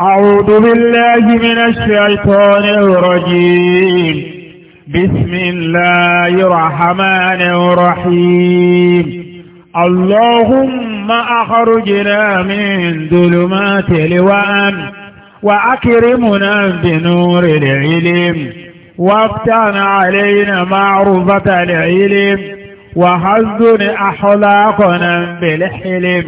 أعوذ بالله من الشيطان الرجيم بسم الله الرحمن الرحيم اللهم أخرجنا من ظلمات الوأم وأكرمنا بنور العلم وافتن علينا معروفة العلم وحزن أحلاقنا بالحلم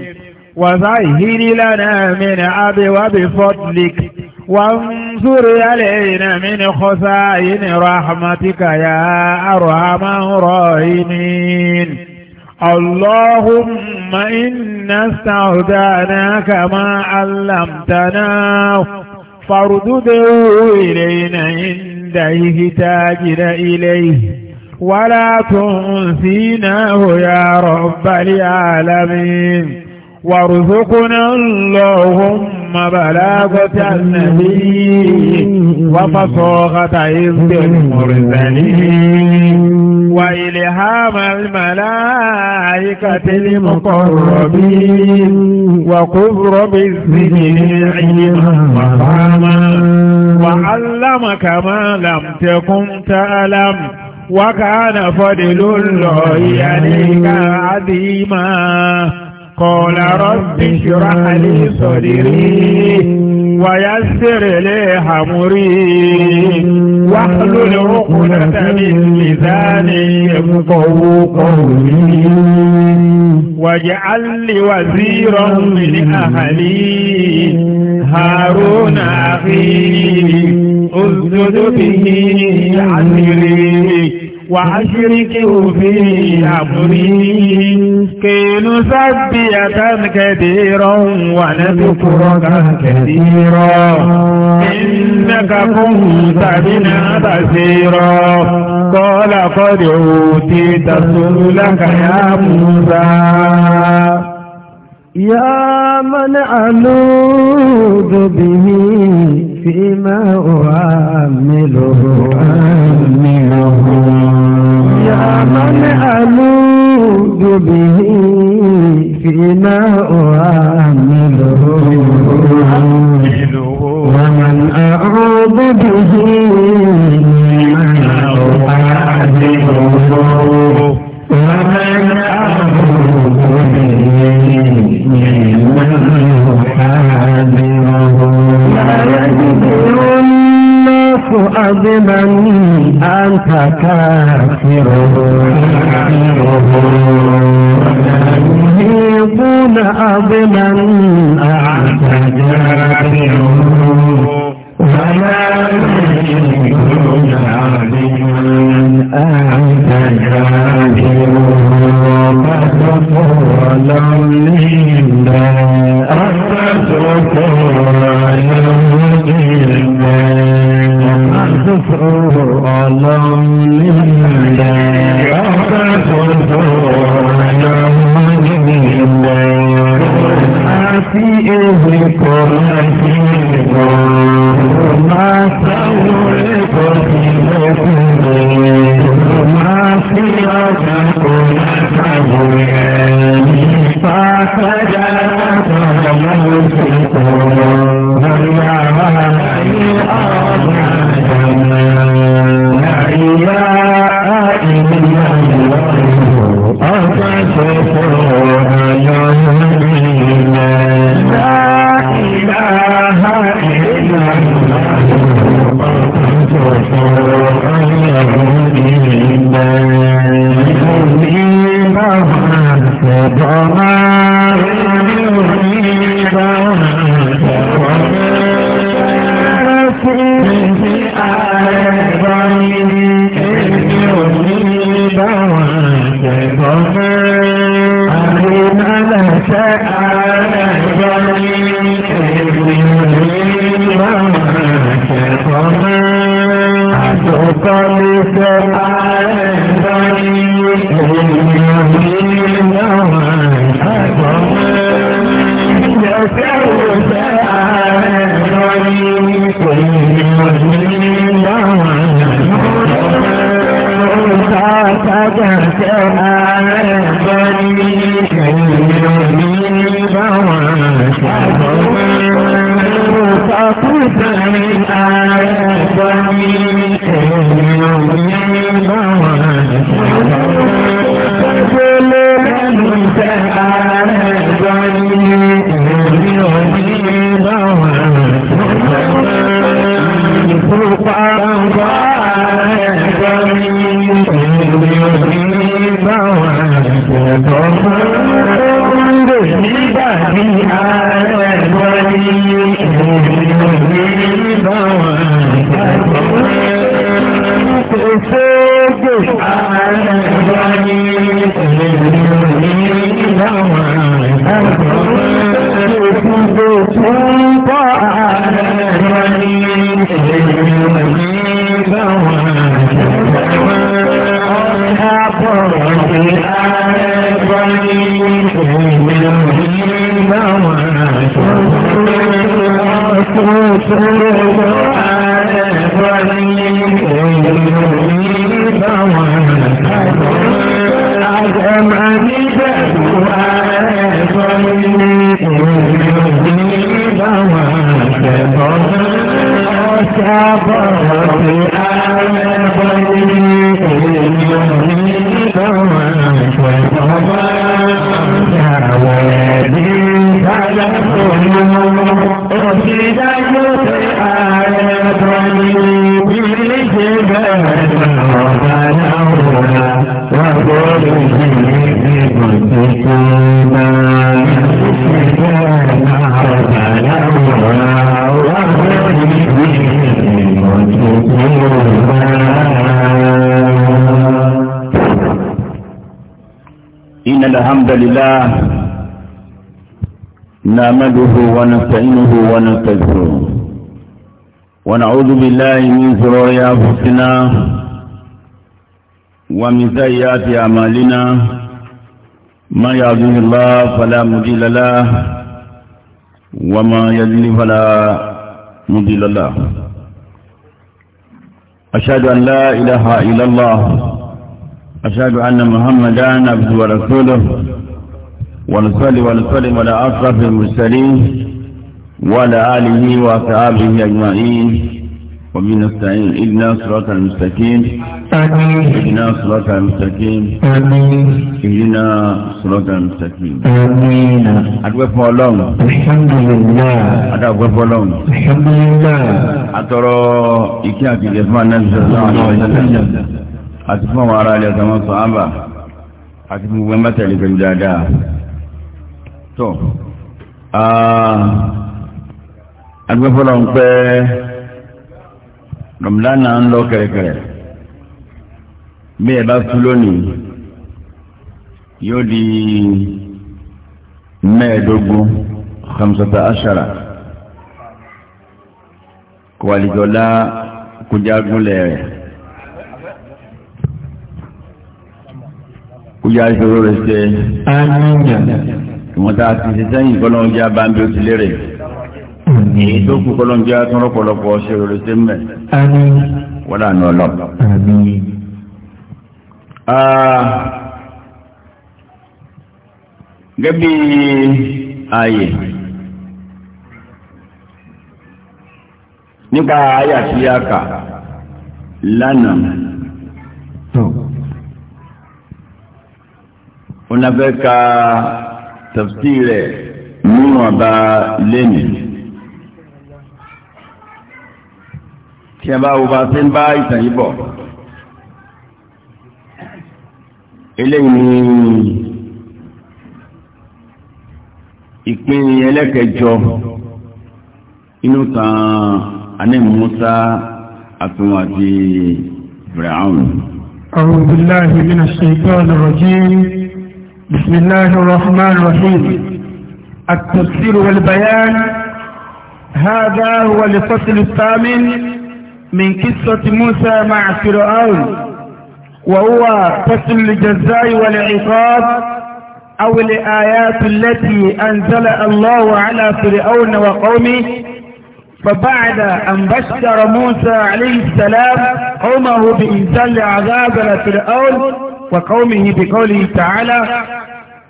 وظهر لنا من أبواب فضلك وانصر علينا من خزائن رحمتك يا أرحم الراحمين اللهم إنا استودعناك ما علمتنا فارده إلينا عند احتاجنا إليه ولا تنسيناه يا رب العالمين وارزقنا اللهم بلاغة النبي وفصاغة عز المرسلين وإلهام الملائكة المقربين وقبر بالسجن علما وفهما وعلمك ما لم تكن تعلم وكان فضل الله عليك عظيما قال رب اشرح لي صدري ويسر لي حمري واحلل عقدة من لساني يفقه قولي واجعل لي وزيرا من أهلي هارون أخي اسجد به عسري وأشركه في أمري كي نسبيك كثيرا ونذكرك كثيرا إنك كنت بنا بصيرا قال قد أوتيت سؤلك يا موسى يا من ألوذ به فيما أعمله أعمله يا من ألوذ به فيما أعمله ومن أعوذ به فيما أعمله ومن أعوذ به يعذبهم لا يجدر الناس أذبا أنت كافرهم يهيبون أذبا أنت كافرهم ولا يجدرون أذبا أنت كافرهم فتقول لهم فقد ونعوذ بالله من شرور أنفسنا ومن سيئات أعمالنا ما يهده الله فلا مضل له وما يضلل فلا مضل له أشهد أن لا إله إلا الله أشهد أن محمدا عبده ورسوله ونصلي ونسلم على أشرف المرسلين وعلى آله وأصحابه أجمعين ومن نستعين إذنا صراط المستقيم آمين إذنا صراط المستقيم آمين إذنا صراط المستقيم آمين أدوف الله الحمد لله أدوف الله الحمد لله أترى إكياك جفا النبي صلى الله عليه وسلم أتفهم على لكما صحابة أتفهم متى لكم جادا تو آه agbẹ́fọ́lọ́ ń pẹ́ rọ̀mùdánà ń lọ kẹ̀rẹ̀kẹ̀rẹ̀ bí ẹ bá kú lónìí yóò di mẹ́ẹ̀ẹ́dógún hamsata ashara kọ̀wàlìjọ́lá kújágúnlẹ̀ rẹ̀ kújá ìṣòro rẹ̀ ṣe. àmín. ìwọ̀n tá a ti ṣe sẹ́yìn kọ́lọ́ọ̀jà bá ń bí ó ti lérè èyí tó kú kọlọ́njẹ́ atúnrọ́ pọ̀lọpọ̀ ṣe rere sí mẹ́ wọ́n lànà ọlọ́. gẹ́bí ààyè nípa àyà tí a kà lánàá ó náà fẹ́ ka tafsir rẹ̀ nínú ọba lẹ́nìí. tí a bá wo bá ṣe ń bá ìtàn yìí bọ̀ eléyìí ni ìpín ẹlẹ́kẹjọ inú tan anẹ́ àtúnwò àti Ibrahim. أعوذ بالله من الشيطان الرجيم بسم الله الرحمن الرحيم التفسير والبيان هذا هو الفصل الثامن من قصة موسى مع فرعون وهو قسم الجزاء والعقاب أو الآيات التي أنزل الله على فرعون وقومه فبعد أن بشر موسى عليه السلام قومه بإنزال عذاب لفرعون وقومه بقوله تعالى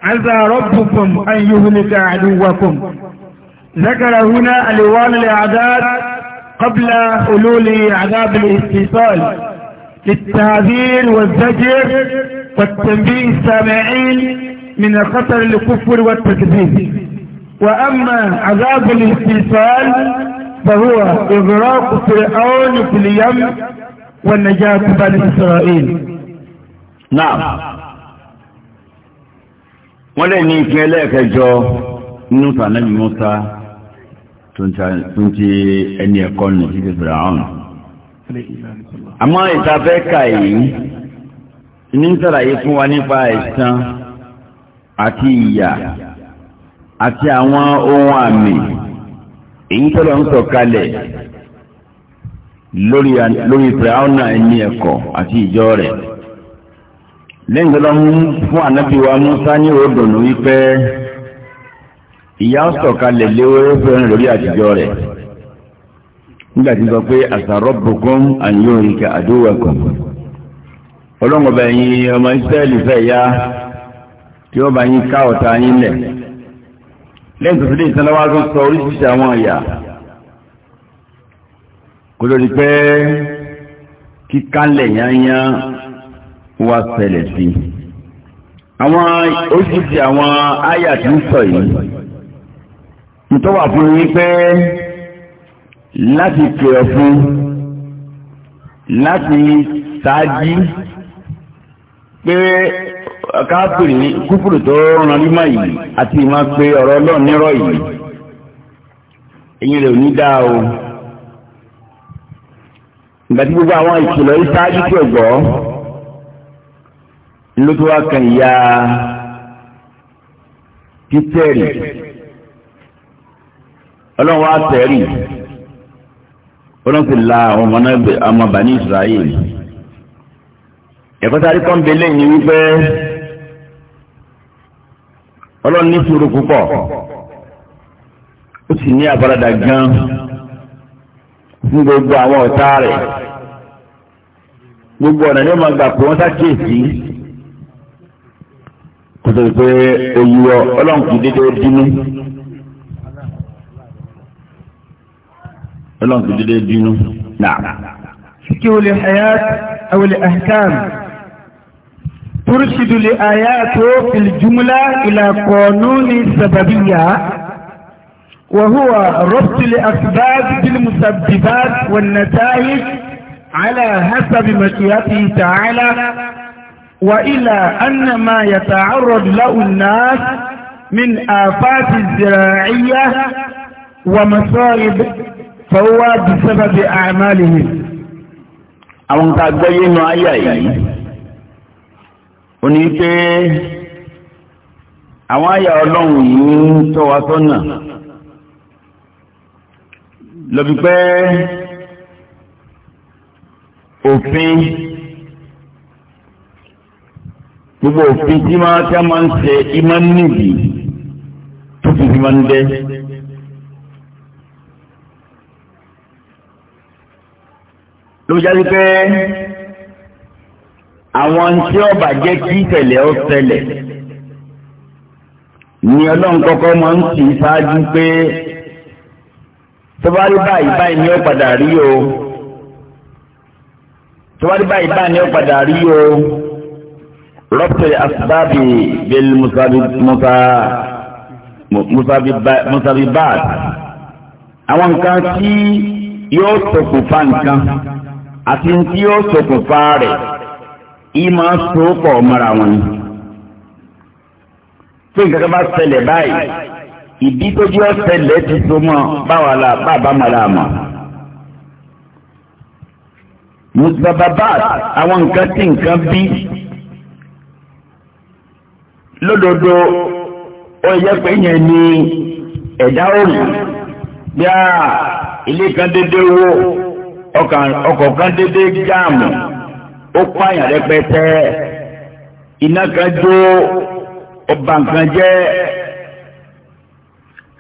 عزى ربكم أن يهلك عدوكم ذكر هنا الوان الأعداد قبل حلول عذاب الاتصال للتعذير والزجر والتنبيه السامعين من خطر الكفر والتكذيب وأما عذاب الاتصال فهو إغراق فرعون في اليم والنجاة بني إسرائيل نعم ولن يكلك جو ìpínlẹ̀ نبي موسى tó ń ti ẹni ẹ̀kọ́ nù sí ti fìrà ọ̀nà. àmọ́ ìtafẹ́ yìí ní ń sàlàyé fún wa nípa ẹ̀san àti ìyà àti àwọn ohun àmì èyí tọ́lọ̀ ń kalẹ̀ lórí lórí ẹni ẹ̀kọ́ àti ìjọ rẹ̀ lẹ́yìn tó lọ fún ànábì Musa ní òdòdó ìyá ń sọ̀kalẹ̀ léwé fẹ́ràn lórí àtijọ́ rẹ̀ nígbà tí ń sọ pé àsàrọ́bùkún àyòrìkà àdúwẹ̀kùn ọlọ́ngọ̀bẹ̀ yín ọmọ ìsírẹ́lì fẹ́ ya tí ó bá yín ká ọ̀tá yín lẹ̀ lẹ́yìn tó fi dé ìsanláwá tó sọ oríṣiríṣi àwọn ọ̀yà kò lórí pé kíkálẹ̀ yányá wá ṣẹlẹ̀ sí àwọn oríṣiríṣi àwọn áyà tí ń sọ yìí nítorí wà fún yín pé láti kìlọ̀ fún láti ṣáájú pé káfíìrì kúfùrù tó ràn límọ̀ yìí àti ìmọ̀ pé ọ̀rọ̀ ọlọ́run nírọ̀ yìí ẹ̀yin rẹ̀ ò ní dáa o ìgbà tí gbogbo àwọn ìkìlọ̀ yìí ṣáájú tó gbọ́ ló tó wá kan ìyá pítẹ́rì ọlọ́run wá tẹ̀rí ọlọ́run ti la àwọn ọmọ náà ọmọ bani israel ẹ̀kọ́ sáré kan bẹ lẹ́yìn wípé ọlọ́run ní sùúrù púpọ̀ ó sì ní àfaradà gan fún gbogbo àwọn ọ̀tá rẹ̀ gbogbo ọ̀nà ni ó máa gbà pé wọ́n ṣàkíyèsí kò tó pé oyún ọlọ́run kì í dédé dínú. الله في جديد دينه نعم فقه الحياة أو الأحكام ترشد لآياته في الجملة إلى قانون السببية وهو ربط الأسباب بالمسببات والنتائج على حسب مشيئته تعالى وإلى أن ما يتعرض له الناس من آفات زراعية ومصائب fọwọ́ di sábàbí àmàlì mi. àwọn tá a gbọ́ yé nu àyà yìí ó ní pé àwọn àyà ọlọ́run yìí ń tọ́ wa sọ́nà lọ́bi pé òfin gbogbo òfin tí máa ń ṣe ìmọ̀ níbi tó fi fi máa ń dẹ́. ló jáde pé àwọn tí ó bàjẹ́ kí tẹ̀lẹ̀ ó tẹ̀lẹ̀ ni ọlọ́run kọ́kọ́ máa ń tì í ṣáájú pé tọ́wárí báyìí báyìí ni ó padà rí o tọ́wárí báyìí báyìí ni ó padà rí o rọ́pẹ̀lẹ̀ asibábì bẹ́ẹ̀ musabi musa musabi bad àwọn nǹkan tí yóò tọkùnfà nǹkan àti tí ó ṣokùnfà rẹ̀ ìmọ̀ sopọ̀ mọ́ra wọn ni. tí nǹkan bá ṣẹlẹ̀ báyìí ìdí tó jẹ́ ọ̀ṣẹlẹ̀ ti so mọ́ báwa la bàbá mọ́ra mọ́. mùsùlùmí àwọn nǹkan tí nǹkan bí lódodo ó yẹ pé yẹn ni ẹ̀dá òòlù bí a ilé kan dédé wó ọkọ̀ kan dédé jáàmù ó pààyàn rẹpẹtẹ iná kan jó ọba nǹkan jẹ́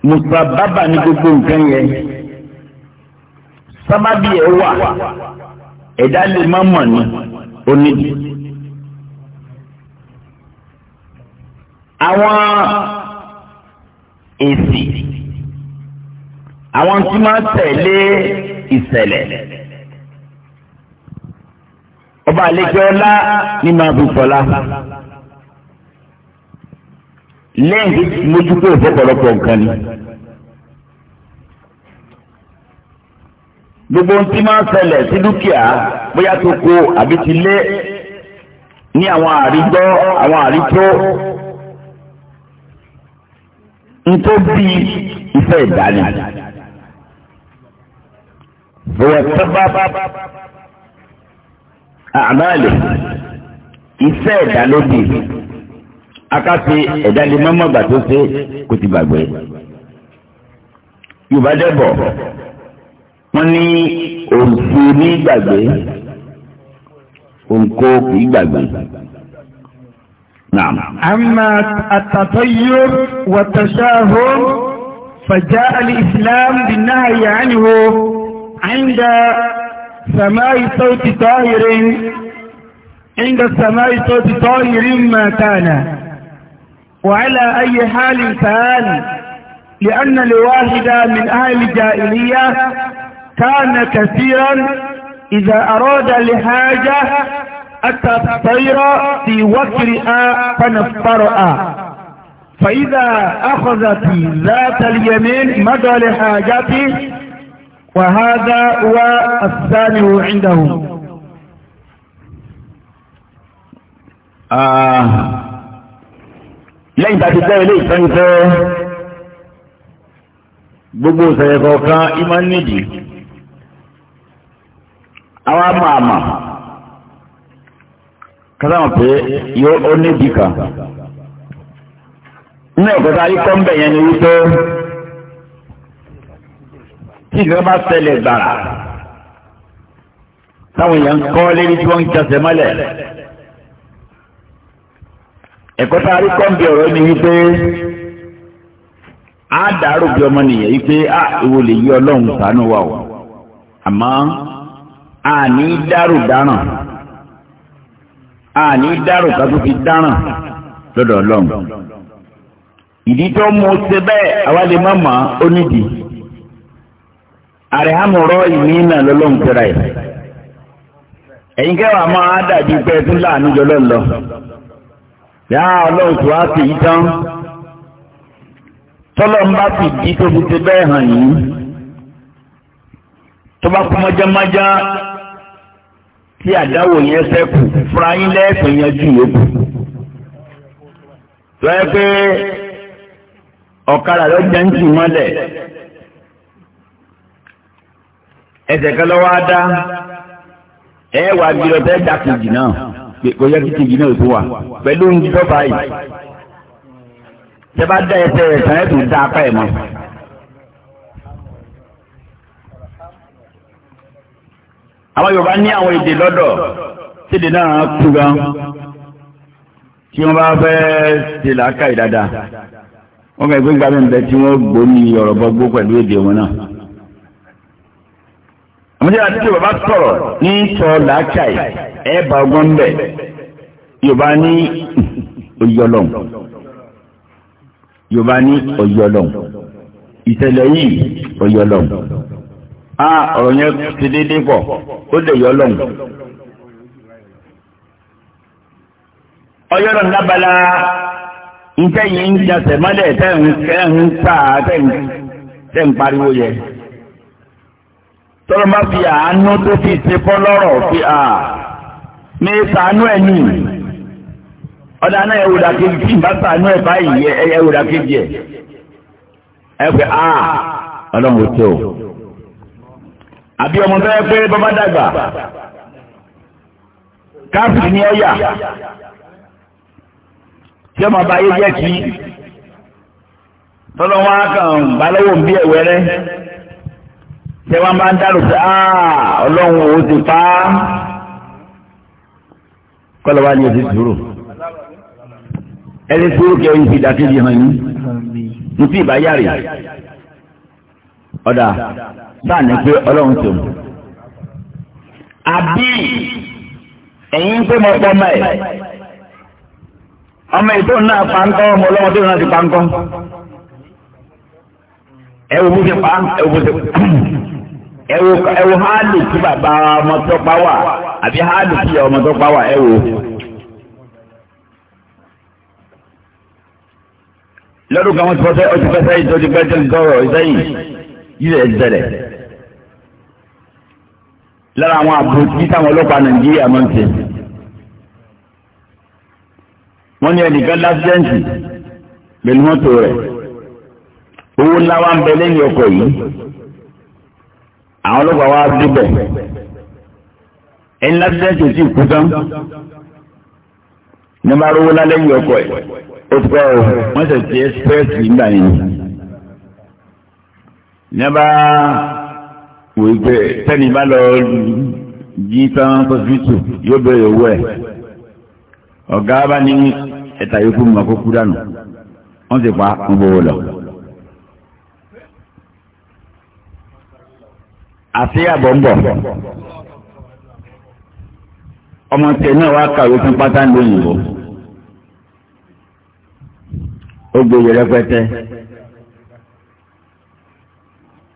mùsùlùmá bábà ní gbogbo nǹkan yẹn sábàbí ẹ wà ẹ̀dá lè má mọ̀ ní onídìí. àwọn èsì àwọn tí máa tẹ̀lé ìṣẹ̀lẹ̀ ọba àlejò ọlá ní máa fi sọlá lẹ́yìn tí mójútó ìfọ̀pọ̀lọpọ̀ nǹkan ni. gbogbo ohun tí máa ń ṣẹlẹ̀ sí dúkìá bóyá tó ko àbí ti lé ní àwọn àrígbọ́ àwọn àrító ntó bí ìfẹ́ ìdánì. bóyá sábà àmàlè iṣẹ́ ẹ̀dá ló bì akáfi ẹ̀dá lè mọ́mọ́ gbà tó ṣe kó ti gbàgbé yorùbá wọ́n ní òǹkó ní gbàgbé òǹkó kì í gbàgbé. نعم أما التطير والتشاهم فجاء الإسلام بالنهي عنه عند سماء صوت طائر عند السماء صوت طاهر ما كان وعلى أي حال كان لأن الواحد من أهل الجاهلية كان كثيرا إذا أراد لحاجة أتى الطير في وكرئة فنفطرأ فإذا أخذت ذات اليمين مدى لحاجته وهذا هو الثاني عندهم lẹ́yìn tàbí tẹ́rẹ lè tán tẹ́ gbogbo ìṣẹ̀lẹ̀ kọ̀ọ̀kan ìmọ̀ nìdí àwọn àmà àmà kátàmù pé yóò ó nídìí kan ní ẹ̀kọ́ta ikọ́ ń bẹ̀yẹn ni wípé tí ìgbà bá ṣẹlẹ̀ gbàrà táwọn èèyàn ń kọ́ lérí tí wọ́n ń jẹsẹ̀ mọ́lẹ̀ ẹ̀kọ́ tá a rí kọ́ńbì ọ̀rọ̀ ni wípé á dàrú bí ọmọ nìyẹn wípé á ìwò lè yí ọlọ́run ṣàánú wa o àmọ́ àní dàrú dáràn àní dàrú ká tó fi dáràn lọ́dọ̀ ọlọ́run ìdí tó mú un ṣe bẹ́ẹ̀ àwa lè má mọ̀ ọ́ nídìí àrẹ̀hámọ̀rọ̀ ìmínà lọ́lọ́run pẹ̀rẹ̀ ẹ̀ ẹ̀yin kẹwàá máa dàbí pé tún láàánú jọlọ́ lọ yá ọlọ́run tó wá sí yí tán tọ́lọ́ ń bá sì dí tó fi ṣe bẹ́ẹ̀ hàn yìí tó bá kú mọ́jámọ́já tí àdáwò yẹn sẹ́kù fúnra yín lẹ́ẹ̀sìn yẹn yòókù lọ́yẹ́ pé ọ̀kadà lọ́jà ń tì mọ́lẹ̀. ẹsẹ̀ kan lọ́wọ́ á dá ẹ wà gbìyànjú tẹ́ dà kejì náà kò yẹ kí kejì náà tó wà pẹ̀lú ń gbọ́ báyìí tẹ́ bá dá ẹsẹ̀ rẹ̀ tán ẹ̀ tún dá apá ẹ̀ mọ́. àwọn Yorùbá ní àwọn èdè lọ́dọ̀ tíde náà kú gan tí wọ́n bá fẹ́ ṣe làákàyè dáadáa wọ́n kàn gbé gbàgbé ń bẹ tí wọ́n gbóni ọ̀rọ̀ bọ́gbó pẹ̀lú èdè wọn náà àmọ́jẹ́ àti tí bàbá sọ̀rọ̀ ní sọ làákàì ẹ bá ọgbọ́n bẹ̀ yorùbá ní oyọlọ́n yorùbá ní oyọlọ́n ìṣẹ̀lẹ̀ yìí oyọlọ́n a ọ̀rọ̀ yẹn ti dédé pọ̀ ó lè yọlọ́n ọyọ́lọ́n lábala ntẹ́yìn ń jasẹ̀ mọ́lẹ̀ tẹ́ ń tẹ́ ń ń pariwo yẹ. tọ́lọ́ bá fi àánú tó fi ṣe fọ́ lọ́rọ̀ fi à ní sàánú ẹ̀ ní ọ̀dà náà ẹ̀ wùdà tí ìbá sàánú ẹ̀ báyìí ẹ̀ à tó àbí ọmọ tó pé bàbá dàgbà ní ọ̀yà ṣé wọn bá ń dárò pé ah, ọlọ́run ò ti pa á kọ́lọ́ wa ni o ti sùúrù ẹni sùúrù kí oyin fi dàkejì hàn yín mo ti ìbá yàrá ọ̀dà báà ní pé ọlọ́run tó àbí ẹ̀yin pé mo pọ́ mọ́ ẹ̀ ọmọ ètò náà ọmọ tó náà ti ẹ̀ wò ẹwò ẹwò hálì tí bàbá ọmọ tó pa wà àbí hálì tí ọmọ tó pa wà ẹwò. lọ́dún kan wọ́n ti fọ́sẹ́ ọtí fẹ́sẹ́ yìí tó ti gbẹ́jọ́ gọ́rọ̀ sẹ́yìn yìí rẹ̀ ṣẹlẹ̀. lára àwọn àbòjì táwọn ọlọ́pàá nàìjíríà máa ń ṣe. wọ́n ní ẹnìkan lásìdẹ́ǹtì pẹ̀lú mọ́tò rẹ̀ owó ńlá wa ń bẹ lẹ́yìn ọkọ̀ yìí àwọn ọlọ́pàá wa débẹ̀ ẹni lásìlẹ́sì sí ìkú tán ní bá rówó lálẹ́ yìí ọkọ̀ ẹ̀ ó pẹ́ ọ wọ́n sì ti ẹ́sípẹ́ẹ̀sì nígbà yẹn ní bá wò ó pé tẹ́ni bá lọ jí tán sọ́sibítù yóò bẹ̀rẹ̀ owó ẹ̀ ọ̀gá bá ní ẹ̀ta yòókù mọ̀ kó kú dànù wọ́n sì pa ń bọ̀ wọ́n àṣeyàbọ̀ ń ọmọ tiẹ̀ náà wá kàwé fún pátá ní ó gbòòyè rẹpẹtẹ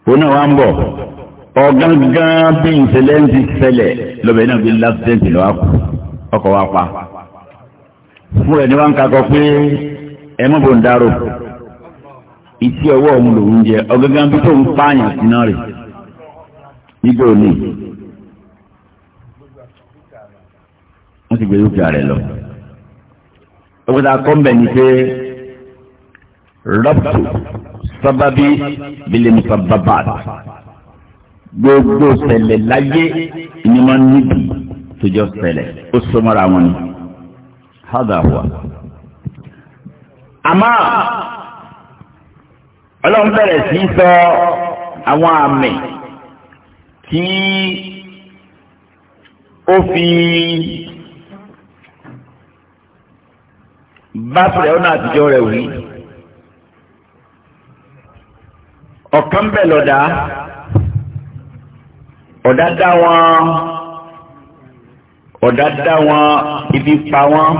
òun náà wá ń bọ̀ ọ̀gángan bí ìṣẹ̀lẹ̀ǹtì ṣẹlẹ̀ lọ́bẹ̀ náà bí láfíṣẹ́ǹtì lọ́wọ́ kù ọkọ̀ wa pa fún ẹni wá ń kakọ pé ẹ mọ̀ ń ọwọ́ òun lòún jẹ ọ̀gángan níjọ́ òní wọ́n ti gbé dúkìá rẹ̀ lọ. ọgbẹ́ta kọ́ńbẹ̀ ni pé rọ́pù sábàbí bílẹ̀mù sábàbà gbogbo ṣẹlẹ̀ láyé ni wọ́n níbi tó jọ ṣẹlẹ̀ ó sọmọ́ra wọn ni. hádà wà. àmọ́ ọlọ́run bẹ̀rẹ̀ sí sọ àwọn àmì tí ó fi bá fìrẹ́wọ́n àtijọ́ rẹ̀ wí. ọ̀kan bẹ̀ lọ́dà ọ̀dá dá wọn ọ̀dá dá wọn ibi pa wọn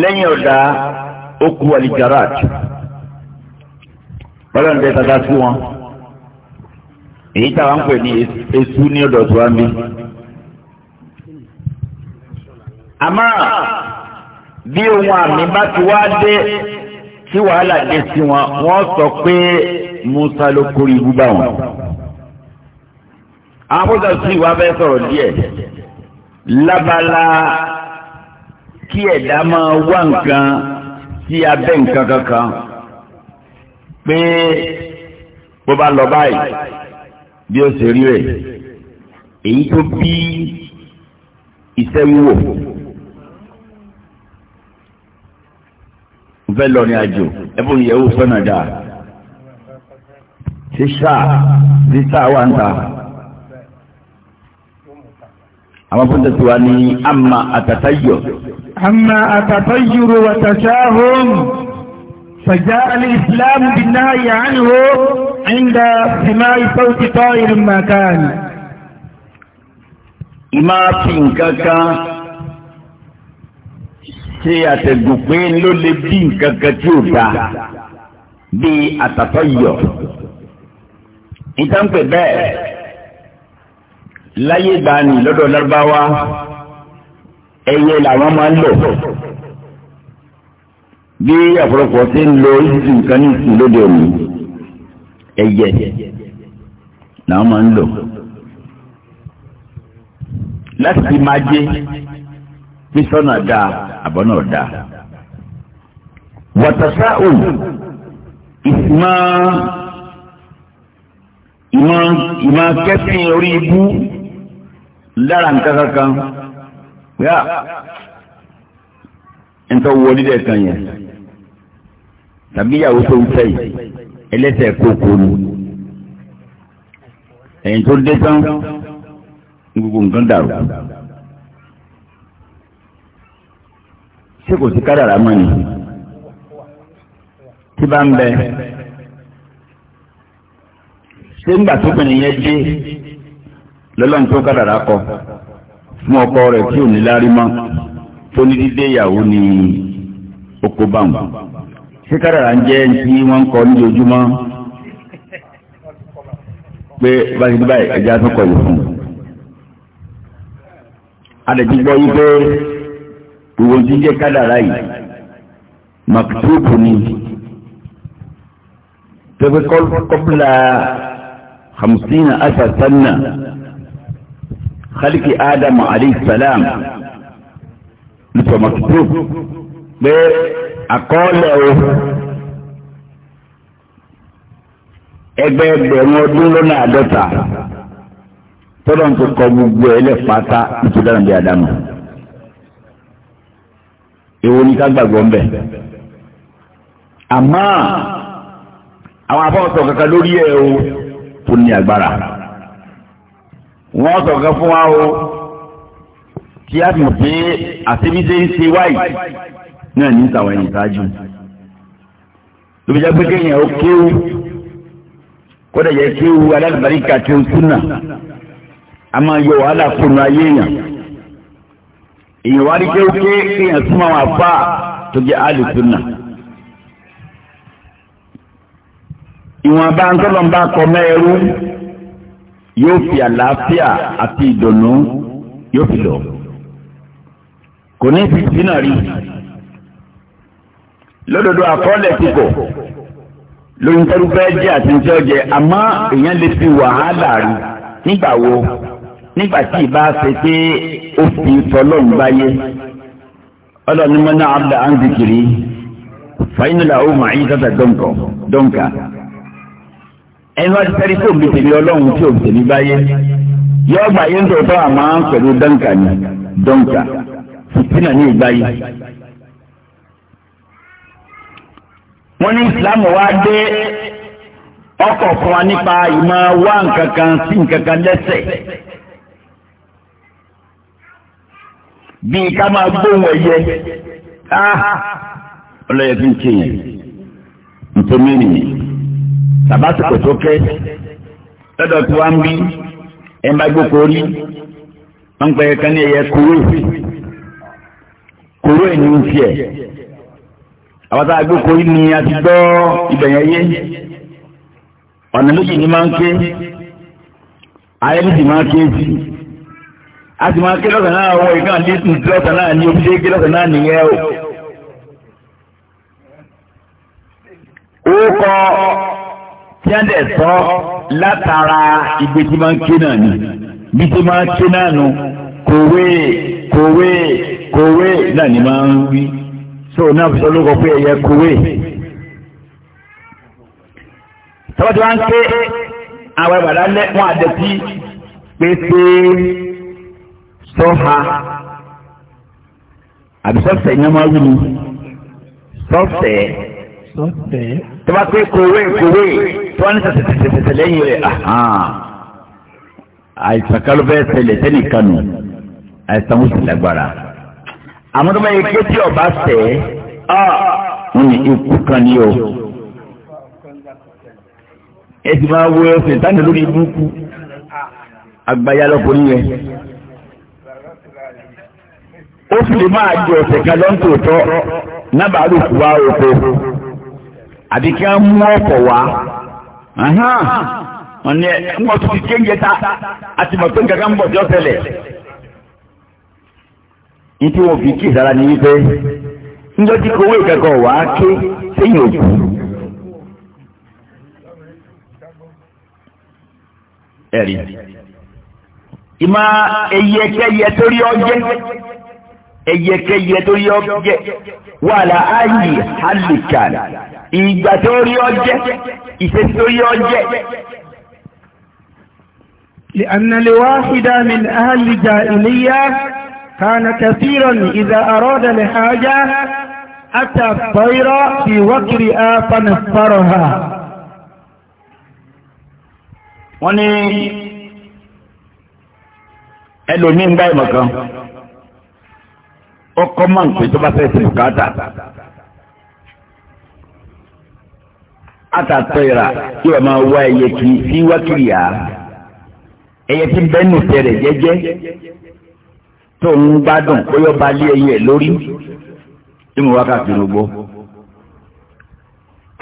lẹ́yìn ọ̀dá ó kú alijarat ọlọ́run tẹ́ tata sí wọn èyí táwa ń pè ní esu ní ọ̀dọ̀ tó mi. àmọ́ bí ohun àmì bá ti wá dé tí wàhálà dé sí wọn wọ́n sọ pé Musa ló kórè ibú bá wọn. àwọn bóta sí ìwà fẹ́ sọ̀rọ̀ díẹ̀ lábala kí ẹ̀dá máa wá nǹkan sí abẹ́ nǹkan kankan pé bó bá lọ báyìí bí ó ṣe rí rẹ̀ èyí tó bí iṣẹ́ wíwò fẹ́ lọ ní àjò ẹ̀bùn ìyẹ̀wò sọ́nà dáa ṣe ṣáà ṣe ṣáà wà ń ta àwọn fúnta tí wà ní amma àtàtàyò. amma àtàtàyò wàtàṣáhùn fàjá alìsìláàmù bí náà yà á ní wọ́n. عند سماع صوت طائر ما كان máa fi nǹkan kan ṣe àtẹ̀gùn pé ló lè bí nǹkan kan tí ò dáa bíi àtàtọ̀ yọ̀ ìtànpẹ̀ bẹ́ẹ̀ láyé ìgbàanì lọ́dọ̀ lárúbáwá ẹyẹ làwọn máa ń lò bí ọ̀pọ̀lọpọ̀ ti ń lo ìsìn ní ìsìn lóde òní ẹyẹ làwọn máa ń lò láti máa jẹ sísọ́nà dáa àbọ̀nà dáa wàtàṣà ò ìsìmá ìmọ̀ ìmọ̀ kẹ́sìn orí ibú lára nǹkan kankan yá nǹkan wọlé dẹ̀ kan yẹn tàbí ìyàwó tó ń fẹ́ yìí ẹlẹ́sẹ̀ kókó ni ẹ̀yìn tó dé tán gbogbo nǹkan dàrú ṣé kò sí kádàrá mọ́ ni tí bá ń bẹ ṣé ńgbà tó bìnrin yẹn dé lọ́lọ́run tó kádàrá kọ fún ọkọ rẹ̀ tí ò ní lárí mọ́ tó ní dídé ìyàwó ni ó báwọn ṣé kádàrá ń jẹ́ tí wọ́n ń kọ ní ojoojúmọ́ pé báyìí báyìí ẹ̀jẹ̀ á tún kọ yìí fún un adẹ̀tí gbọ́ yí pé ìwò tí ń jẹ́ kádàrá yìí maktubu ni tẹ́fẹ́ kọ́pìlà hamsina asa sanna khaliki adamu alayhi salam nípa maktub pé. àkọọ́lẹ̀ o ẹgbẹ́ ọdún lọ́nà àádọ́ta tọ́lọ̀ ń nke gbogbo ẹ̀ lẹ́pàtà nítorí ìdí àdámù èwo ni ká gbàgbọ́ ńbẹ àmọ́ àwọn afọ́sọ̀ kankan lórí ẹ̀ o tó ní agbára wọ́n sọ fún wa o ń ṣe náà ní tàwọn ẹni ìtajú tóbi jẹ́ pé kéèyàn ó kéwú kódà yẹ kéwú alálùbáríkà tí ó kùnà a máa yọ wàhálà kùnà ayé èèyàn èèyàn wá rí kéwú ké kéèyàn súnmọ́ àwọn àfá tó jẹ́ àlùkùnà. ìwọ̀n bá ń tọ́lọ̀ ń bá kọ mẹ́rú yóò fi àlàáfíà àti ìdùnnú yóò fi lọ kò ní fi sínà rí i lódodo àkọọ́lẹ̀ ti kò lóyún tẹ́lú fẹ́ jẹ́ àti ní tí ó jẹ àmọ́ èèyàn lè fi wàhálà rí nígbà wo nígbà tí ìbá ṣe pé ó fi tọ́lọ́run báyé ọlọ́run mọ́ná abdá anzikiri fàyínlá ó mà yí sọ́tà dọ́nkà ẹni wá ti sẹ́rí tó bí tèmi ọlọ́run tí ò tèmi báyé yọ ọgbà yẹn tó tọ́ àmọ́ pẹ̀lú dọ́nkà ni dọ́nkà fìtínà ní ìgbáyé. wọ́n ní islam wá dé ọkọ̀ fún wa nípa ìmọ̀ wá nǹkan kan sí nǹkan kan lẹ́sẹ̀. bíi ká máa gbóhùn ẹyẹ ah, ọlọ́yẹ fi ń ṣe yẹn nìyẹn tó kẹ́ lọ́dọ̀ tí wọ́n ń bí ẹ̀ ń bá gbókòó rí wọ́n ń pẹ́ kúrò kúrò àwọn agbóko yìí ni a ti gbọ́ ibẹ̀ yẹn yé ọ̀nà méjì ni máa ń ké ayé ma ti máa ké sí a ti máa ké lọ́sàn-án náà wọ ìkan àti ìtúntì lọ́sàn-án náà ní ké lọ́sàn o. orúkọ tí a ń dẹ̀ sọ látara ìgbé tí máa ń ké náà ni bí tí máa ń ké náà kòwé kòwé kòwé náà ni tó o náà fi sọ lóko pé ẹ̀yẹ kúwé tọ́wọ́tí wá ń ké àwọn ìbàdá lẹ́ wọn àdẹ̀tí pépé sọ́ha àbí sọ́sẹ̀ ní ọmọ wí ni sọ́sẹ̀ tọ́wọ́ pé kúwé kúwé tọ́wọ́ ní sẹ̀sẹ̀sẹ̀sẹ̀ lẹ́yìn rẹ̀ àìsàn kan ló fẹ́ ṣẹlẹ̀ sẹ́nìkan nù àìsàn ó sì lágbára àmọ́ tó bá yẹ pé tí ọba sẹ̀ ẹ́ wọ́n ní ikú kan ní o. ẹ ti máa wo ẹsẹ̀ táwọn lórí ibùkún àgbáyà lọ́kùnrin yẹn. ó sì lè máa ju ọ̀sẹ̀ kan lọ́ńtò tọ́ nábàárù kú wá oko àbí kí wọ́n mú ọkọ̀ wá wọ́n ní ẹ̀ ń bọ̀ tó ti kéńjẹ ta àti mọ̀ tó ń gàgà bọ̀ jọ́ tẹ́lẹ̀ ìdí wọn fi kíyèsí ara ní wípé ńjọ́ tí kowó ìkẹ́kọ̀ọ́ wà á ké sẹ́yìn òkú. ẹ̀rí ìmọ̀ ẹyẹkẹyẹ tó ọjẹ́ ẹyẹkẹyẹ tó rí ọjẹ́ wà lá áyì hàlìkàn ìgbà tó rí ọjẹ́ ìṣesí tó rí ọjẹ́. لأن الواحد من أهل الجاهلية كان كثيرا إذا أراد لحاجة أتى الطيرة في وكرها فنفرها wọ́n ní ẹlòmíín bá ìmọ̀ kan ọkọ máa ń pè tó bá fẹ́ẹ́ sìn káàtà àtàtọ̀ ìrà tí wọ́n máa wá ẹyẹ kiri sí wákìrì yá ẹyẹ tí bẹ́ẹ̀ nù tẹ̀rẹ̀ jẹ́jẹ́ tó ń gbádùn ó yọ ba lé ẹyẹ lórí tí mo wákàtí rògbò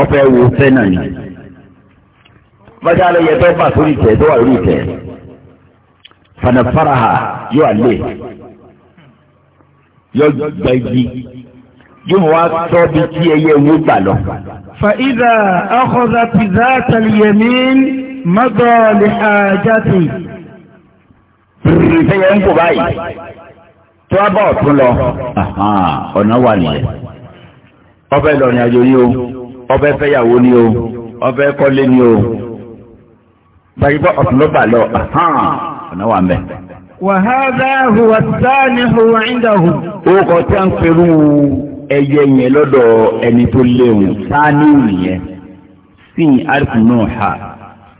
ọfẹ wo fẹ náà ni bájá lọ yẹ tó bà sórí ìtẹ́ tó wà lórí ìtẹ́ fanafaraha yóò àlè yóò gbẹgi yóò mọ wá tọ́ bí tí ẹyẹ wo gbà lọ. fa'idà akọ̀dà pizza tàlìyẹ̀mí mọ́tò lè àjáde. ìrìn ìfẹ́ yẹn ń kó báyìí. tó a bá ọ̀tún lọ ọ̀nà wà nìyẹn ọbẹ̀ lọ́rìn àjò ni o ọbẹ̀ fẹ́yàwó ni o ọbẹ̀ kọ́lé ni o gbàgbọ́ ọ̀tún ló lọ ọ̀nà wà mẹ́. wàhálà huwa sáni huwa ìdáhùn. ó kọ tí a ń perú ẹyẹ yẹn lọ́dọ̀ ẹni tó léwu sáni nìyẹn sí náà ha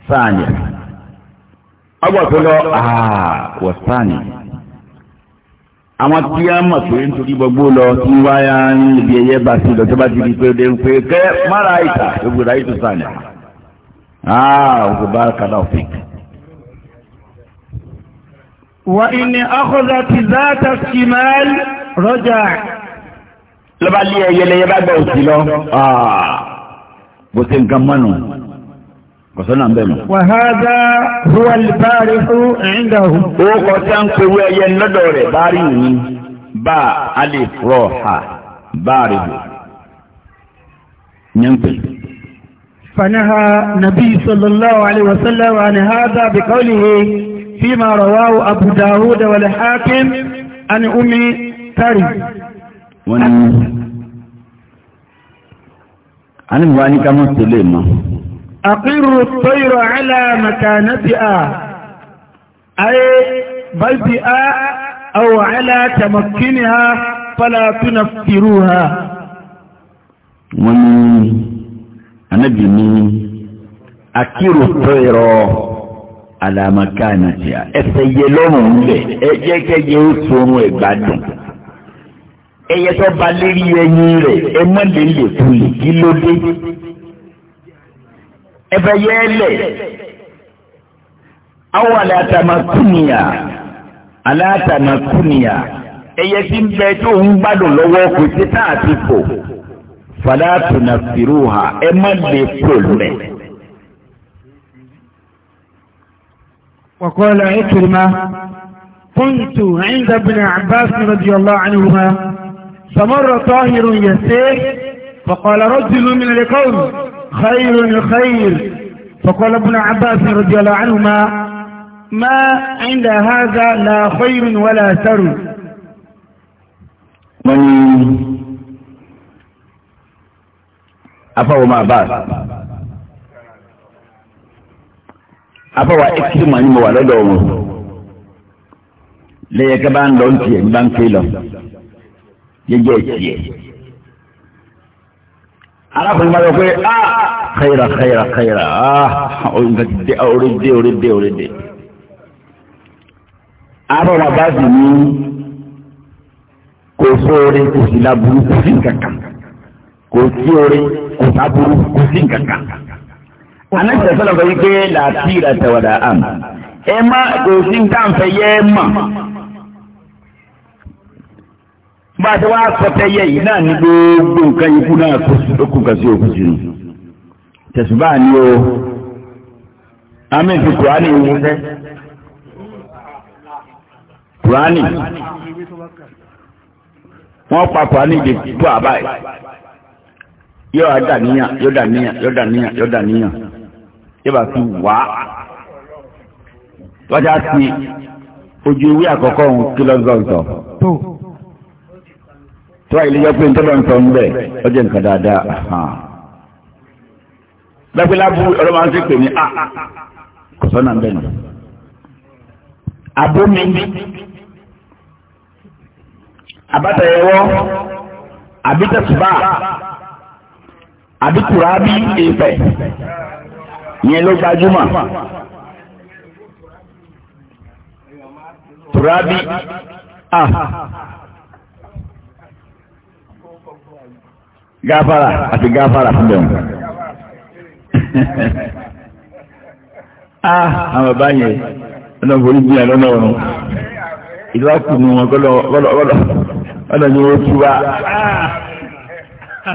sáni. ọgbà tó lọ wà sáni. àwọn tí a mọ̀ pé nítorí gbogbo lọ tí wá yá ń ibi ẹyẹ bá sí lọ tó bá ti di pé dé ń pé kẹ́ mára ìta gbogbo ìdáyé tó sàn yà áà òkú bá kàdá òfin. wà ní akọ́dà tí záàtà kìmáàlì rọ́jà. lọ́ba lé ẹyẹlẹyẹ bá gbọ́ òsì lọ ah, bó ṣe nǹkan mọ́nù kọ̀sọ́nà ń bẹ̀ mọ́. wàhádà huwa báàrí fún ẹ̀ńdà hù. ó kọ tí a ń kowó ẹyẹ lọ́dọ̀ rẹ̀ báàrí hù ní bá alif rọ ha báàrí hù ní ń pè. fanaha nabi sallallahu alaihi wasallam ani hada bi qawlihi fima rawahu abu dawud wal hakim an ummi tari. wọ́n ní. a ní wọ́n á ní ká أقروا الطير على مكانتها أي بلدئة أو على تمكنها فلا تنفروها ومن النبي مين أقروا الطير على مكانتها أسيلون لي أجيك يوسون وإبادون ẹyẹ tó ba lérí ẹyin rẹ̀ ẹ mọ́ lè lè fún yìí kí ló dé ẹbẹ yẹlẹ awọ alátàmàkùnìyà alátàmàkùnìyà ẹyẹ tí ń bẹ tó ń gbádùn lọ́wọ́ kò sí tá a ti fò fàlàtùnà fìrùhà ẹ má lè kó lẹ. وقال عكرمة كنت عند ابن عباس رضي الله عنهما فمر طاهر يسير فقال رجل من القوم خير الخير فقال ابن عباس رضي الله عنهما ما عند هذا لا خير ولا سر من أفو ما عباس أفو إكرم من ولده ليك بان لونتي بان كيلو يجي arákùnrin máa yọ pé ah khaira khaira khaira ah orí dé orí dé orí dé àárọ̀ bàbá sì ní kò sóore kò sí láburú kò sí nǹkankan kò sí oore kò sáburú kò sí nǹkankan. anáṣẹ sọlọ fẹ wípé làásì ìrẹsẹ wàdà àmì ẹ má kò sí nǹkan fẹ yẹ ẹ bá ti wá sọtẹyẹ yìí náà ní gbogbo nǹkan ikú náà tó kù kà sí òkú sínú tẹ̀sùbá ni o amín fi kùránì wù sẹ́ kùránì wọ́n pa kùránì dè tó àbá yìí yóò dà níyàn yóò dà níyàn yóò dà níyàn yóò dà níyàn yóò bá fi wá wájà sí ojú ìwé àkọ́kọ́ òun kí lọ́sọ̀ọ̀sọ̀. tó àìlè yẹ pé ń tọ́lọ̀ ń sọ ń bẹ̀ ó jẹ́ nǹkan dáadáa lọ́pẹ́ lábú ọ̀rọ̀ máa ń ní a ah, ah, ah, kò sọ́nà ń bẹ̀ nù. n'elu abátẹ̀yẹwọ́ abítẹ̀sùbà gáfàrà àti gáfàrà fún bẹ̀rù ah àwọn bàbá yẹn ọlọ́run forí bí ẹ̀lọ́nà ọ̀run ìlú àkùnrin wọn kọ́lọ̀ ni wọ́n tú wa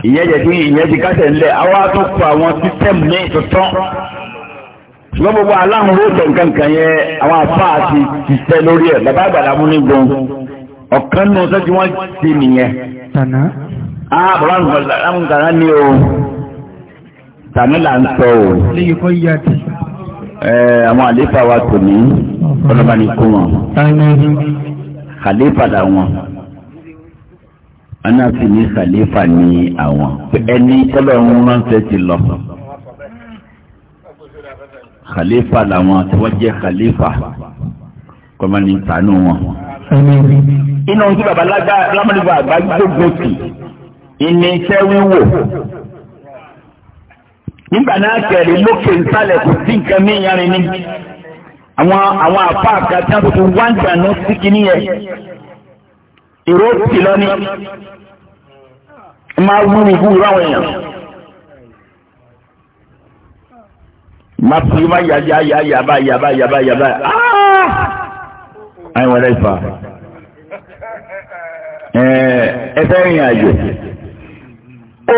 ìyẹn jẹ́ kí ìyẹn ti kásẹ̀ ńlẹ̀ àwọn àtúnkọ àwọn sísẹ́mù ní tuntun ṣùgbọ́n gbogbo aláhùn rótò nǹkan kan yẹn àwọn afá àti tìṣẹ́ lórí ẹ̀ bàbá àgbàlá ní gbọ̀n ọ̀kan nù sọ́jú wọ́n ti nìyẹn ah bàbá amúkàrá ni o tàmí là ń sọ o àwọn àléfà wa tò ní ọlọ́ba ní kú wọn kàléfà làwọn wọn náà sì ní kàléfà ní àwọn ẹni tọ́lọ̀ ń ránṣẹ́ ti lọ khalifa làwọn tí wọ́n jẹ́ khalifa kọ́mọ́ni tànú wọn. inú tí baba lágbá lámọ́nìbà àgbà gbogbo tì iléeṣẹ́ wíwò nígbà náà kẹrì lókè nsàlẹ̀ kò sí nǹkan mìíràn ní àwọn àwọn àpá àkàtà tuntun wá ń dànù sí kìíní yẹ ìró tì lọ́ní máa wú ìwú ráwọn èèyàn máa fi máa yàjà yàbá yàbá yàbá yàbá àwọn ẹ̀rẹ́ ìfà ẹ̀ẹ́dẹ́rìn àjò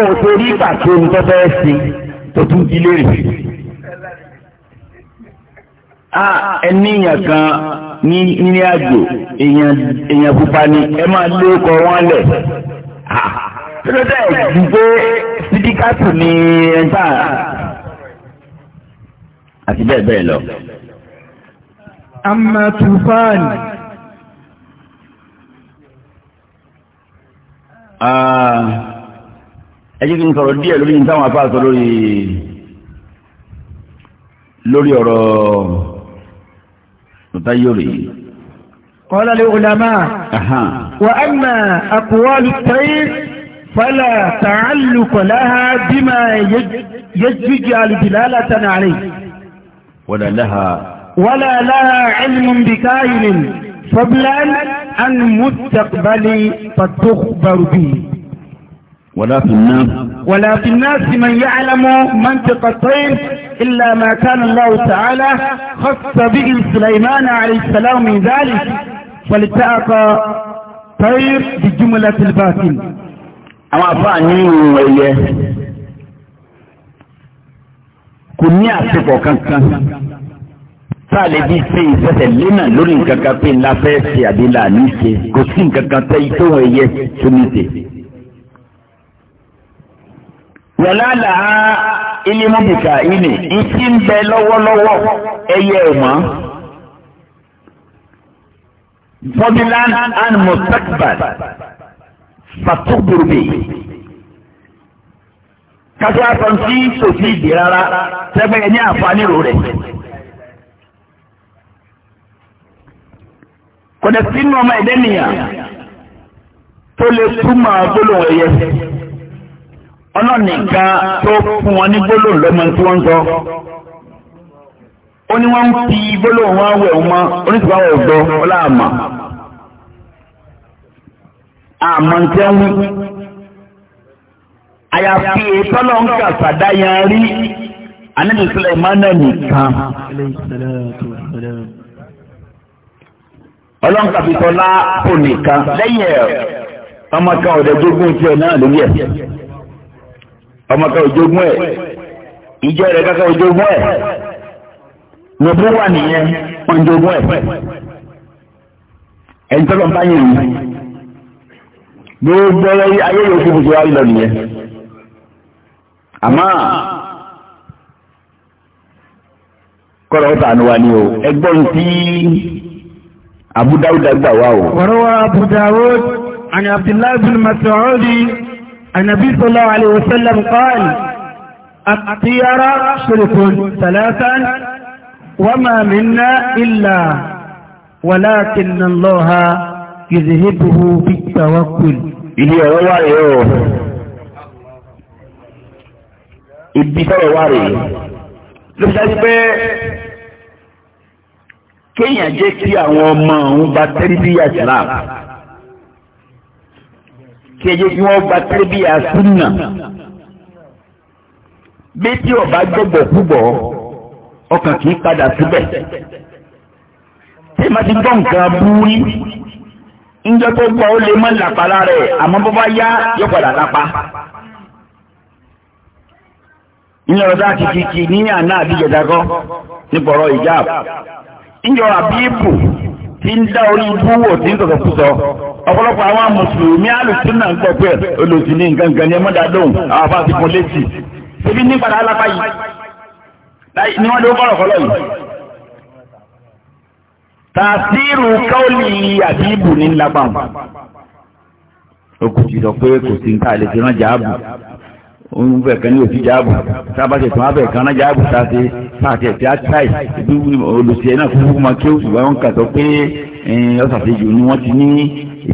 ó ṣe rí pàtó ní tó fẹ́ ṣe tó tún di léèrè. a ẹni èèyàn kan ní ní àjò èèyàn pupa ni ẹ máa lé ọkọ wọn lẹ̀ tó tẹ́ ẹ̀ jù pé sídíkàtù ni ẹ̀ ń tà àti bẹ́ẹ̀ bẹ́ẹ̀ lọ. Amma Tufani. ẹjẹ́ kí n sọ̀rọ̀ díẹ̀ lórí ní táwọn afáàsọ lórí lórí ọ̀rọ̀ tòtáyòrè. قال العلماء وأما أقوال الطير فلا تعلق لها بما يجعل دلالة عليه ولا لها ولا لها علم بكائن فضلا عن مستقبل فتخبر به ولا في الناس ولا في الناس من يعلم منطق الطير إلا ما كان الله تعالى خص به سليمان عليه السلام من ذلك فلتأقى طير بجملة الباطل أما فأني وإيه كني أسفو كنكا sáàlẹ̀ bí ṣe ìfẹsẹ̀ lẹ́nà lórí nǹkan kan pé ńlá fẹ́ ṣe àbí ńlá ní ṣe wọ̀lálà ilé mọ́bìkà ilé ìtí ń bẹ lọ́wọ́lọ́wọ́ ẹyẹ ẹ̀mọ́ fọ́bílán and mustaqbal fatukburbe kátó àtọ̀n tí sòfin ìdè rárá tẹ́gbẹ́ ní àǹfààní rò rẹ̀. kò dẹ̀ ọmọ ẹ̀dẹ́nìyàn tó lè túmọ̀ gbólóhùn ẹ̀yẹ ọlọ́nìkan tó fún wọn ní gbólóhùn lọ́mọ tí wọ́n ń sọ ó ní wọ́n ń fi gbólóhùn wọn wẹ̀ wọn oníṣègùn àwọn ọ̀dọ́ ọláàmà àmọ́ ń tẹ́ wí àyàfi ìtọ́lọ́ ń kà sàdáyà rí Ànábì Sùlẹ̀mánà nìkan ọlọ́nkà fi tọ́lá kò nìkan lẹ́yìn ẹ̀ ọmọ kan ọ̀dẹ́gbógún tiẹ̀ náà lórí ẹ̀ ọmọ kan òjogún ẹ̀ ìjọ rẹ̀ kankan òjogún ẹ̀ lóbú wà nìyẹn wọn òjogún ẹ̀ ẹni tọ́lọ̀ ń bá yẹn yìí gbogbo ayé yòókù bùsùn wa lọ nìyẹn àmọ́ kọ́lọ̀ ó tànù wa ni o ẹgbọ́n tí Abu Dawud gbà wá o. wọ́n wá Abu Dawud àni Abdullahi bin Mas'ud. النبي صلى الله عليه وسلم قال الطيرة شرك ثلاثا وما منا إلا ولكن الله يذهبه بالتوكل ilé ọ̀rọ̀ wà rẹ̀ ọ̀ ibi tọ́rọ̀ wà rẹ̀ ló fi dájú pé kéèyàn jẹ́ kí àwọn ọmọ òun bá tẹ́rí bí yàtìláàbù kí ẹ jẹ́ kí wọ́n gba tẹ́lẹ̀bíyà súnà bí tí ọba gbọ́gbọ̀ púpọ̀ ọkàn kì í padà síbẹ̀ tí ma ti gbọ́ nǹkan búrí ńjọ́ tó gbọ́ ó lè mọ́ lápá lára ẹ̀ àmọ́ bó bá yá yóò padà lápá ìyẹn ọ̀dá kìkìkì ní àná àbíjẹ̀dá kọ́ nípa ọ̀rọ̀ ìjáàbù ìjọ àbíbù tí ń dá orí ibú tí ń sọ̀tọ̀ kúsọ ọ̀pọ̀lọpọ̀ àwọn mùsùlùmí àlùsùnà ń gbọ́ pé olùsì ní nǹkan ní ẹmọ́dà àwọn afá fún létí alápá yìí ni wọ́n lè ó yìí. tàṣírù àti ní sọ pé kò sí òun bẹ̀ kan ní òsì jáàbù sábàtì tó abẹ̀ kan náà jáàbù sáfẹ́ sáàtì ẹ̀tì àtàì ibi olùsí ẹ̀ náà fún fún máa kí ó ṣùgbọ́n wọn kà sọ pé ọ̀sàfẹ́jù ni wọ́n ti ní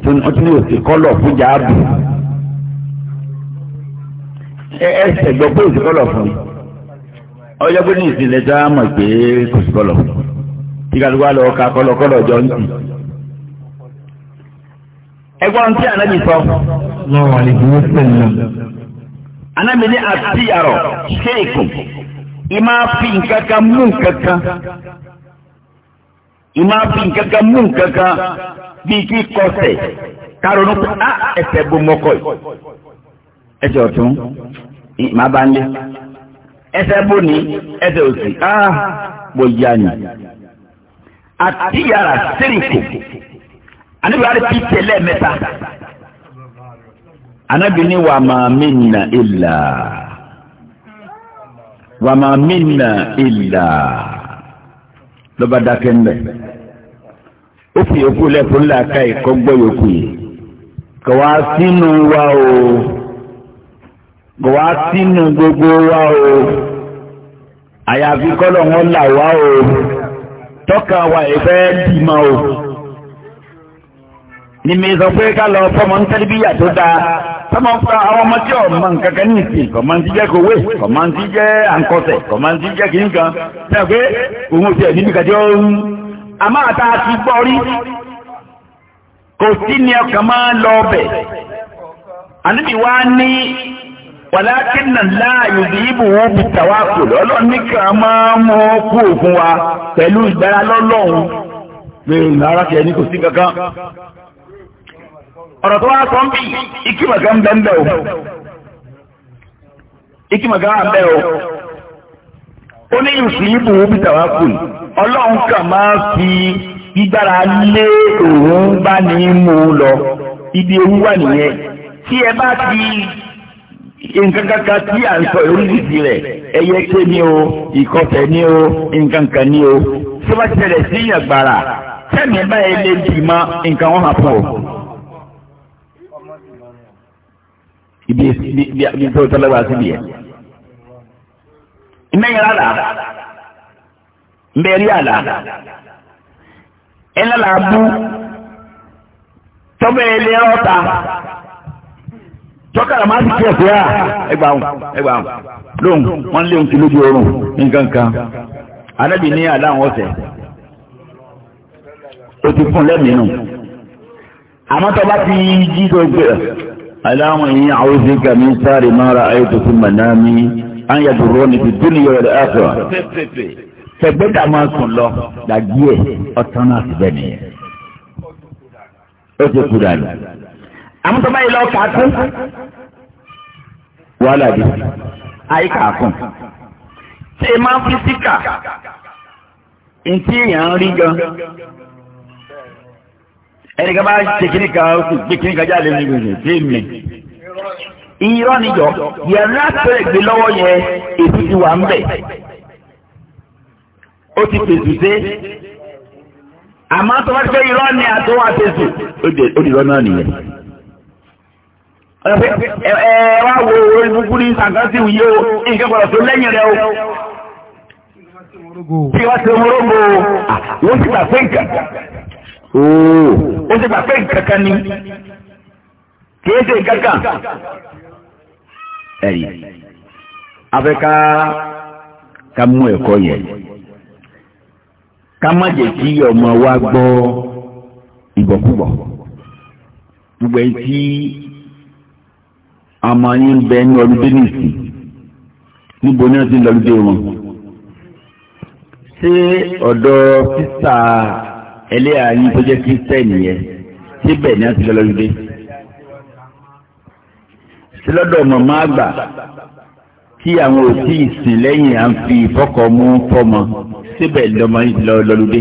wọ́n ti ní òsì kọ́lọ̀ fún jáàbù ẹ ṣẹ̀gbọ́ pé òsì kọ́lọ̀ fún mi ọjọ́ pé ní ìsinlẹ̀ tó á mọ̀ pé kò sí kọ́lọ̀ tí kálukú á lọ ka kọ́lọ̀kọ́lọ̀ jọ ń tì ẹgbọ́n tí àná Ànábì ní àtìyàrọ̀ ṣéèkù ìmá fi nǹkan kan mú nǹkan kan ìmá fi nǹkan kan mú nǹkan kan bíi kí kọsẹ̀ kárọ̀nù pé á ẹsẹ̀ bó mọ́kọ̀ yìí ẹsẹ̀ ọ̀tún ìmá bá ń lé ẹsẹ̀ bó ní ẹsẹ̀ òsì ni àtìyàrà ṣéèkù Ànábì wàá rí pí anabi ni wa ma minna illa wa ma minna illa lọ́ba dákẹ́ ńlẹ̀ ó fi yòókù lẹ́kùn ńlá ká ẹ̀kọ́ gbọ́ yòókù yìí kò wá sínú wa o kò wá sínú gbogbo wa o àyàfi kọ́lọ̀ wọn là wá o tọ́ka wa ìfẹ́ dì ma o. ni mi sọ pé ká lọ fọmọ tó dáa fọmọ fún àwọn ọmọ tí ọmọ nǹkan kan ní ìsìn ti kowé ti ti kan ni ọkàn máa ń lọ ọbẹ̀ àníbi wá ní wàlákì nà láàyò bí ibùwọ́ bí tàwákò lọ́lọ́ọ̀ ní máa mú kú òfun wa pẹ̀lú pé ìlú kò sí ọ̀rọ̀ tó wá sọ ń bì ìkìmọ̀gá ń bẹ́ ń bẹ́ o ìkìmọ̀gá wà ń bẹ́ o ó ní ìsìnkú bí tàwa kù ọlọ́run kà máa fi gbígbára lé òun bá ní mú un lọ ibi ewu wà nìyẹn tí ẹ bá ti nǹkan kankan tí à ń sọ oríṣiríṣi rẹ̀ ẹyẹ ké ni o ìkọfẹ ni o nǹkan kan ni o tí wọ́n ti tẹ̀lé sí ìyàgbára tẹ́mi báyìí lè dì mọ́ nǹkan wọn hàn fún o. ibi ibi tó Mẹ́yìn rárá, àlá, ẹ lọ́la bú tọ́bẹ̀ ilé tọ́kàrà máa ti ẹgbà ah, ahùn ẹgbà ahùn lóhùn wọ́n lé òǹkì lójú oorun ní àlá àwọn ọ̀sẹ̀ ó ti fún bá jí tó gbé e, اللهم إني أعوذ بك من شر ما رأيت في المنام أن يضرني في الدنيا والآخرة tẹgbẹ́dà máa sùn lọ dàgbé ẹ̀ ọ̀tán náà ti bẹ́ẹ̀ nìyẹn ó ti kú dànù. àmútọ́mọ́ yìí lọ kà á kú wàhálà dé àyíká kùn. ṣé máa ń fi síkà ntí èèyàn ń rí gan ẹnìkan bá ṣe kíní kan ó sì gbé kíní kan jáde nínú ìrìn tí mi. irọ́ níjọ yàrá pẹ̀lẹ́ gbé lọ́wọ́ yẹn èsì ti wà ń bẹ̀. ó ti pèsè sé àmọ́ tó bá ti fẹ́ irọ́ ni àtúwọ́ àtẹ̀sù ó di irọ́ náà nìyẹn ẹ wá wo orí búkú ní sàǹkásí yìí o nǹkan gbọ́dọ̀ tó lẹ́yìn rẹ o tí ah, wọ́n ti mú rógbò wọ́n ti gbà pé nǹkan ó ti gbà pé nǹkankan ni kìí ṣe nǹkankan ẹ̀yìn afẹ́ká ká mú ẹ̀kọ́ yẹn ká má jẹ́ kí ọmọ wa gbọ́ ìbọ̀kúbọ̀ gbogbo ẹni tí ọmọ yín bẹ ní ọdún dénìsì níbo ni wọ́n ti lọ́dún dé wọn ṣé ọ̀dọ̀ sísá ẹlẹ́yà yín tó jẹ́ kírísítẹ́nì yẹn síbẹ̀ ní àti lọ́lọ́dúndé. sílọ́dọ̀ màmá àgbà tí àwọn òsì ìsìn lẹ́yìn à ń fi ìfọ́kọ̀ mú fọmọ síbẹ̀ lọ́lọ́dúndé.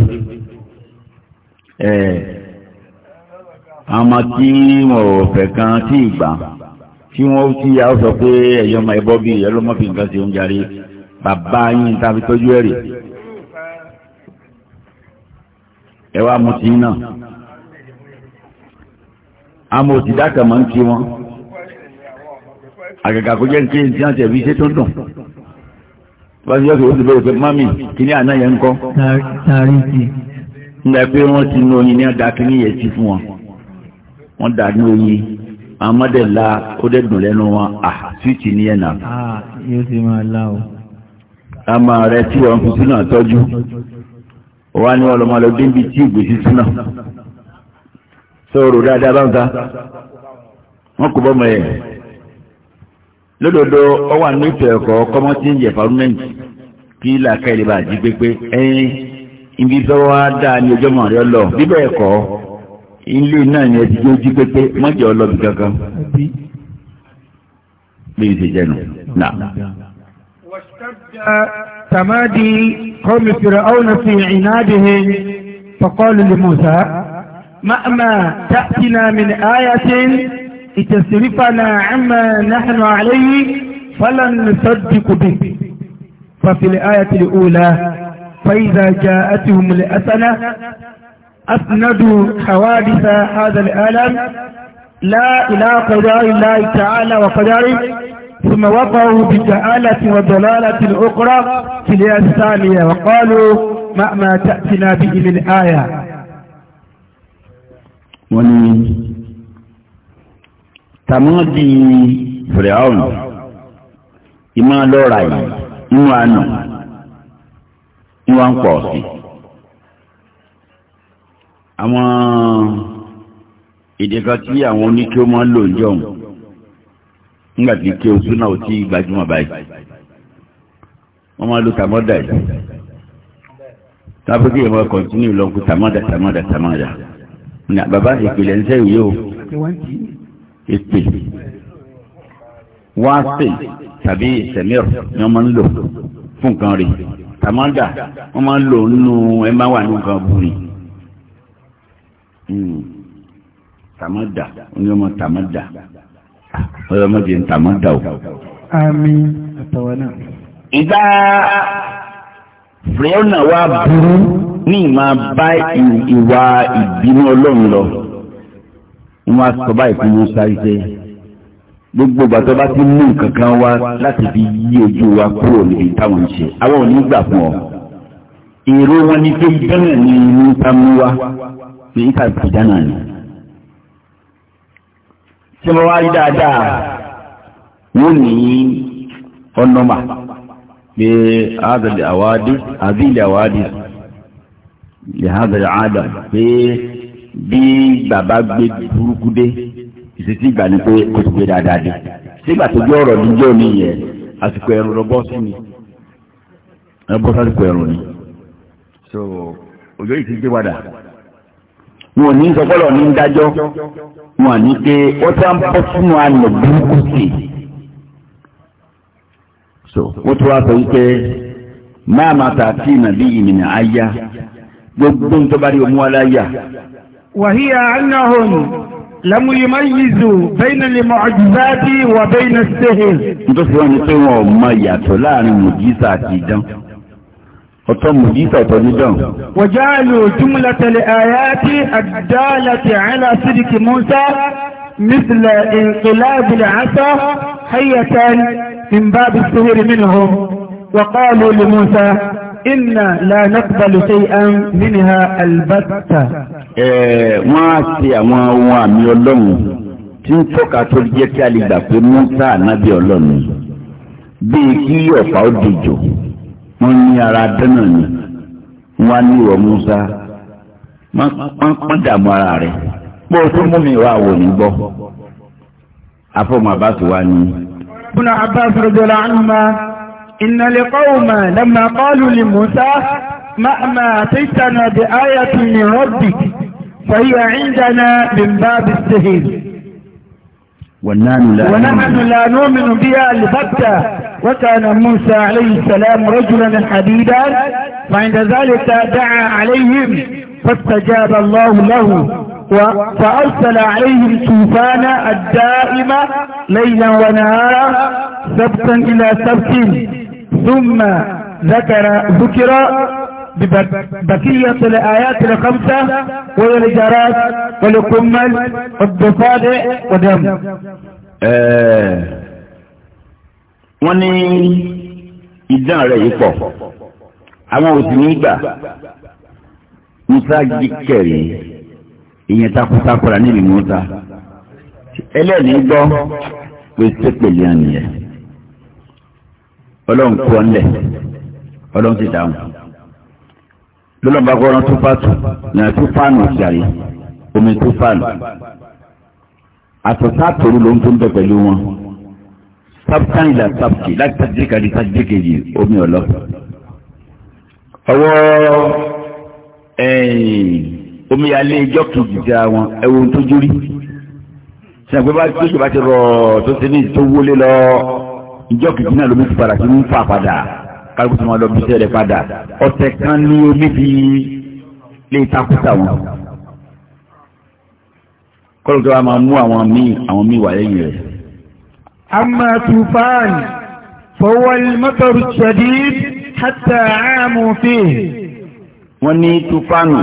àmọ́ tí wọn ò fẹ́ kan tí ì gbà tí wọ́n ti yà ó sọ pé ẹ̀yọ́ máa bọ́ bí ẹ̀yọ́ ló mọ́ fi nǹkan ṣe ń jarí bàbá yín tàbí tọ́jú ẹ̀rì. ẹ wá mu tí náà àmọ́ òtí dákà máa ń kí wọn àgàgà kó jẹ́ kí ní àti ẹ̀bí iṣẹ́ tó dùn wọ́n ti yọ kí wọ́n ti bẹ̀rẹ̀ pé mami kí ní àná yẹn ń kọ́. tààrí sí. nígbà pé wọ́n ti nu oyin ní àdá kí ní yẹn ti fún wọn wọ́n dà ní oyin amadela ó dẹ̀ dùn lẹ́nu wọn à síìtì ní ẹ̀nà. a máa rẹ tí wọn fi sínú àtọ́jú wọ́n á ní ọlọ́mọlẹ́ débi tí ìgbésí súná sọ̀rọ̀ dáadáa bá ń ta wọ́n kò bọ́mọ ẹ̀ lódodo ọwọ́ àánú ètò ẹ̀kọ́ kọ́mọ́tì yẹ fàrúmẹ́ǹtì kí làákà ìdìbò àjí pépé ẹ̀yìn ibi fẹ́wọ́ á dáa ní ọjọ́ mọ̀ rẹ lọ bíbẹ̀ ẹ̀kọ́ ilé náà ni ẹtí tó jí pépé mọ́jọ́ ọlọ́bì kankan bí ìṣèjẹ́nu náà. تمادي قوم فرعون في عنادهم فقالوا لموسى مهما تأتنا من آية لتصرفنا عما نحن عليه فلن نصدق به ففي الآية الأولى فإذا جاءتهم الأسنة أسندوا حوادث هذا الألم لا إلى قدر الله تعالى وقدره ثم وقعوا بجهالة وضلالة أخرى في الآية الثانية وقالوا ما ما تأتنا به من آية وني تمادي فرعون إما لوراي إما أنو إما أنقاصي àwọn èdè tí àwọn oníkí lò jọun nígbà tí kí oṣù náà ò tí ì gbajúmọ̀ báyìí wọ́n máa lo tàmọ́dà yìí tábìlì yìí wọ́n kọ̀ntínú lọ́nkù tàmọ́dà tàmọ́dà tàmọ́dà ní bàbá ìpìlẹ̀ ń sẹ́yìn yóò ìpè wá pè tàbí ìsẹ̀mìr ni wọ́n máa ń lò fún nǹkan rè tàmọ́dà wọ́n máa ń lò nínú ẹ máa wà hmm. ní nǹkan bùrì tàmọ́dà wọ́n ní wọ́n máa tàmọ́dà ọlọ́mọdé ń tàmọ́ dà ó. àmín àtọwọ́ náà. ìgbà fìrẹ́ọ̀nà wa burú ní ìmọ̀ bá ìwà ìbínú ọlọ́run lọ wọ́n á sọ báyìí fún musa ṣe gbogbo ìgbà tó bá ti mú nǹkan kan wá láti fi yí ojú wa kúrò níbi táwọn ń ṣe àwọn ò ní gbà fún ọ èrò wọn ni pé bẹ́ẹ̀ ni musa mú wa ní ìka ìdáná ni tí mo wá rí dáadáa yóò ní ọ̀nọ́mà pé àádọ́lẹ̀ àwádìí àbílẹ̀ àwádìí ìhádọ́lẹ̀ àádọ́ pé bí bàbá gbé burúkú dé ìsètí ìgbà ni pé kò tó gbé dáadáa dé sígbà tó gbé ọ̀rọ̀ díjọ́ mi yẹ àsìkò ẹ̀rù lọ bọ́ sí mi ẹ bọ́ sásìkò ẹ̀rù ni so òjò yìí ti gbé padà wọn ní sọpọ́lọ̀ ní dájọ́ wọn ní pé wọ́n ti ń bọ́ sínú alẹ̀ burúkú sí i. so wọ́n ti wá sọ wípé máa ma ta tí nàbí ìmìnà ayá gbogbo ń tọ́ba rí omu aláyà. wàhíyà anahun lamu yi ma yi zu bẹ́ẹ̀ni lè mọ àjùzáàdì wà bẹ́ẹ̀ni sẹ́hìn. nítorí wọn ni pé wọn ò mọ ìyàtọ̀ láàrin mùjísà àti ìdán ọ̀tọ́ mùjísà ọ̀tọ́ dídán. wàjáàlù jùmùlẹ̀tẹ̀lẹ̀ àyàtì àdálàtì àìlà sídìkì Musa mísìlẹ̀ ìkìláàbìlẹ̀ àṣà hayyatan min bábi sihiri minhum wàkọ́ọ̀lù lè Musa inna la naqbalu shay'an minha albatta. wọ́n á ṣe àwọn ohun àmì wọ́n ní ara dánà ni wọ́n á ní ìwọ Musa má dààmú ara rẹ̀ bó o tún mú mi wá wò ní gbọ́ afọ́mọ àbáṣe wa ni. ibn Abbas radiyallahu anhuma inna liqawma lamma qalu li Musa ma'ma ataytana bi ayatin min rabbik فهي عندنا من باب السهيل ونحن لا نؤمن بها البتة وكان موسى عليه السلام رجلا حديدا فعند ذلك دعا عليهم فاستجاب الله له فأرسل عليهم طوفان الدائم ليلا ونهارا سبتا إلى سبت ثم ذكر ذكر بقية الآيات الخمسة والجرات والكمل والضفادع والدم آه wọ́n ní idán rẹ̀ yìí pọ̀ àwọn ò sì ní gbà musa kẹrì ìyẹn takuntakura níbi musa ẹlẹ́ni gbọ́ pé sépèlè ànìyẹ ọlọ́run kú ọ nílẹ̀ ọlọ́run ti dáhùn lọ́lọ́run bá gbọ́ràn tó pàtó ní ìjàre omi tó fáànù ló ń tó ń bẹ pẹ̀lú wọn sábùkán ìlà sábùkì láti sábùkì àti sábùkì kejì omi ọ̀lọ́. ọwọ́ eh, omíyalé ijọ́ kejì ti àwọn ẹ̀wọ̀n tó jórí sẹ́gbẹ́ bá tó ṣùgbọ́n ti rọ̀ tó ti ní tó wọlé lọ ijọ́ kejì náà lómi ti padà sí ń fà padà kálukú tó máa lọ bí sẹ́rẹ̀ padà ọ̀sẹ̀ kan ní omi fi lè takùtà wọn kọ́lù tó wá máa mú àwọn míì àwọn míì wà lẹ́yìn rẹ̀. أما طوفان فهو المطر الشديد حتى عاموا فيه wọ́n ní tufanu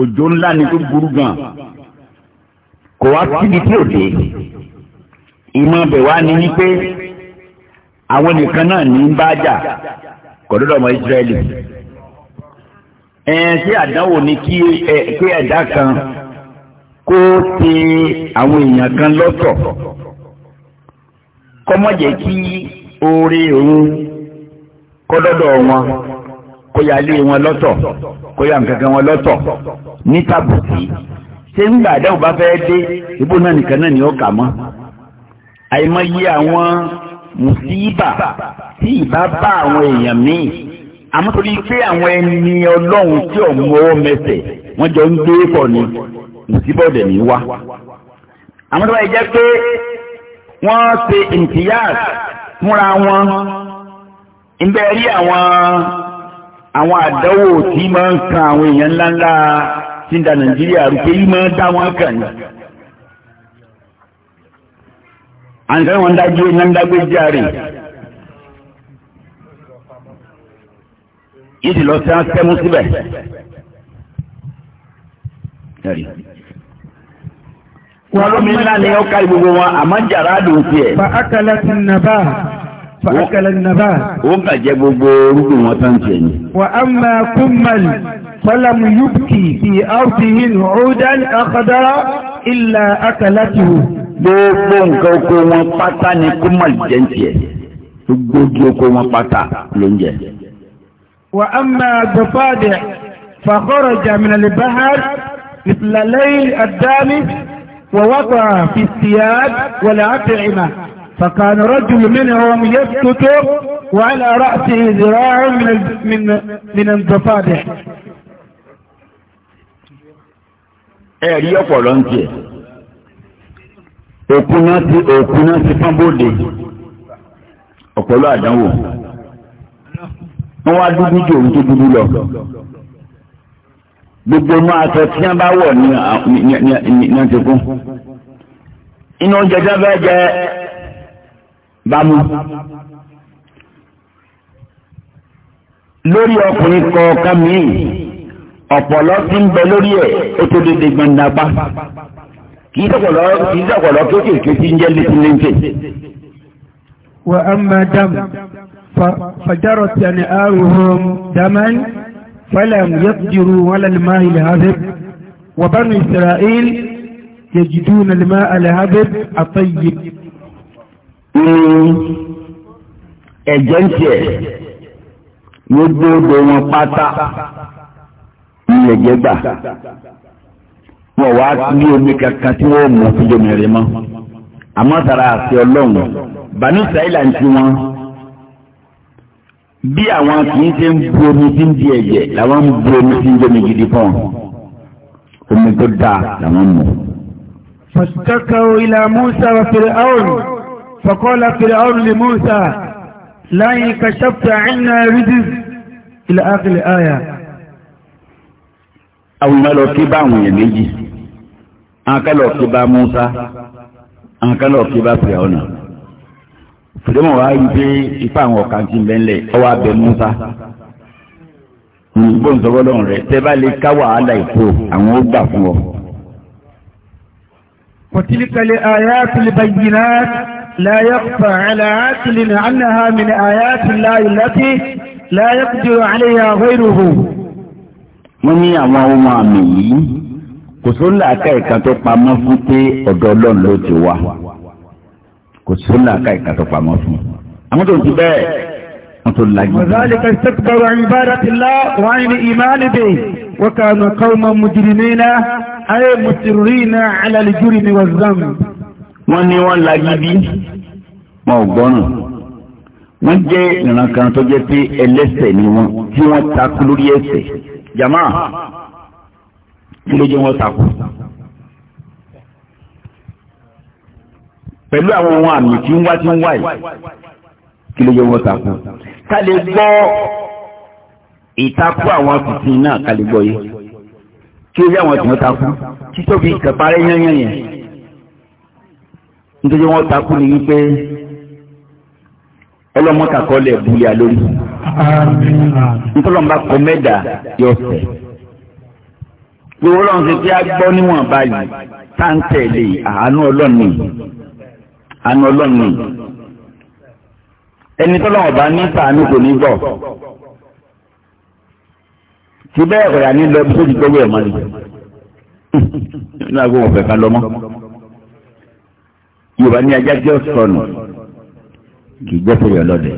òjò ńlá ni tó burú gan kò wá síbi tí ò dé ìmọ̀ ọbẹ̀ wá ní wípé àwọn nìkan náà ní ń bá jà kọ̀dọ̀dọ̀ ọmọ ìsírẹ́lì ẹ̀ ṣé àdánwò ni kí ẹ̀ pé ẹ̀dá kan kó ti àwọn èèyàn kan lọ́tọ̀ jẹ kí oore òun kọdọdọ wọn kó ya lé wọn lọ́tọ̀ kó ya wọn lọ́tọ̀ ní tàbùkì ṣé ńgbà àdáwò bá fẹ́ dé ibò náà nìkan náà ni ó kà mọ́ àìmọye àwọn mùsíbà tí ìbá bá àwọn èèyàn míì pé àwọn ẹni tí jọ ń gbé ni mùsíbà ní wá. wọ́n ṣe ìmtìyàs múra wọn ìbẹ̀ rí àwọn àwọn àdánwò tí máa ń kan àwọn èèyàn ńláńlá tí ń da nàìjíríà rú pé yìí máa ń dá wọn kàn ní. àǹtẹ̀ wọn dájú iná ń dágbé járe. yìí ti lọ sí án síbẹ̀ wọn lómi ńlá ni ó kárí gbogbo wọn àmọ́ jàrá dùn sí ẹ̀. fa akala ti nàbà fa akala nàbà. ó ń kàjẹ gbogbo orúkọ wọn tán tiẹ̀ ni. wà á máa kún mali fọlámù yúkì fi áwùtìhìn ọ̀dàn àkàdárà ìlà akala ti wò. gbogbo nǹkan oko wọn pátá ni kún mali jẹ́ ń tiẹ̀ gbogbo oko wọn pátá ló ń jẹ. وأما الضفادع فخرج من البحر مثل ليل الدامس ووضع في الثياب والأطعمة فكان رجل منهم يسكت وعلى رأسه ذراع من من من الضفادع ẹ̀rí ọ̀pọ̀lọ́ ń tiẹ̀ òkú náà ti òkú náà ti fán bóde ọ̀pọ̀lọ́ àdánwò wọ́n wá dúdú jù òun tó dúdú lọ gbogbo inú aṣọ tí wọ́n bá wọ̀ ní wọ́n ti kú inú oúnjẹ tí wọ́n fẹ́ jẹ bámu lórí ọkùnrin kọ̀ọ̀kan míì ọ̀pọ̀lọ́ ti ń bẹ lórí ẹ̀ ó tó dédé gbandapa kì í sọ̀pọ̀lọ́ kì í sọ̀pọ̀lọ́ kéékèèké tí ń jẹ́ létí léńtè. wà á máa dàm fàjárọ̀ tí a ní àrùn hàn dàmán. فلم يقدروا على الماء الهذب وبنو إسرائيل يجدون الماء الهذب الطيب ẹ̀jẹ̀ ń tiẹ̀ gbogbo odò wọn pátá ìyẹ̀jẹ̀ gbà wọn wá ní omi kankan tí wọ́n mú fúnjọmìnrin mọ́ àmọ́ tara àti ọlọ́run bànú sàílà ń tí wọ́n bí àwọn kìí ṣe ń bu omi tí ń di ẹ̀jẹ̀ làwọn ń bu omi tí ń jẹ́ mi gidi fún ọ omi tó dáa làwọn mọ̀. فاشتكوا إلى موسى وفرعون فقال فرعون لموسى لئن كشفت عنا رجز إلى آخر الآية àwọn ọmọ lọ bá àwọn èèyàn méjì àwọn akẹ́lọ̀ bá Musa àwọn akẹ́lọ̀ kí bá Fìràọ́nà tòdémọ̀ wá rí pé ipá àwọn ọ̀kan ti bẹ́ńlẹ̀ ọwọ́ abẹ musa gbóǹsọ̀gbọ́dọ̀ hmm, rẹ̀ tẹ́ bá lè ká wàhálà ìkó àwọn ó gbà fún ọ. وتلك الآيات البينات لا يخفى على عاقل أنها من آيات الله التي wọ́n ní àwọn ohun àmì yìí kò sóńlá akẹ́kọ̀ọ́ tó pamọ́ fún pé ọ̀dọ̀ ọlọ́run ló ti wá kò sí ó làákà ìkàtọ pamọ́ fún àwọn tó ti bẹ́ẹ̀ wọn tó lajú. mọ̀sálì kan sẹ́kùbọ̀rọ̀ ìbáratìlá wọ́n ní ìmánibè wọ́n kà ní kọ́ọ̀mọ̀ mùjìrìmínà ayé mùsùlùmínà alàlìjúrì ni wọ́n zàm. wọ́n ní wọ́n lajú bí wọn ò gbọ́nà wọ́n jẹ́ ìran kan tó jẹ́ pé ẹlẹ́ṣẹ̀ ni wọ́n tí wọ́n takú lórí ẹ̀ṣẹ̀ jàmáà kí ló jẹ́ wọ́n takú. pẹ̀lú àwọn ohun àmì tí ń wá tí ń wá yìí kí ló yẹ wọ́n ta fún un. ká lè gbọ́ ìtakú àwọn tuntun náà ká lè gbọ́ yìí kí ó yẹ àwọn tí wọ́n ta fún títóbi kẹparẹ́ yányán yẹn nítorí wọ́n ta fún ni wípé ọlọ́mọ́kàkọ́ lẹ̀ búlẹ̀ lórí ntọ́lọ́mọba kọ mẹ́ta yọ sẹ̀ gbogbo ọlọ́run ṣe kí a gbọ́ níwọ̀n báyìí táǹtẹ̀ lè àánú ọlọ́run nìyí àna ọlọ́run ni ẹni tọ́lọ́wọ̀n bá ní sàánú kò ní bọ̀ ti bẹ́ẹ̀ ọ̀rẹ́ àní lọ bísí ìgbẹ́wò ẹ̀ mọ́ ni nínú àgbo wọn fẹ́ ká lọ mọ́ yorùbá ní ajá jẹ́ sọnù kì í jẹ́ fẹ́yọ̀ lọ́dẹ̀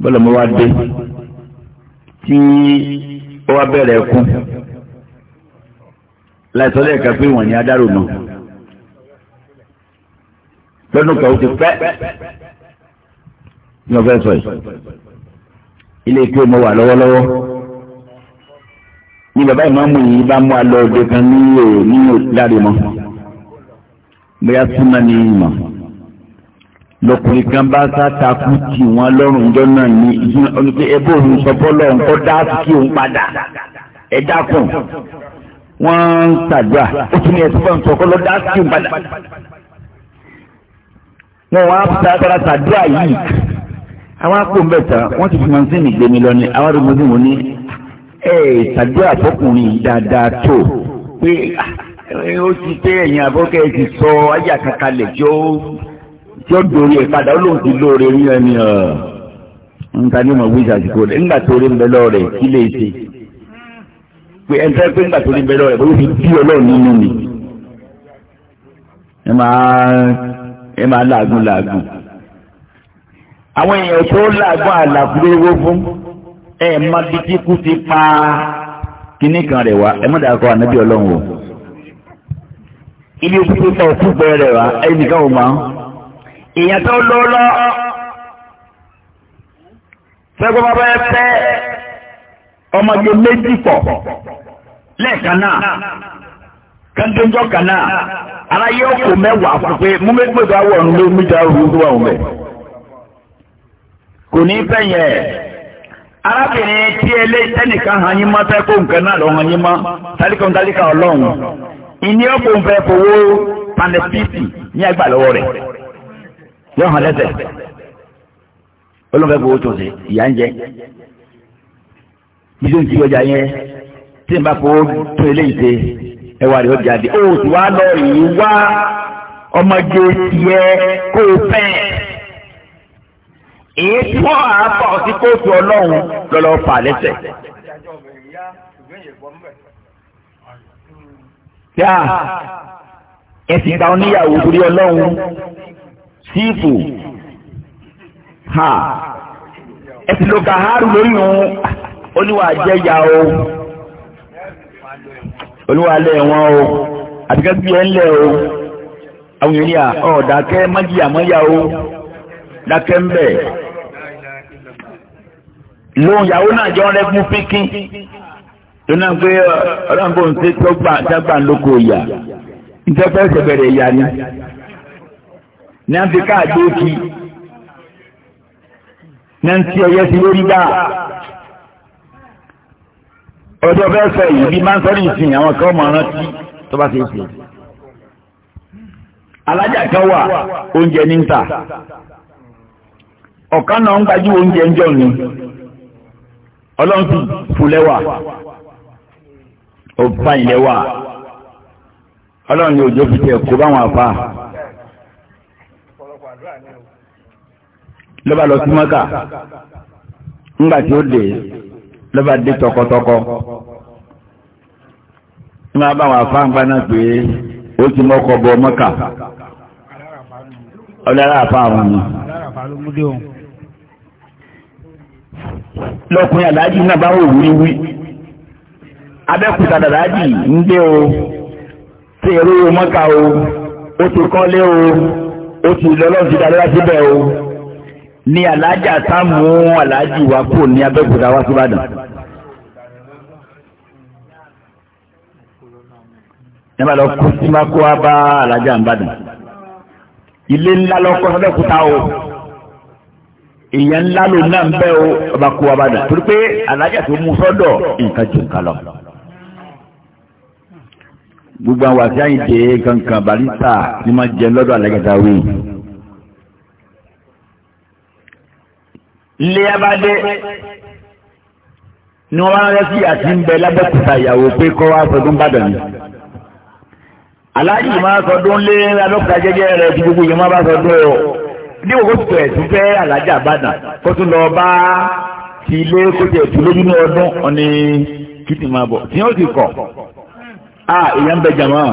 bọ́lá mo wá dé tí ó wá bẹ̀rẹ̀ kú láìsọ́lẹ̀ kan pé wọ́n adárò náà lọ́dún kan ó ti pẹ́ ní ọ̀fẹ́ sọ yìí ilé ikú mo wà lọ́wọ́lọ́wọ́ ní bàbá ìmáàmù yìí bá mú alọ́ òde kan ní òò ní òdáre mọ́ bóyá súnmọ́ ní ìmọ̀ lọkùnrin kan bá sátakú tì wọ́n lọ́rùn ìjọ náà ní ọdún pé ẹbí òun sọ bọ́lọ̀ ń kọ́ dáàtú kí òun padà ẹ dákun wọ́n ń tàdúrà ó tún ní ẹ̀sìn fún ọ̀sán kọ́ lọ́ dáàtú kí òun padà wọn wá tààtàrà tàdúrà yìí àwọn akó ń bẹ̀ tán wọ́n ti fi mọ̀nsínì gbé mi lọ ní àwọn arúgbó ní mo ní ẹ̀ tàdúrà fọkùnrin dáadáa tó pé ah, ó ti pé ẹ̀yìn àbọ̀kẹ́ ti sọ ayé àkàkalẹ̀ tí ó tí ó dorí ẹ̀ padà ó lóun ti lóore ní ẹni ọ̀ nǹkan ní mọ̀ wíṣà àsìkò rẹ̀ nígbà tó rí ń bẹ lọ́ọ̀rẹ̀ kí lè ṣe pé ẹ̀ ń pé nígbà tó rí ń bẹ lọ́ọ̀rẹ̀ bó fi bí ọlọ́ọ̀ nínú mi. ẹ máa ẹ máa làágùn làágùn àwọn èèyàn tó làágùn àlàfúrówó fún ẹ má bí tí kú ti pa kíní kan rẹ̀ wá ẹ má dàgbà ànábì ọlọ́run o ilé kúkú náà kú bẹ́ẹ̀ rẹ̀ wá ẹ nìkan ò máa èèyàn tó lọ́lọ́ fẹ́gbọ́n bá bẹ́ẹ̀ fẹ́ ọmọdé méjì pọ̀ lẹ́ẹ̀kan náà kẹ́ńtẹ́ńtọ́ kana, náà ara yóò kó mẹ́wàá fún pé mú méjìlélógún awọ ọ̀run ló mú ìjà òru tó wà òun bẹ̀. kò ní fẹ́ yẹn arábìnrin tí ẹlẹ́ tẹ́nìkan hàn yín mọ́ fẹ́ kó nǹkan náà lọ́ hàn yín mọ́ tálíkan tálíkà ọlọ́run ìní ọ̀pọ̀ ń fẹ́ fowó panẹ́pìtì ní ẹgbà lọ́wọ́ rẹ̀ yóò hàn lẹ́sẹ̀ olùfẹ́ fowó tó ṣe ìyá ń jẹ bí tí n bá fowó tó eléyìí ṣe ẹwà rẹ̀ ó jáde ó sì lọ rèé wá ọmọdé tiẹ̀ kó o fẹ́ èyí tí wọ́n á fà ọ sí kóòtù ọlọ́run lọ́lọ́ fà lẹ́sẹ̀. yáa ẹ̀sìn ta oníyàwó torí ọlọ́run sífù ha ẹ̀sìn ló ka haru lórí òun ó ní wàá jẹ́ ya o. olúwa lẹ wọn o àtikẹ́ bí ẹ ń lẹ o àwọn ènìyàn ọ̀ dákẹ́ májìyà mọ́yà o dákẹ́ ń bẹ̀ lóhun ìyàwó náà jọ rẹ fún pínpín lónà pé ọlọ́run ń ṣe tó gbà dágbà lóko ìyà ìjọba ẹsẹ̀ bẹ̀rẹ̀ ìyà ni ní àfikà àdókì ní ọjọ́ bẹ́ẹ̀ sọ yìí bí máa ń sọ́rí ìsìn àwọn kan mọ̀ rántí tó bá ṣe é ṣe. alájà kan wà oúnjẹ ní ta ọ̀kan náà ń oúnjẹ ń jọ ni ọlọ́run ti fún lẹ́wà ó fa ìlẹ́wà ọlọ́run ni òjò fi tẹ̀ kó báwọn àfa. ló bá dé tọkọtọkọ ní wọn bá wọn afáǹgbá náà pé ó ti mọ́kọ bọ mọ́kà ọlọ́run àfa àwọn mi. àdájì náà bá wò wíwí abẹ́kùtà àdájì ń dé o tí èrò mọ́kà o ó ti kọ́lé o ó ti lọ́lọ́run ti dáadáa síbẹ̀ o ní alájà tá mú alájì wá kúrò ní abẹ́kùtà wá síbàdàn. nígbà lọ kú tí má kó wa bá alájà ń bàdàn ilé ńlá lọkọ sọdọ kúta o èèyàn ńlá ló ná ń bẹ o ọba kó wa bàdàn torí pé alájà tó mú sọdọ nǹkan jù nǹkan lọ gbogbo àwọn àti àyìndé kankan barista ni máa jẹ lọ́dọ̀ alágàtà wí. ilé abadé ni wọ́n máa ń sí àti ń bẹ lábẹ́kúta ìyàwó pé kọ́ wa sọdún bàdàn ni aláàjì yìí máa sọdún lé abẹ́kúta jẹ́jẹ́ rẹ̀ ti gbogbo yìí máa bá sọdún o ní òkú tó ẹ̀sùn fẹ́ aláàjì àbàdàn kó tún lọ bá ti ilé kó tẹ̀ tún lójú ní ọdún ọ̀ni kìtì máa bọ̀ tí yóò ti kọ̀ a èèyàn ń bẹ jàmọ́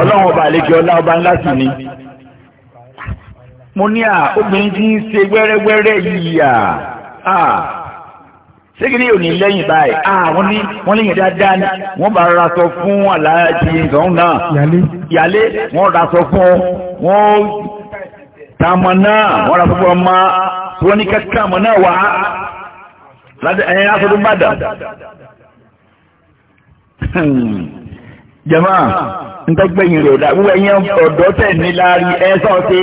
ọlọ́run ọba àlejò ọlá ọba ńlá sì ni mo ní à obìnrin tí ń ṣe wẹ́rẹ́wẹ́rẹ́ yìí à segiri yóò ní lẹ́yìn báyìí ah, ah wọ́n ní wọ́n lẹ́yìn dáadáa ni wọ́n bá ra sọ fún aláàjì ìgbọ̀n náà yálé wọ́n ra sọ fún wọ́n tààmọ̀ náà wọ́n ra sọ fún ọmọ tí wọ́n ní kẹ́kẹ́ àmọ̀ náà wá ẹ̀yìn aṣọ tó bá dà. jama n tó gbẹ̀yìn rẹ̀ dà wíwẹ̀ yẹn ọ̀dọ́ tẹ̀ ní láàrin ẹ̀ sọ́ọ̀tì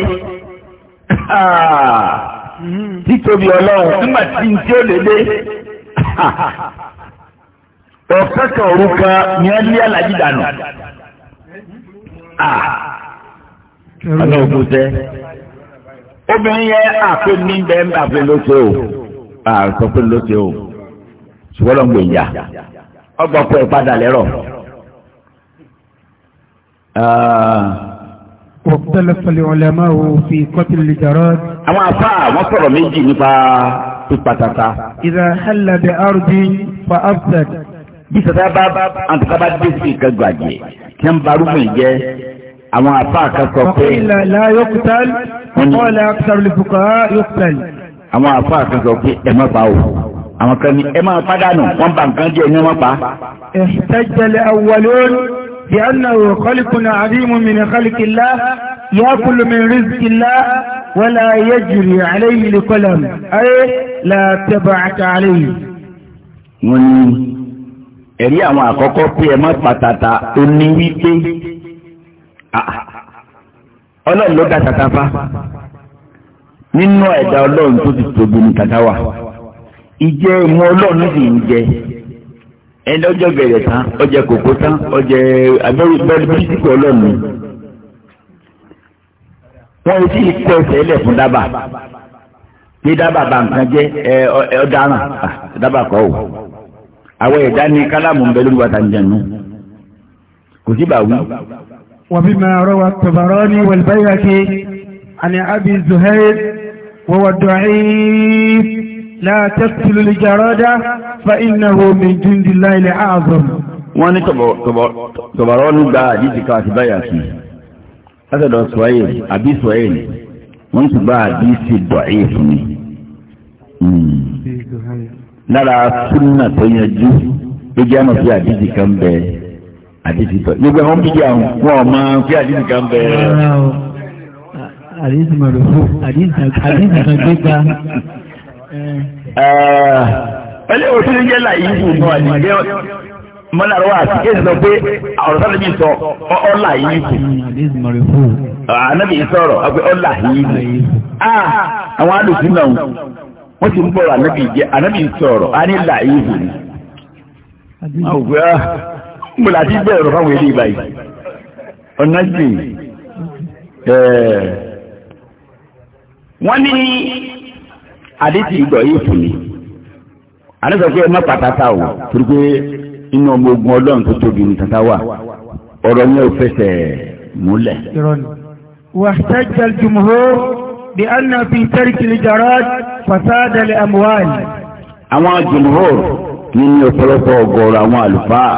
ah, títóbi ọlọ́run nígbà tí n tí ó lè dé ọ̀pẹ́ kan òru kan ni wọ́n lé alájí dànù. ọ̀nà òkú sẹ́ obìnrin yẹn àpè ní bẹ́ẹ̀ ń àpè lóṣè o àpè ah, pé lóṣè o ṣùgbọ́n lọ́n gbè yà ọgbọ́n pé ìpadà lẹ́rọ̀. واختلف العلماء في قتل الجراد. أما أفا ما صار ميجي نبا pípatata. ìrà halabi ardi fa afsad. bí sọ́tà bá àtàkàbá dé sí nǹkan gbàgbé kí n barú mi jẹ́ àwọn àfa àkàkọ pé. ọ̀kìlá la yọkùtàl ọ̀là àkùtàl fúkà yọkùtàl. àwọn àfa àkàkọ pé ẹ má pa o àwọn kan ní ẹ máa pàdánù wọn bá nǹkan jẹ ní wọn pa. ihtajjal awwalun bi annahu khalqun adhimun min khalqillah. يأكل من رزق الله ولا يجري عليه لقلم أي لا تبعك عليه wọ́n ní ẹ̀rí àwọn àkọ́kọ́ pé ẹ má pàtàtà ó ní wípé ọlọ́run ló dá tata fa nínú ẹ̀dá ọlọ́run tó ti ẹni ọjọ́ tán kòkó tán wọ́n ti kọ ẹsẹ̀ ilẹ̀ fún dábà bí dábà bá nǹkan jẹ́ ẹ ọ̀daràn dábà kọ́ o àwọn ẹ̀dá ni kálámù ń bẹ lórí wa tàǹjẹ̀ nù kò sí bàwí. wọ́n bí máa rọwà Tabarani wal Bayhaqi àni Abi Zuhair wọ́wọ́ da'if la taqtulu al fa innahu min jundillahi al-a'zam. wọ́n ní Tabarani gba àdìsí kan àti Bayhaqi látọ̀dọ̀ sọ̀yìn àbí sọ̀yìn wọ́n ti bá àdísì dọ̀yìn fún mi. Hmm. lára súnà tó yanjú ló jẹ́ àmọ̀ sí àdísì kan bẹ àdísì tọ̀ gbogbo àwọn bíi àwọn wọn ọmọ sí àdísì kan bẹ. àdísì mọ̀rọ̀ fún àdísì kan gbégbá. ẹlẹ́wọ̀n tó ń jẹ́ làyé ìfún náà àdísì mọ́nàrọ́ wa kéèsì lọ pé ọ̀rọ̀ sọ ọ̀là yìí ànábì sọ̀rọ̀ ọ̀pẹ ọ̀là yìí àwọn alùpùpù náà wọ́n ti ń bọ̀rọ̀ ànábì jẹ́ ànábì sọ̀rọ̀ ni. Ah, ti bẹ̀rẹ̀ fáwọn eré wọ́n ní ni. inú ọmọ ogun ọlọ́run tó tóbi ní tata wà ọ̀rọ̀ yẹn ò fẹsẹ̀ múlẹ̀. واحتج الجمهور بأن في ترك الإيجارات فساد الأموال. àwọn jùmùhóòr nínú ọ̀pọ̀lọpọ̀ ọgọ́rọ̀ àwọn àlùfáà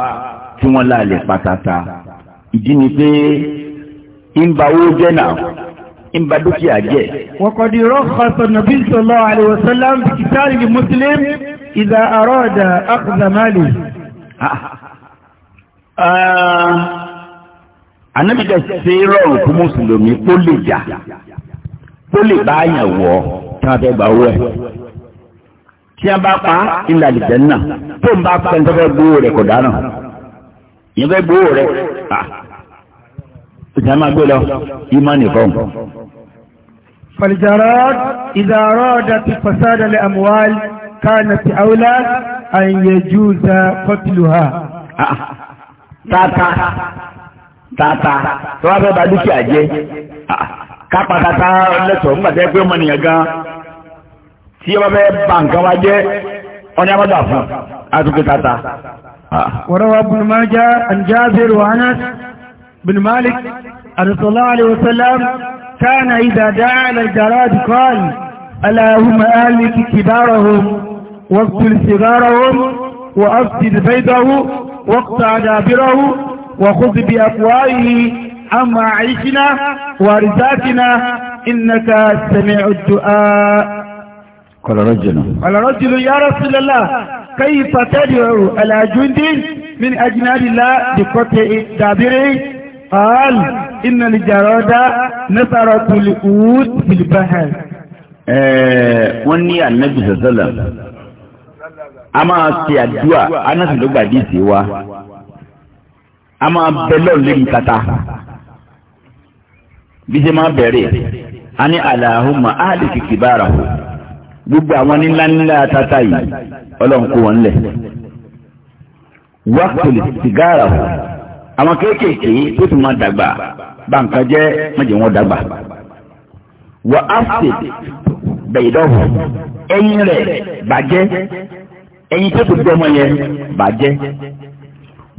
tí wọ́n láàlẹ̀ pátátá ìdí ni pé ń ba owó jẹ́ náà ń dúkìá jẹ́. وقد رخص النبي صلى الله عليه وسلم بقتال المسلم إذا أراد أخذ ماله. Ah. ànábìjẹ́ ṣe rọrùn fún mùsùlùmí kó lè jà kó lè bá yàn wọ̀ tí wọ́n fẹ́ gbà owó ẹ̀ tí wọ́n bá pa ilẹ̀ àlìjẹ́ náà tó ń bá pẹ́ tó fẹ́ gbowó rẹ̀ kò dáná ìyẹn fẹ́ gbowó rẹ̀ ìjà ah. máa gbé lọ ìmọ̀ nìkan. فالجراد إذا أرادت فساد الأموال كانت أولى àyẹjúza ah, kọtìlúhà tata tata tó wá fẹ́ bá dúkìá jẹ́ ah, kápákátá lẹ́tọ̀ọ́ nígbàtẹ́ pé ọmọnìyàn gan tí ọba fẹ́ bá nǹkan wá jẹ́ ọ̀nà àmọ́dà fún àtúkẹ́ tata ah. وروى ابن ماجه عن جابر وانس بن مالك عن صلى الله عليه وسلم كان اذا دعا على الجراد قال اللهم اهلك كبارهم واقتل صغارهم وأفسد بيته واقطع دابره وخذ بأفواهه عما عيشنا ورزاقنا إنك سميع الدعاء قال رجل قال رجل يا رسول الله كيف تدعو على جند من أجناد الله بقطع دابره قال إن الجرادة نثرة الأود في البحر آه، صلى الله عليه وسلم a máa ṣe àdúrà anásì ló gbà wa a máa bẹ lọ́ọ̀ lórí kata bí ṣe máa bẹ̀rẹ̀ a ní Allahumma áàlìkì o gbogbo àwọn nílá nílá tata yìí ọlọ́run wọn lẹ̀ wákùlì sìgára o àwọn kéékèèké tó tún máa dàgbà bàǹkà jẹ́ wọn dàgbà wà á sì rẹ̀ ẹyin tó ọmọ yẹn bàjẹ́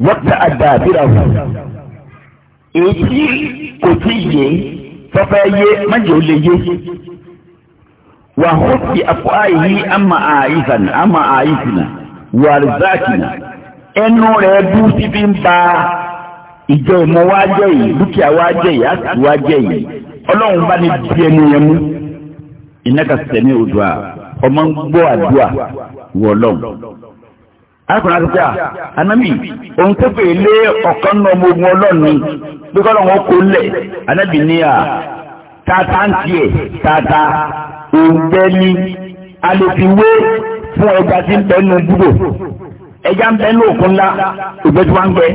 wọ́tà àdá àbíra hù èyí kò tí ì yé tọ́fẹ́ yé májè ó lè yé wà hó ti àpò àyí àmà àyíkànà àmà àyíkànà wà rìzákìnà ẹnu rẹ̀ bú síbi ń ba ìjọ ìmọ̀ wá jẹ́ yìí dúkìá wá jẹ́ yìí jẹ́ yìí ọlọ́run bá ní bí ẹnu yẹn mú ìnáka ọmọ ń gbọ́ àdúrà wọ lọ́wọ́. arákùnrin àtúntà anábì òun tó fè lé ọ̀kan náà ọmọ ogun ọlọ́run ni pé kọ́ lọ́wọ́ kó lẹ̀ anábì ní à tata ń tiẹ̀ tata òǹgbẹ́ ni a lè fi wé fún ẹja tí ń bẹnu búdò ẹja ń bẹnu òkun ńlá ògbẹ́ tí wọ́n ń gbẹ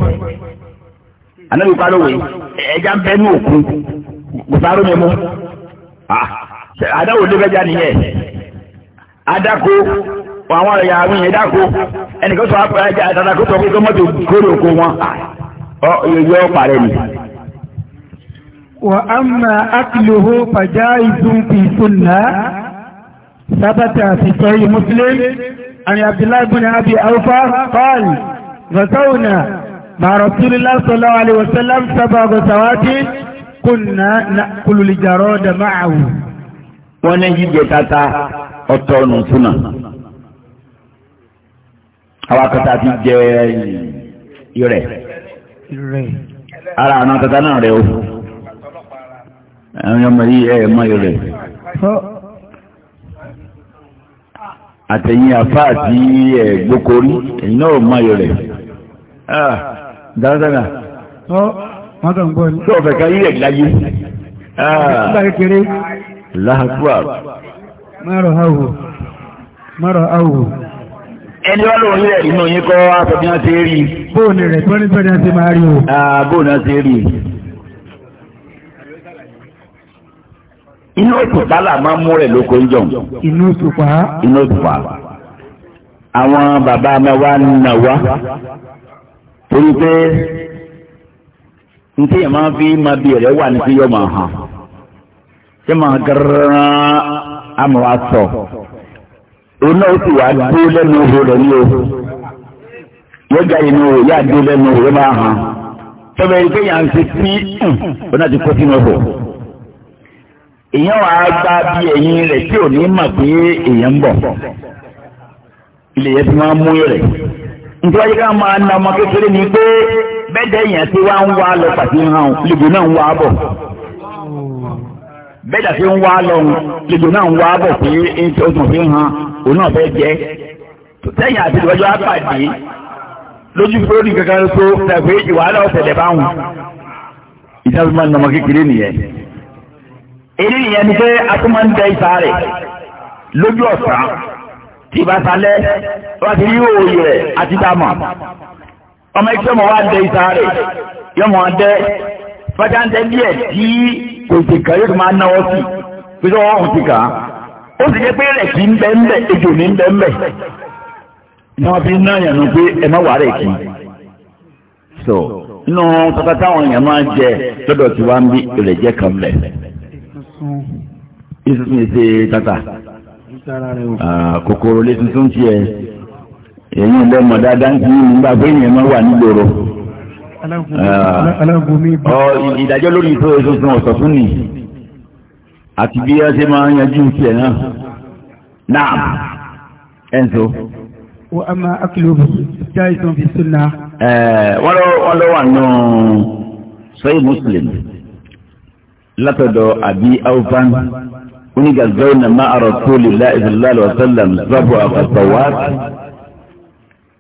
anábì pariwo ẹja ń bẹnu òkun kò sáré mi mú àdáwò débẹ́jà nìyẹn adáko àwọn ẹ̀yà àwọn èèyàn dáko ẹnìkan sọ àtàkó sọ pé kí mọ́tò kórè oko wọn yọ parẹ́ ni. wà á ma akìlòho pàjá ìdún fi sunna sábàtà fi sọ́yí muslim àni abdullahi bin abi awfa qal غزونا مع رسول الله صلى الله عليه وسلم سبع غزوات كنا نأكل الجراد معه wọ́n ní jíjẹ tata ọ̀tọ̀ ọ̀nà fúnà àwa tata ti jẹ ìrẹ̀ ara àna tata náà rẹ̀ o ẹ̀yin ọmọ yìí ẹ̀ mọ ìrẹ̀ àtẹ̀yìn àfa àti ẹ̀ gbókorí ẹ̀yin náà mọ ìrẹ̀ dáradára tó ọ̀fẹ́ ká yí ẹ̀ láyé láàkúrà márọ̀ áwò ẹni wọ́n lòun ilẹ̀ inú yí kọ́ àtọ̀bí àti rí bóòlù rẹ̀ tó ní pẹ́lú àti máa rí o bóòlù àti rí inú òtùpá là máa mú rẹ̀ lóko ń jọun inú òtùpá inú òtùpá àwọn bàbá mẹ́wàá nà wá torí pé ní tí máa fi máa bí ẹ̀rẹ́ wà ní sí yọ máa hàn ma gara gẹ́rẹ́rán amọ̀ asọ o náà ó wá dó lẹ́nu ihò ní o yóò ga inú o yóò o yóò máa hàn tọ́bẹ̀ ń ṣe ti kó sínú ihò èèyàn wàá gbá bí ẹ̀yìn rẹ̀ tí ò ní mà pé èèyàn ń bọ̀ ilé yẹn ti máa nítorí ká máa na ọmọ kékeré ni pé bẹ́ẹ̀ dẹ́yìn lọ náà bọ̀. bẹ́ẹ̀dà fi ń wá lọ́run lèdò náà ń wá bọ̀ pé ó tún fi ń han òun náà fẹ́ jẹ́ tẹ́yìn àti ìwájú àpàdé lójú fi lórí kankan tó tẹ̀pé ìwàhálà ọ̀sẹ̀lẹ̀ bá wùn ìtàbí máa ń nọmọ kékeré nìyẹn èyí nìyẹn ni pé atúmọ̀ ń bẹ ìta rẹ̀ lójú ọ̀sán tí ìbá salẹ́ wọ́n ti rí òòyì rẹ̀ àti dàmọ̀ ọmọ ẹgbẹ́ ọmọ wa ń bẹ ìta rẹ̀ yọmọ ọdẹ fọ́jà ń tẹ́ díẹ̀ tí kò sì kà yóò máa náwó sí pé sọ wọn ti kà á ó sì jẹ́ pé rẹ̀ kì í ń bẹ́ ń bẹ́ ejò ní ń bẹ́ ń bẹ́ ni wọ́n fi ń náà yànnú pé ẹ má wà rẹ̀ kì í so inú tata táwọn èèyàn máa ń jẹ lọ́dọ̀ tí wàá ń bí ìrẹ̀ jẹ́ kan bẹ̀ ìsúsùn ìṣe tata kòkòrò lè tuntun tiẹ̀ èyí ń lọ́mọ dáadáa ń kí nígbà pé èèyàn máa wà nígboro. Ah. ìdájọ́ lórí ìtọ́ ìṣòṣùn ọ̀sọ̀ fún ni àti bí ẹ ṣe máa ń yanjú tiẹ̀ náà náà ẹ̀ ń so. wọ́n á máa akílóbù jáì tó ń fi súnà. wọ́n lọ wà nù sọ́yìn muslim látọ̀dọ̀ àbí aufan onígàzọ́ na máa àrọ̀ tó lè láìsílálù ọ̀sálàm sábọ̀ àfàtàwá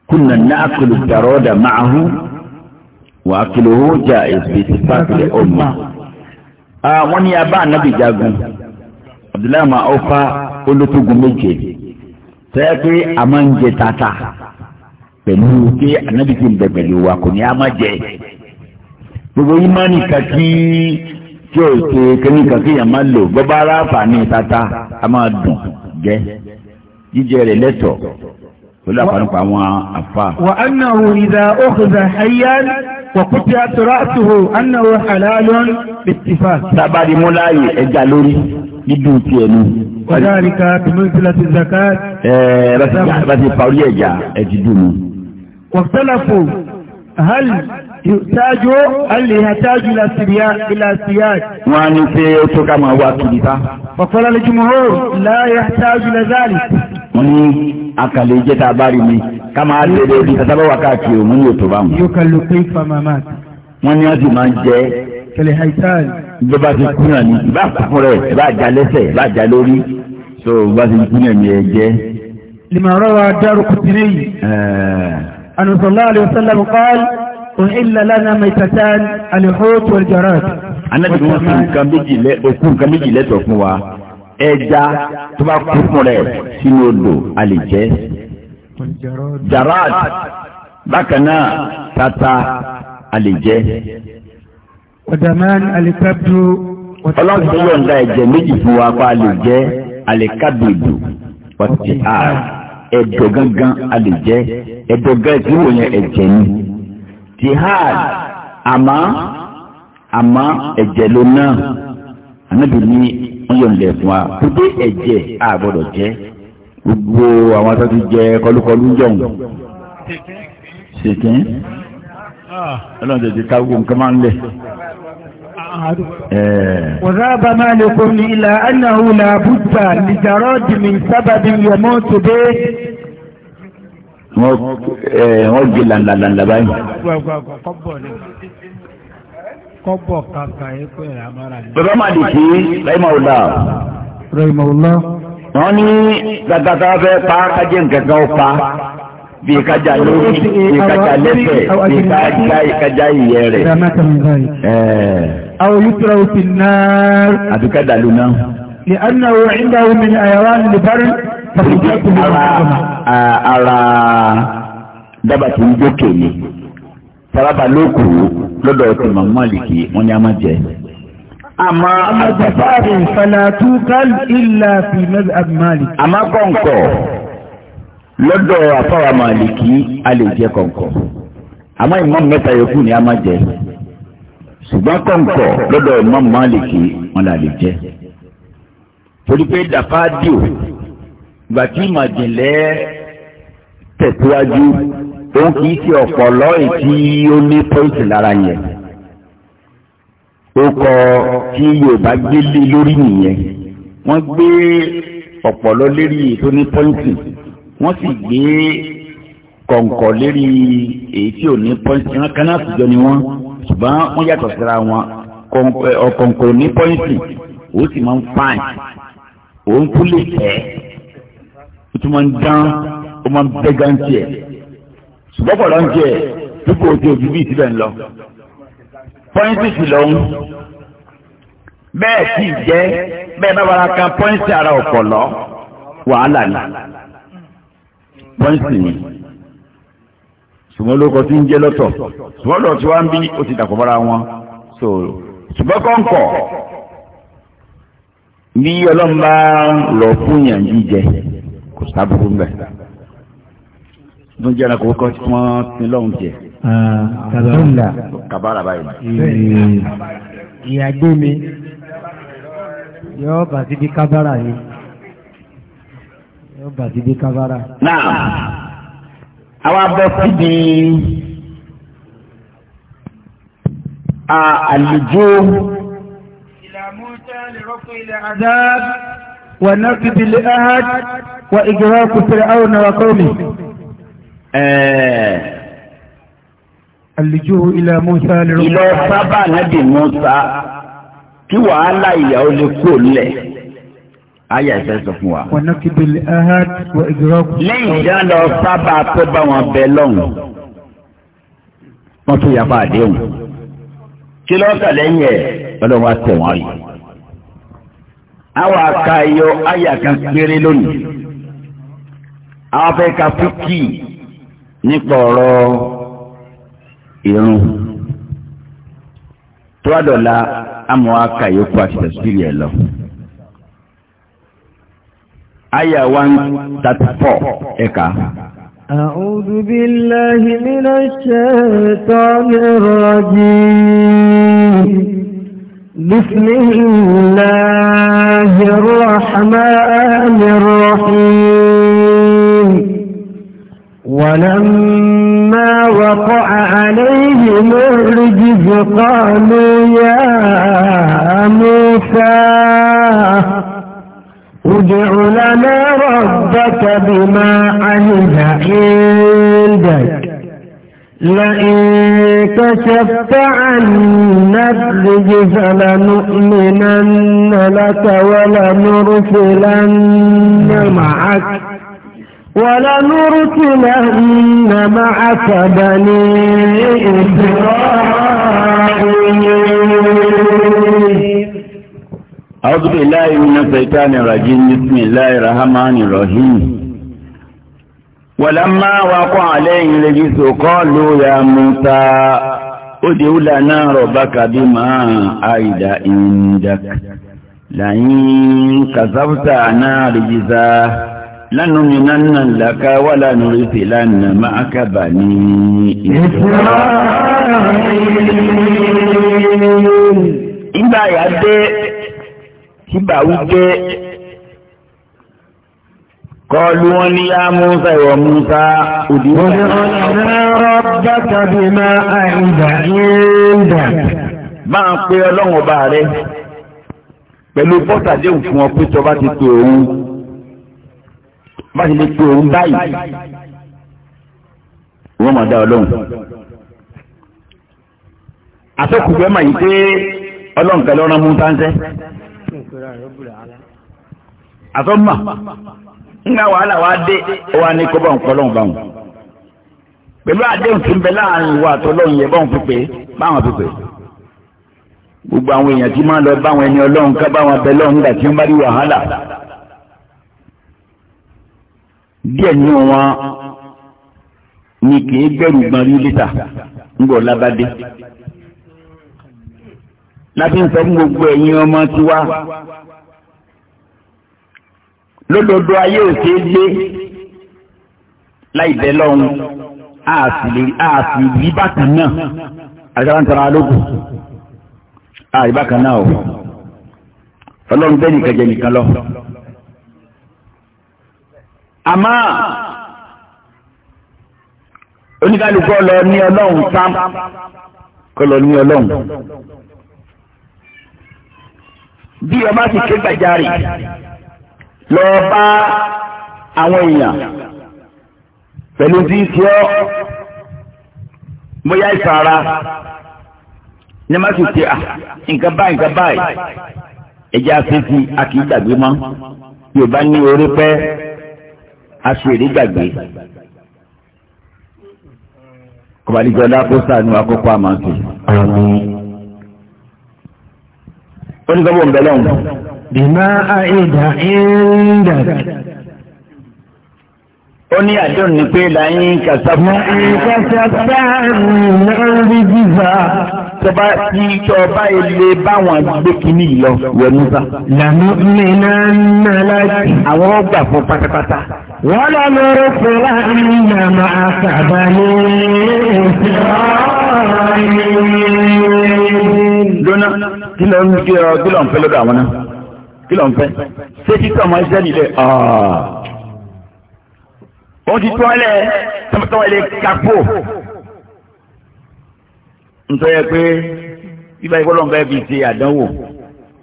kùnà náà kùlù tàrọ́dà máa hù. wàákìlówó jà èsì ti pàṣẹ a wọ́n ní abá ànábì jagun abdullahi ma ọfà olótógun méje sẹ́yẹ́ pé a máa ń tata pẹ̀lú pé ànábì ti ń bẹ̀ wa kò ní a máa jẹ gbogbo imani kàkí tí o ṣe kíní kàkí yẹn máa lò gbọ́bára tata a máa dùn jẹ jíjẹ pẹ̀lú àpàlùpà àwọn àfà. wà á nà wò ìdá òkùnzà hayyan wọ̀kútí àtúrásùwò á nà wò halalun bìtìfà. sábàdì mú láàyè ẹja lórí dídùn ti ẹnu. wàdáríkà tìmọ́sílá ti zaka. ẹ̀ẹ́ bá ti parí ẹja ẹ ti dùn mí. wọ̀tẹ́lẹ̀fù hal ìtajú alẹ́ ìtajú ìlàsíyáj. wọ́n á ní pé ó tó ká máa wá kìlìta. ọ̀pọ̀lọpọ̀ wọ́n ní akàlẹ̀ ìjẹta abárí mi ká máa tẹ̀lé ibi tàbí wákàtí òun yóò tó bá wọn. yóò kàlù pé famamat. wọ́n ní wọ́n sì máa ń jẹ́. kẹlẹ̀ haitan. ìjọba ti kú náà ni ìbá kún rẹ̀ ìbá já lẹ́sẹ̀ ìbá já lórí so ìbá ti kú náà ni ẹ jẹ́. limarọ́ eh. wa dárò kùtìrì yìí. anusọ̀lá alẹ́sọ̀lá kọ́l òun ìlà lánàá mẹ́tàtàn alẹ́hóòtù ọ̀jọ̀rọ̀. anábìrin wọn fún nǹkan méjì lẹ́tọ̀ fún wa ẹja tó bá kú fún sínú odò àlìjẹ́ jarad bákan náà tata àlìjẹ́. ọ̀dàmán alikabdu. ọlọ́run tó yọ̀ǹda ẹ̀jẹ̀ méjì fún wa pa àlìjẹ́ alikabidu ọ̀tí ààrẹ ẹ̀dọ̀ gangan àlìjẹ́ ẹ̀dọ̀ gẹ́gẹ́ tí wò yẹn ẹ̀jẹ̀ ni jihad àmọ́ àmọ́ ẹ̀jẹ̀ ló náà ànábì yọ̀ǹdẹ̀ fún wa kúndé ẹ̀jẹ̀ àgbọ̀dọ̀ jẹ́ gbogbo àwọn atọ́jú jẹ kọlùkọlù jọ̀hún. ṣèkín ọlọ́run tètè ká gbogbo nǹkan máa ń lẹ̀. وذهب مالك إلى أنه لا بد لجراد من سبب يموت به kọ́bọ̀ kàkà ẹ̀kọ́ ẹ̀ àmàrà ní. bàbá máa dì sí rahimahullah. rahimahullah. wọ́n ní gàgàtà fẹ́ pa kájẹ́ nǹkan kan ó pa bí kájà lórí bí kájà lẹ́sẹ̀ bí kájà ìkájà ìyẹ́ rẹ̀. àwọn olùtura òfin náà. àbíká dàlú náà. ní àná wo ìgbà omi ni àyàwó àlè bárí. ara ara dábàá tí ń jókè ni taraba lóko lọ́dọ̀ ti mọ̀ mọ́lìkì wọ́n ní a máa jẹ. àmọ́ àjẹsáàrè ìfàlàtú kálí ìlà fi mẹ́lẹ̀ àbímálì. àmọ́ kọ̀ǹkọ̀ lọ́dọ̀ àfọwà màlìkì a lè jẹ kọ̀ǹkọ̀ àmọ́ ìmọ̀ọ́mù mẹ́ta yòókù ni a máa jẹ. ṣùgbọ́n kọ̀ǹkọ̀ lọ́dọ̀ ìmọ̀ọ́mù màlìkì wọn là lè jẹ. torí pé dàfáàdìò gbàtí ìmọ̀jìnlẹ̀ tẹ̀síwájú òun kì í ṣe ọ̀pọ̀lọ́ ètí ó ní pọ́ìntì lára yẹn ó kọ tí Yorùbá gbélé lórí nìyẹn wọ́n gbé ọ̀pọ̀lọ́ lérí ètò ní pọ́ìntì wọ́n sì gbé kọ̀ǹkọ̀ lérí èyí tí ò ní pọ́ìntì wọn kan náà àtijọ́ ni wọ́n ṣùgbọ́n wọ́n yàtọ̀ síra wọn ọ̀kọ̀ǹkọ̀ ní pọ́ìntì ó sì máa ń fáìn òun kú lè tẹ̀ ó tún máa ń dán ó máa ń bẹ́gáǹtì ẹ̀ ṣùgbọ́n lọ ń jẹ dípò ojú òbí bíi síbẹ̀ ń lọ. pọ́ìntì lòun bẹ́ẹ̀ sì jẹ́ bẹ́ẹ̀ bá wàrà kan pọ́ìntì ara ọ̀pọ̀lọ́ wàhálà ni pọ́ìntì ni ṣùgbọ́n lóko tí ń jẹ́ lọ́tọ̀ ṣùgbọ́n lọ́tọ̀ tí wọ́n ń bí ó ti dàpọ̀ mọ́ra wọn so ṣùgbọ́n kọ́ńkọ́ bí ọlọ́mọba lọ fún yàn jíjẹ kò sábùkù mẹ́ta tó ń jẹ́ra kó kọ́ tí wọ́n ah, ti lọ́hùn jẹ. kàbára báyìí. ìyàgbé mi yọ bà sí bí kábàrà yìí yọ bà sí bí kábàrà. náà àwa bọ́ síbi àlejò. ونقد الأهد وإجراك فرعون وقومه Àlùjú eh. ilẹ̀ Musa lè Ilẹ̀ sábà Musa kí wàhálà ìyà lè kó lẹ̀. Ayà ìfẹ́ sọ fún wa. Wọ̀nà kìbìlì ahad wọ Lẹ́yìn lọ sábà tó bá wọn bẹ lọ́hùn. Wọ́n tún yàgbá àdéhùn. Kí lọ́ọ̀tà lẹ́yìn ẹ̀ lọ́dọ̀ wa tẹ̀ wọ́n yìí. Àwọn àka ayà kan péré nípa ọ̀rọ̀ irun tó wá dọ̀la amọ̀ aka yòókù àti tẹ̀síìlì ẹ̀ lọ. Aya one thirty four ẹ̀ka. أعوذ بالله من الشيطان الرجيم بسم الله الرحمن الرحيم ولما وقع عليهم الرجز قالوا يا موسى ادع لنا ربك بما عهد عندك لئن كشفت عنا الرجز لنؤمنن لك ولنرسلن معك ولنرسلن معك بني إسرائيل أعوذ بالله من الشيطان الرجيم بسم الله الرحمن الرحيم ولما وقع عليه الرجس قالوا يا موسى ادع لنا ربك بما عهد عندك لئن كسبت أنا رجزا لنؤمنن لك ولنرسلن معك بني إسرائيل ìgbà yà dé kíbà wípé kọlu wọn ní yá Musa ìwọ Musa òdìwọ́n. ọ̀rọ̀ bàtà bí máa àìdà ìdà. máa pe ọlọ́run ọba rẹ pẹ̀lú bọ́tà déhùn fún ọ pé tọba ti tó òun bá ti lè pe òun báyìí wọ́n máa dá ọ lóhùn. àfẹ́kùnfẹ́ mà yìí pé ọlọ́run kẹlẹ́ ọ̀ràn mú táńsẹ́. àfẹ́mà ńlá wàhálà wa dé wa ní kó bá òun kọ́ lọ́hùn báwọn. pẹ̀lú àdéhùn tí ń bẹ láàrin ìwà àtọ́lọ́hùn yẹn báwọn fi báwọn fi gbogbo àwọn èèyàn tí máa lọ báwọn ẹni ọlọ́run ká báwọn abẹ lọ́run nígbà tí wọ́n bá rí wàhálà díẹ̀ nínú wọn ni kì í bẹ̀rù gbọ́n rí lítà ńgbọ̀ lábádé láti ń sọ fún gbogbo ẹ̀yin ọmọ tiwa lódodo ayé ò ṣeé gbé láì bẹ́ lọ́hùn ààfìrí bákan náà àṣàrántara lókù ààrí bákan náà ò ọlọ́run bẹ́ẹ̀ nìkan jẹ nìkan lọ àmọ́ oníkálukú lọ ní ọlọ́run sam kọ́ lọ ní ọlọ́run bí ọba ti ké gbàjarì lọ bá àwọn èèyàn pẹ̀lú tí ń sọ bóyá ìfara ní má sì ṣe à nǹkan báyìí nǹkan báyìí ẹ̀jẹ̀ àfẹ́sí a kì í gbàgbé mọ́ yorùbá ní orí pẹ́ aṣèré gbàgbé kọ̀bálíjọ́lá pósítà ni wàá kókó àmàṣe. ó ní gbọ́dọ̀ ń bẹ lọ́hùn. bìmá àìdá ìndà. ó ní àdéhùn ni pé láyín kàṣàbù. láyín kàṣàbù náà rí jíjà. Tọba tí tọba ilé báwọn gbé kínní lọ wẹ̀ Musa. Lànà mi náà ń nà láti. Àwọn ọgbà fún pátápátá. ولم رسل أن معك بني إسرائيل kí ló ń gbé ọ kí ló ń fẹ́ lọ́dọ̀ àwọn náà kí ló ń fẹ́ ṣé kí kàmá iṣẹ́ nílẹ̀ wọ́n ti tọ́ ẹlẹ́ tọ́mọtọ́mọ ilé kápò nítorí pé ibà ìfọlọ́nbẹ́ fi ṣe àdánwò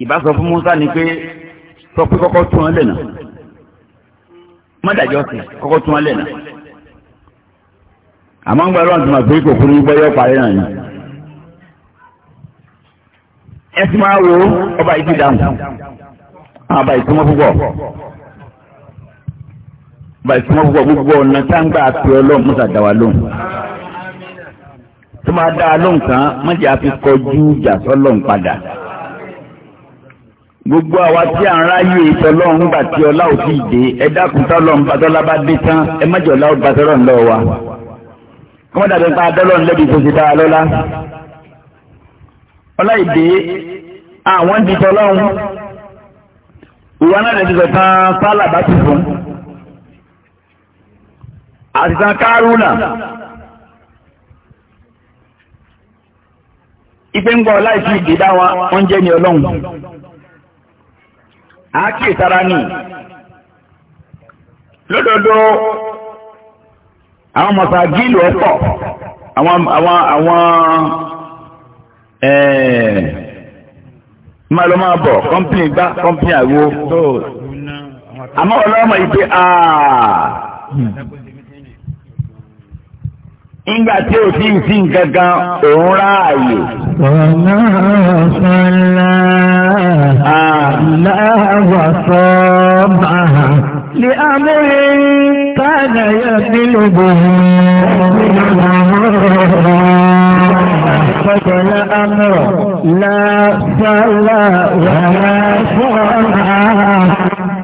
ìbá sọ fún Musa ni pé sọ pé kọ́kọ́ tún ọ lẹ́nà mọ́tàjọ́ sí kọ́kọ́ tún wọn lẹ̀ náà àmọ́ ń gba ọlọ́run tó máa pé kò kúrú gbọ́yọ́ parí náà ni. ẹ ti máa wo ọba yìí ti dáhùn ọba yìí tó mọ́ púpọ̀ ọba yìí tó mọ́ púpọ̀ gbogbo ọ̀nà tá ń gbà pé ọlọ́run mọ́tà dá wa lóhùn tó máa dá a lóhùn kan mọ́tì fi kọjú ìjà sọ́lọ́run padà gbogbo àwa tí à ń ráyè ìtọ́lọ́run gbà tí ọlá ò tí ì dé ẹ dákun tọ́lọ́run bàtọ́lá bá dé tán ẹ má jọ̀ọ́lá ó bàtọ́lọ́ ńlọ wa. kí wọ́n dàbí pa adọ́lọ́run lẹ́bi tó ti dára lọ́lá. ọlá ìdè àwọn ń di tọ́lọ́run ìwà náà lè ti sọ tán sálà bá ti fún. àtìsàn kárúnà ìpéǹgbọ́ ọlá ìfi ìdè dá wọn oúnjẹ ni ọlọ́run. àákì sára ní lódodo àwọn mọ̀sàgílù ọ̀pọ̀ àwọn àwọn àwọn máa lọ máa bọ̀ kọ́mpìnì gbá kọ́mpìnì àwo tó àmọ́ ọlọ́mọ Nígbà tí ò sí sí nǹkan kan, òun ráàyè. Ọ̀nà ọ̀sánlá láwàsọ̀ máa lè amúre tánà yẹ gbòòrò. أخذ الأمر لا صلى ولا صلى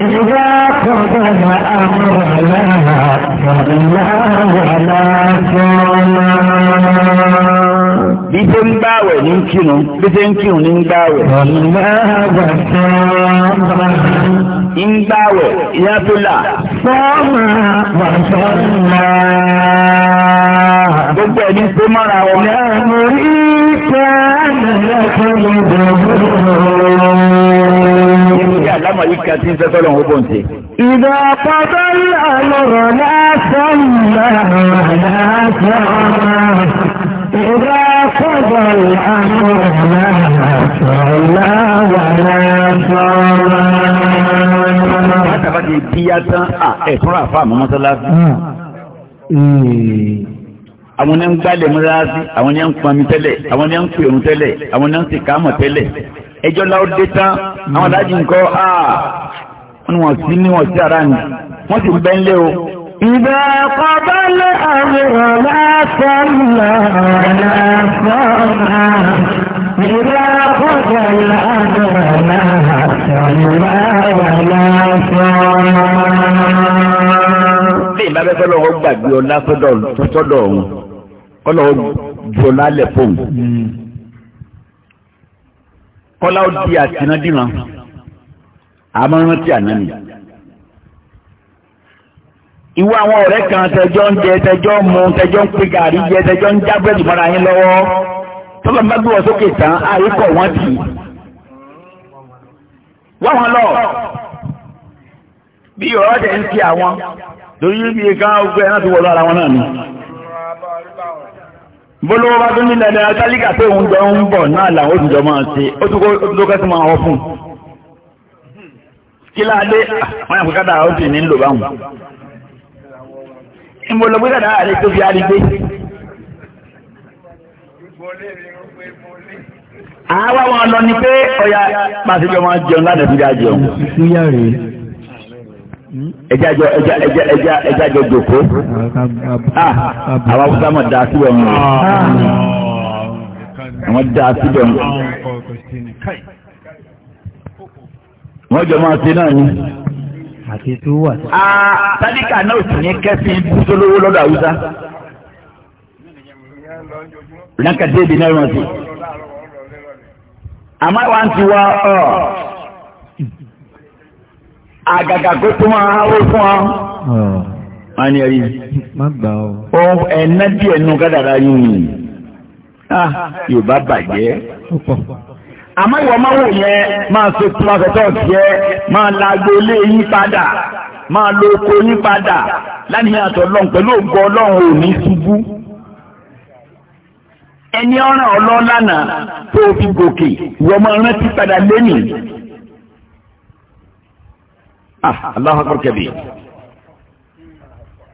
إذا قضى الأمر لا صلى ولا صلى bí tó ń gbáwẹ̀ ní kírun bí tó ń kírun ní gbáwẹ̀. ń gbáwẹ̀ ìyá tó là. sọ́ọ̀mà wà sọ́ọ̀mà. gbogbo ẹni tó mọ́ra wọn. lẹ́nu rí. Àlámà yìí ká tí ń fẹ́ tọ́lọ̀ ó bọ̀ ń tè. Ìdá pàtó àlọ́rọ̀ lásán láàrọ̀ lásán máa. Ìdá pàtó àlọ́rọ̀ lásán láàrọ̀ lásán máa. Bàtàbàtì bíyá tán à ẹ̀túnrà fáàmù mọ́sálásí àwọn ní ń gbálẹ̀ mọ́sálásí àwọn ní ń pọnmi tẹ́lẹ̀ àwọn ní ń pèrún tẹ́lẹ̀ àwọn ní ń sì kámọ̀ tẹ́lẹ̀ ẹjọ́ láwọ́ dé tán àwọn aláàjì nǹkan áà wọ́n ni ní wọ́n sí ara nì wọ́n sì ń bẹ́ ń lé o. إذا قبل أمر لا صلى لا صلى إذا قبل أمر لا صلى bẹ́ẹ̀ bá fẹ́ lọ́wọ́ gbàgbé ọlá sọ́dọ̀ ọ̀hún kọ́lọ́ jọlá lẹ̀ fóun kọ́lá ó di àtìnádìmọ̀ àmọ́ rántí àná mi. ìwọ àwọn ọ̀rẹ́ kan tẹjọ́ ń jẹ tẹjọ́ ń mu tẹjọ́ ń pè gàrí jẹ tẹjọ́ ń jábẹ́lì mọ́ra yín lọ́wọ́ tọ́lọ́ bá gbé wọn sókè tán àríkọ̀ wọ́n tì wọn lọ bí ọ̀rọ̀ tẹ̀ ń ti àwọn torí yìí bíi ká gbé ẹ̀nà ti wọ̀lọ́ ara wọn náà ni bólówó bá tún ní ilẹ̀ ẹ̀dá tálíkà pé òun jọ ń bọ̀ náà làwọn òtúnjọ máa ṣe ó tún kọ́ sí máa ah, wọ́n fún kí láadé wọn àpò kádà ó sì ní lò báwọn ìmọ̀lọ́ pé àrẹ tó fi á gbé. àwa wọn pé ọya pàṣẹjọ máa jẹun ládàá jẹun ẹja jọ ẹja ẹja ẹja ẹja jọ jòkó ah, ah, àwọn awúsá mọ̀ dá síbẹ̀ ń lò àwọn dá síbẹ̀ ń lò wọ́n jọ máa ṣe náà ni. àti tó wà. sádìkà ah, náà sì ní kẹ́sì bùsọ́lówó lọ́dọ̀ àwùjá. láǹkà débi náà rántí. àmọ́ wa ń ti wá ọ̀ àgàgà pé kó máa háwó fún wa a hmm. ní ẹ̀rí ohun ẹ̀ná díẹ̀ nù kádàrá yìí ah, yóò bá bàjẹ́ àmọ́ ìwọ máa wò yẹn máa ṣe tún afẹ́tọ́ tiẹ̀ máa la agboolé yín padà máa lo oko yín padà láníyàn àtọ̀ ọlọ́run pẹ̀lú ògo ọlọ́run ò ní ṣubú ẹni ọ̀ràn ọlọ́ọ̀lànà tó fi gòkè ìwọ máa rántí padà lẹ́nìí. Ah, Allahu Akbar kabir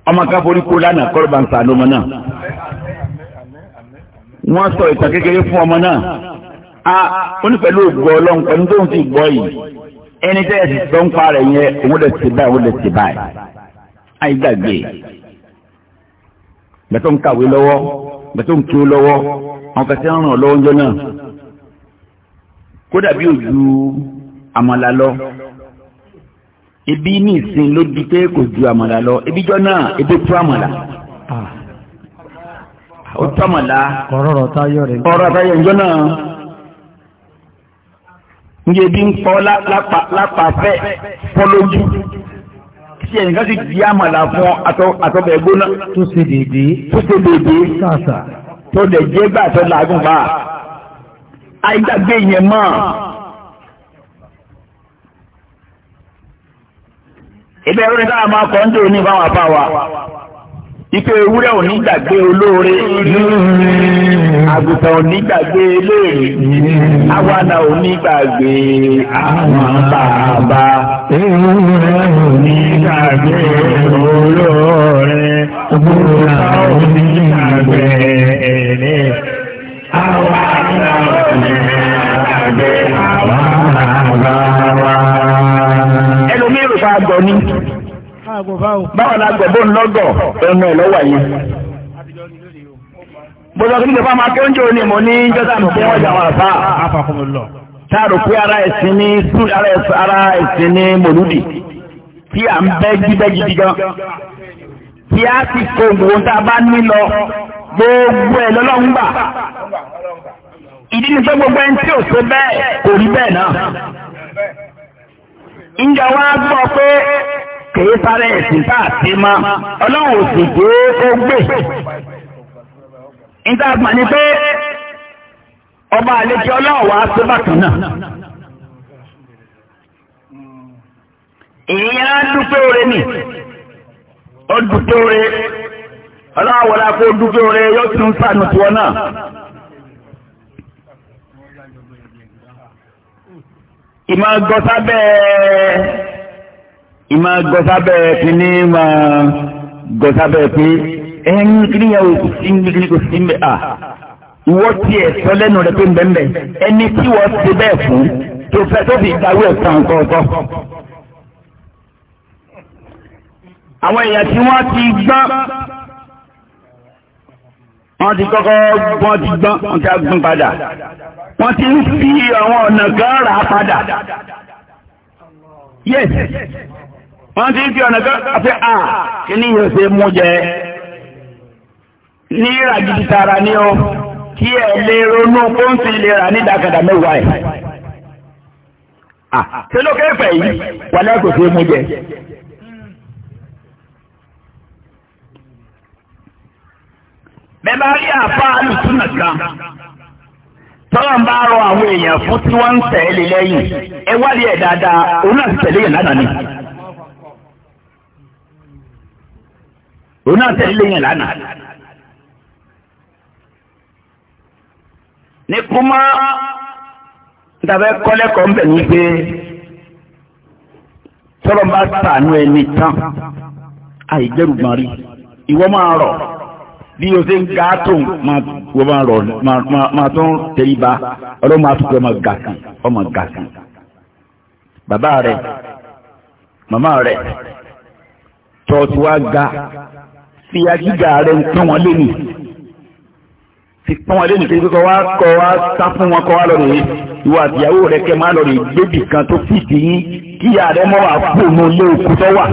ọmọ ká forí kó lánàá kọ́ bá ń sa lọ́mọ náà wọ́n sọ ìtàn kékeré fún ọmọ náà a onípẹ̀lú ògbọ́ ọlọ́run pẹ̀lú tóun ti gbọ́ yìí ẹni tẹ́ ẹ sì sọ ń pa rẹ̀ yẹn òun lè ti báyìí òun lè ti báyìí àyè gbàgbé bẹ̀tọ̀ ń kàwé lọ́wọ́ bẹ̀tọ̀ ń kí ó lọ́wọ́ àwọn kẹsì ebi ní ìsìn ló di pé kò ju àmàlà lọ ebi jọ náà ebi tú àmàlà. Ah. ó tú àmàlà. kọ̀rọ̀rọ̀ táyọ̀ rẹ̀. kọ̀rọ̀rọ̀ táyọ̀ ìjọ náà. njẹ́ ebi ń pọ́ lápapẹ́ pọ́ lójú. tí ẹnìkan sì di àmàlà fún àtọ́bẹ̀ gbóná. tó ṣe dédé. tó ṣe dédé. sàṣà. tó lè jẹ́ gbà tó làágùn bá. àìgbàgbé yẹn mọ́. ibẹ̀ orin táwọn máa kọ́ ń dè báwọn apá wa ipe ewúrẹ́ ò ní gbàgbé olóore àgùntàn ò ní gbàgbé eléèrè awànà ò ní gbàgbé àwọn bàbá ewúrẹ́ ò ní gbàgbé olóore òwúrà ò ní gbàgbé ẹ̀rẹ́ awànà ò gbàgbé àwọn bàbá wa fa àgọ̀ ni báwo la gbọ̀ bó ń lọ́gọ̀ ẹnu ẹ̀ lọ́wọ́ yẹn. mo sọ kíkẹ́ fáwọn akéwọ́njẹ òní mo ní jọ́sà mi fún ọjà wọn àfà. táàrò pé ara ẹ̀sìn ní ara ẹ̀sìn ní mòlúdì tí à ń bẹ́ jíbẹ́jíbí gan. tí a sì kó ògùn tá a bá ní lọ gbogbo ẹ̀ lọ́lọ́run ìdí ni pé gbogbo ẹni tí ò ṣe bẹ́ẹ̀ kò rí bẹ́ẹ̀ náà. ǹjẹ́ wa gbọ́ pé kìí sáré ẹ̀sìn tá ti ma ọlọ́run ò sì gbé ó gbà ní pé ọba àlejò ọlọ́run wá sí bákan náà. ìyẹn á dúpẹ́ oore nì ó dúpẹ́ oore ọlọ́run wọlé akó dúpẹ́ yóò tún sànù náà. ìmọ̀ gọ́sábẹ́ ìmọ̀ gọ́sábẹ́ kìíní máa gọ́sábẹ́ pé ẹ̀yìn kìíní yẹn ò sí kìíní kò sí mbẹ́ à ìwọ́ tiẹ̀ sọ lẹ́nu rẹ̀ pé mbẹ́mbẹ́ ẹni tí wọ́n ti bẹ́ẹ̀ fún tó fẹ́ tó fi ìdáwé ẹ̀sán kọ̀ọ̀kọ̀. àwọn èèyàn tí wọ́n ti gbọ́ wọ́n ti kọ́kọ́ wọ́n ti gbọ́n wọ́n ti agbọ́n padà wọ́n ti ń fi àwọn ọ̀nà kan rà padà yes wọ́n ti ń fi ọ̀nà kan àfi à ah, kí ni yóò ṣe mú jẹ ní ìràgìdì tara ní ọ kí ẹ lè ronú kó ń fi lè rà ní ìdákadà mẹ́wàá ẹ̀ ah, ṣe ló kẹ́fẹ̀ẹ́ yìí wà lẹ́kọ̀ọ́ ṣe mú jẹ bẹ́ẹ̀ rí àfa àlùsùnà kan ń bá rọ àwọn èèyàn fún tí wọ́n ń tẹ̀lé lẹ́yìn ẹ wádìí ẹ̀ dáadáa òun náà tẹ̀lé yẹn lánàá ni. òun náà tẹ̀lé yẹn lánàá. ní kúmọ́ dàbẹ́ kọ́lẹ́kọ̀ọ́ ń bẹ̀ ní pé ń bá ẹni tán rí máa rọ̀. bí o ṣe ń ga tó wọ́n máa rọ̀ máa tún tẹríba ọlọ́run máa tún pé ọmọ m'a ọmọ gàkàn bàbá rẹ̀ màmá rẹ̀ tọ́tù wa ga fi agíga rẹ̀ ń pọ́n wọn lẹ́nu ti pọ́n wọn lẹ́nu kékeré kọ́ wa kọ́ wa sá fún wọn kọ́ wa lọ rèé ìwà àtìyàwó rẹ̀ kẹ́ máa lọ rèé gbébì kan tó fìdí yín kíyà rẹ̀ mọ́ wà fún òun lé òkú tó wà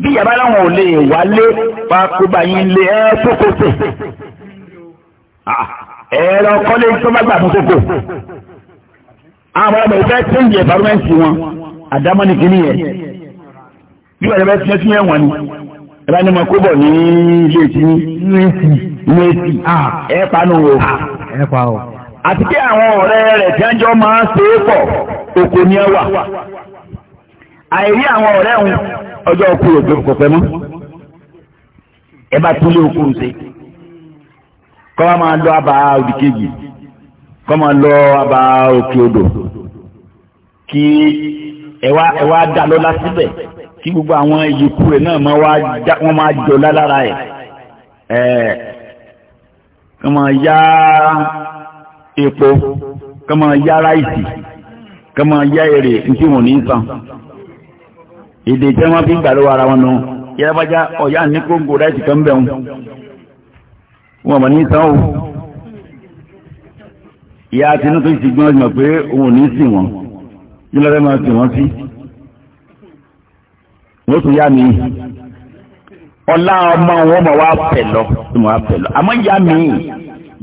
bí yàrá làwọn ò lè wálé pàkóbá yín lé ẹ fòfòfò ẹ̀rọ kọ́lé tó bá gbà fún kókò àwọn ọmọ ìfẹ́ tí ń yẹ fàrúmẹ́ǹtì wọn àdámọ́ ní kìíní yẹn bí wọ́n ẹ̀rọ tiẹ́ tiẹ́ wọn ni ẹ̀rọ ni mo kó bọ̀ ní ilé tí ní èsì ẹ̀ panu o àti pé àwọn ọ̀rẹ́ rẹ̀ tí máa ń ṣe é pọ̀ òkò ni ẹ wà àìrí àwọn ọ̀rẹ́ òun ọjọ́ ọkù ògbé kò pẹ́ mọ́ ẹ bá tún lé okú ṣe kọ́ wa máa lọ abà òdì kejì kọ́ máa lọ abà òkè odò kí ẹ wá ẹ wá dà lọ́la síbẹ̀ kí gbogbo àwọn ìyíkú rẹ̀ náà wọ́n máa jọ lálára ẹ̀ kọ́ máa yá epo kọ́ máa yá ráìsì kọ́ máa yá èrè ntí wọn ní sàn èdè tí wọ́n fi ń gbàlọ́ ara wọn nù yẹ́rẹ́bájá ọ̀yá ní kóńgò láìsí kan bẹ̀rù wọn mọ̀ ní sàn ó ìyá Tinubu ti gbọ́n mọ̀ pé òun ní sìn wọ́n kí máa sìn wọ́n sí wọ́n tún yá mi ọlá ọmọ wọn mọ̀ wá pẹ̀ lọ tí mo wá pẹ̀ lọ àmọ́ yá mi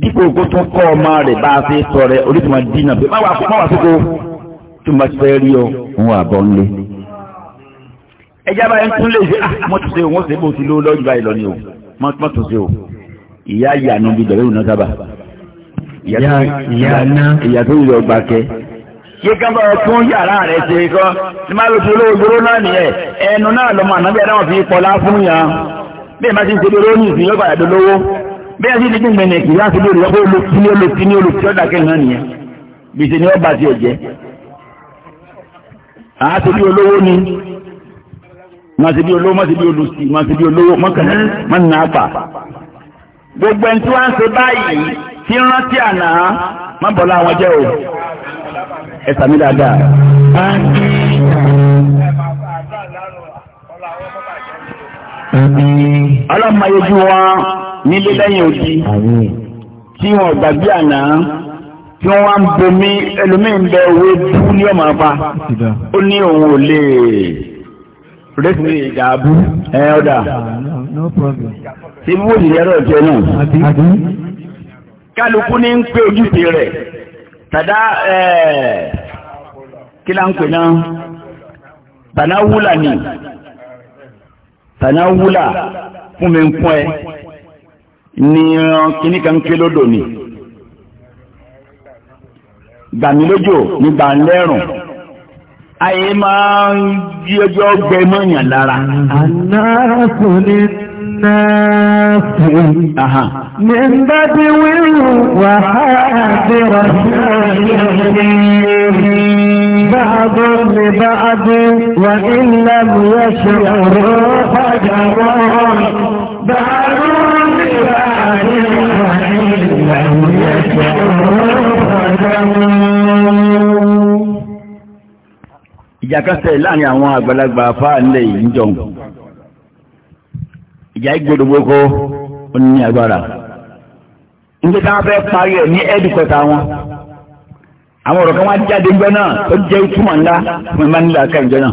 dípò kó tún kọ́ ọmọ rẹ̀ bá a fi sọ rẹ̀ orí tí mo dínà pé má wàá fún kó tí mo bá ti fẹ́ rí ọ òun àbọ̀ ńlẹ̀ ẹjá bá ń tún lè ṣe ah, mọ́tòṣe wọ́n ṣe bó ti lówó lọ́jọ́ báyìí lọ ni o mọ́tòṣe o ìyá ìyànà bíi bẹ̀rẹ̀ ìrùnà sábà ìyá tó yọ ọgbà kẹ. ṣé kábà tún yàrá rẹ ṣe kọ́ ní máa lọ sí olówó gbóró náà nìyẹn ẹnu náà lọ́mọ ànábẹ́ náà fi pọ̀lá fún yàn bẹ́ẹ̀ má ti ṣe lóró ní ìsìn yọ́gbà àdó lówó bẹ́ẹ̀ sì ti gbìmọ̀ ẹ̀kì láti lórí ọkọ̀ ni ọba ti ẹ̀jẹ̀ àá ti bí olówó ni máa ṣe bí olówó máa ṣe bí olùsí máa ṣe bí olówó mọ́kànlá máa nà pa. gbogbo ẹni tí wọ́n ń ṣe báyìí tí ń rántí àná má bọ̀lá àwọn jẹ́ o ẹ sàmì dáadáa. ọlọ́mọ ayéjú wọn nílé lẹ́yìn òdì tí wọn gbàgbé àná tí wọ́n wá ń bomi ẹlòmíín bẹ owó bú ní ọmọ apá ó ní òun ò lè rẹ́sì ní ìjà abú ẹ ọ̀dà tí mú ìyẹ́rọ̀ jẹ náà kálukú ní ń pé ojúṣe rẹ̀ tàdá kí là ń pè náà tànáwúlà ni tànáwúlà fún mi ń pọ́n ẹ ní kíníkan ké lódò ni gbàmílójò ní gbàǹlẹ́rùn àyè máa ń jí ọjọ́ gbẹmọ̀yàn lára. Ànáàkùnlé náà fún mi ń bá bí wíwù wà áàbí Báàbò lè báàbò wà ilẹ̀ mìíràn ṣe ọ̀rọ̀ ọ̀pàdà wọ́n. Báàbò lè báàbò wà ilẹ̀ mìíràn ṣe ọ̀rọ̀ ọ̀pàdà ìjàkásẹ̀ láàrin àwọn àgbàlagbà afá nílẹ̀ yìí ń jọun ìjà ìgbòdògbòkó ó ní agbára nígbà táwọn fẹ́ parí ẹ̀ ní ẹ́dùkọ̀tà wọn àwọn ọ̀rọ̀ kan wá jáde ńgbẹ́ náà tó jẹ́ ìtumọ̀ ńlá fún ẹ̀ma nílẹ̀ aká ìjọ náà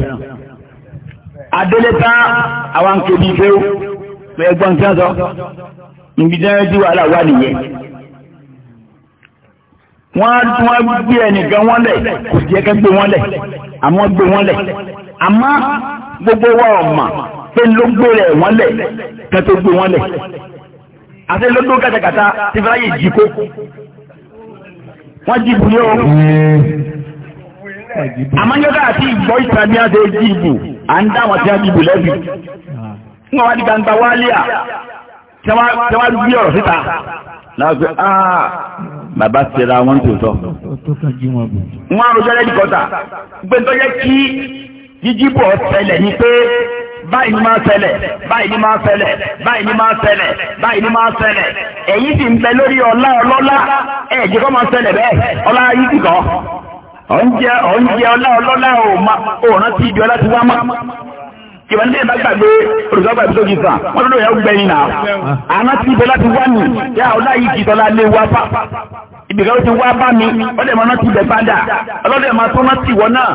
adélẹ́ta àwọn akébi ìfẹ́ ẹgbọ́n tí wọ́n sọ níbi tí wàhálà wà nìyẹn wọ́n á tún wá gbé ẹnìkan wọ́n lẹ̀ kò sí ẹ̀kẹ́ gbé wọ́n lẹ̀ àmọ́ gbé wọ́n lẹ̀ àmọ́ gbogbo wa ọ̀mà pé ló gbé rẹ̀ wọ́n lẹ̀ kẹ́ tó gbé wọ́n lẹ̀ àti ló dún kàtàkàtà ti fẹ́ láyè jí kó wọ́n jí bu ní o àmọ́nyọ́ká àti ìgbọ́ ìtàn ní àti ojú ìbò à ń dá àwọn tí wọ́n jí bu lẹ́bi wọ́n wá di gbangba wálé à tí gbé ọ̀rọ̀ síta láàpẹ́ àà ah, bàbá tẹ́ra wọn tó tọ́. wọ́n àròjọ́ lẹ́dí kọta gbé tó yẹ kí jíjí bọ̀ tẹ́lẹ̀ ni pé báyìí ni máa tẹ́lẹ̀ báyìí ni máa tẹ́lẹ̀ báyìí ni máa tẹ́lẹ̀ báyìí ni máa tẹ́lẹ̀ èyí sì ń bẹ lórí ọlá ọlọ́lá ẹ̀jẹ̀ kọ́ máa tẹ́lẹ̀ bẹ́ẹ̀ ọlá yìí ti kọ́ ọ̀njẹ ọ̀njẹ ọlá ọlọ́lá ò rántí ibi ọlá ti wá mọ́ ìwọ̀ndé bá gbàgbé olùsọ́gbà ìbísọ́ jù sàn wọ́n lọ́dọ̀ yẹn gbẹ̀yìn náà àná tí ibẹ̀ láti wá nì yá ọ̀la yìí jì tọ́lá lé wá pa ibìkan ó ti wá bá mi ọ̀dẹ̀ mọ́ náà ti bẹ̀ padà ọlọ́dẹ̀ máa tó náà ti wọ̀ náà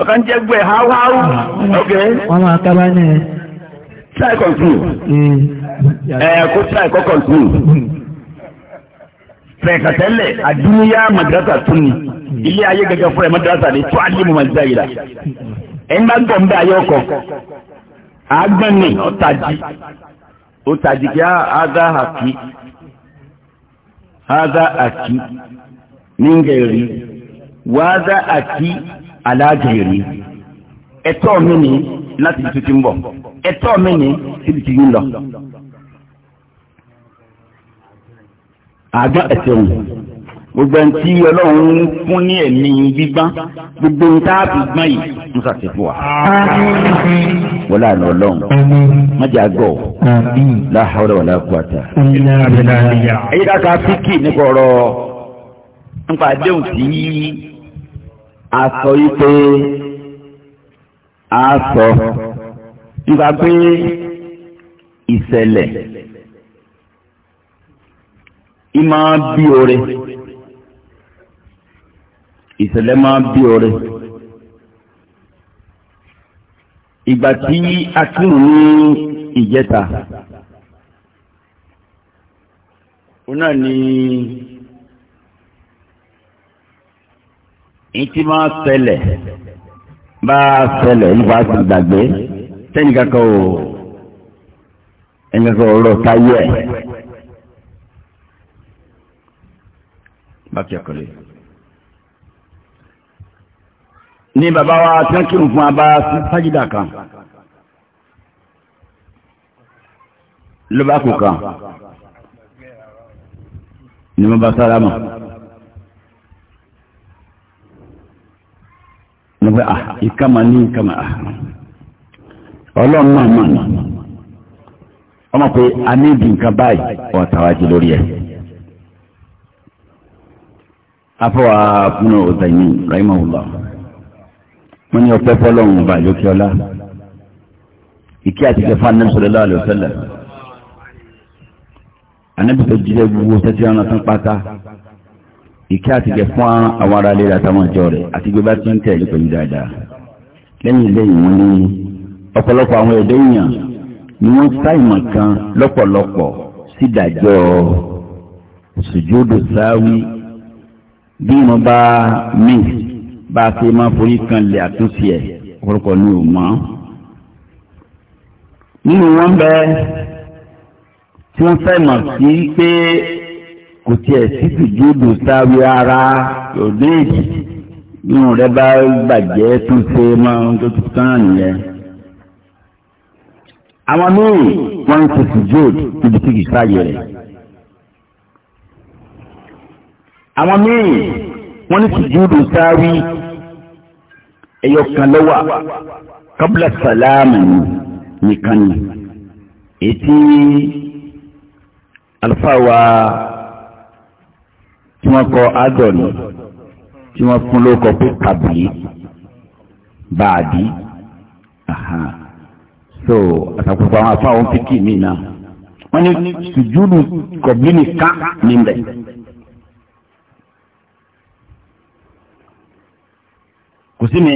ọ̀kan jẹ́ gbẹ̀ háwáwú ọ̀kẹ́. wọ́n máa kábá ní ẹ. try control ẹ kó try kó control fẹ̀kàtẹ́lẹ̀ àdúnyá madrasa tún ni ilé ayé gẹ́gẹ́ fún ẹ madrasa ni tó ẹ̀ńdá gbọ̀ ń bẹ ayé ọkọ̀ àgbẹ̀ni ọ̀tají ọ̀tají akị, àkí akị àkí níngẹ̀rí wàádá àkí aláàgẹ̀rí ẹ̀tọ́ mi ni láti bọ̀ ẹ̀tọ́ mi ni síbi yín lọ. àgbà ẹ̀tẹ̀ gbogbo ẹni tí ọlọ́run ń fún ní ẹ̀mí gbígbọ́n gbogbo ohun tá a fi gbọ́n yìí ń ṣàtìfún wa. wọ́n lànà ọlọ́run májà gọ̀ láhàárọ̀ làkúàtà. ẹ̀yin ká ka fíkì nípa ọ̀rọ̀ nípa àdéhùn tí a sọ yìí pé a sọ nípa pé ìṣẹ̀lẹ̀ ìmọ̀ bí oore ìṣẹ̀lẹ̀ máa bí ọ̀rẹ́ ìgbà tí akínú ní ìjẹta òun náà ni ìtì máa ṣẹlẹ̀ bá ṣẹlẹ̀ nípa ti gbàgbé sẹ́nìkan kan ò ẹnìkan kan táyé ẹ̀ bá fi ní bàbá wa tí wọ́n kírun fún abá sájídà kan ló bá kù kan ní bàbá sálámà ní bá a ìkàmà ní ìkàmà a ọlọ́run máa máa nà ọmọ pé a ní ìdí nǹkan báyìí ọ̀tàwájú lórí ẹ̀ afọwà fúnà ọ̀tàyìn rahimahullah wọ́n ní ọpẹ́ fọlọ́run ọba àjọkẹ́ ọlá ìkí àti ìjọba anabi sallallahu alaihi wasallam anabi tó jíjẹ gbogbo tẹ́tí ọ̀nà tán pátá ìkí àti ìjọba fún àwọn ará ilé àtàwọn ọjọ́ rẹ̀ àti gbé bá ti ń tẹ̀lé pẹ̀lú dáadáa lẹ́yìn lẹ́yìn wọ́n ní ọ̀pọ̀lọpọ̀ àwọn ẹ̀dẹ́ èèyàn ni wọ́n sáìmọ̀ kan lọ́pọ̀lọpọ̀ sídàjọ́ sùjúdù sáwí bí wọ́n bá mìíràn bá a ṣe máa forí kan lè àtúnṣe ẹ̀ ọ̀pọ̀lọpọ̀ ni ò mọ̀. nínú wọn bẹ tí wọ́n fẹ́ mọ̀ sí pé kò tiẹ̀ sí sùjúdù sáré ara lòdì nínú rẹ bá gbàjẹ́ tó ṣe máa ń tó tán nìyẹn. àwọn míì wọ́n ń ṣe sùjúdù níbi tí kì í sáyẹ̀ àwọn míì wọ́n ní sùjúdù sáwí ẹ̀yọ kan lọ́wà kábílà sàlámù nìkan ni ètí alfáwa tí wọ́n kọ adọ̀nù tí wọ́n fún lóko pé kàbí báàdì so àtàkùnfà àwọn afáwọn fíkì mí náà wọ́n ní sùjúdù kọ̀bí nìkan níbẹ̀. kò sí mi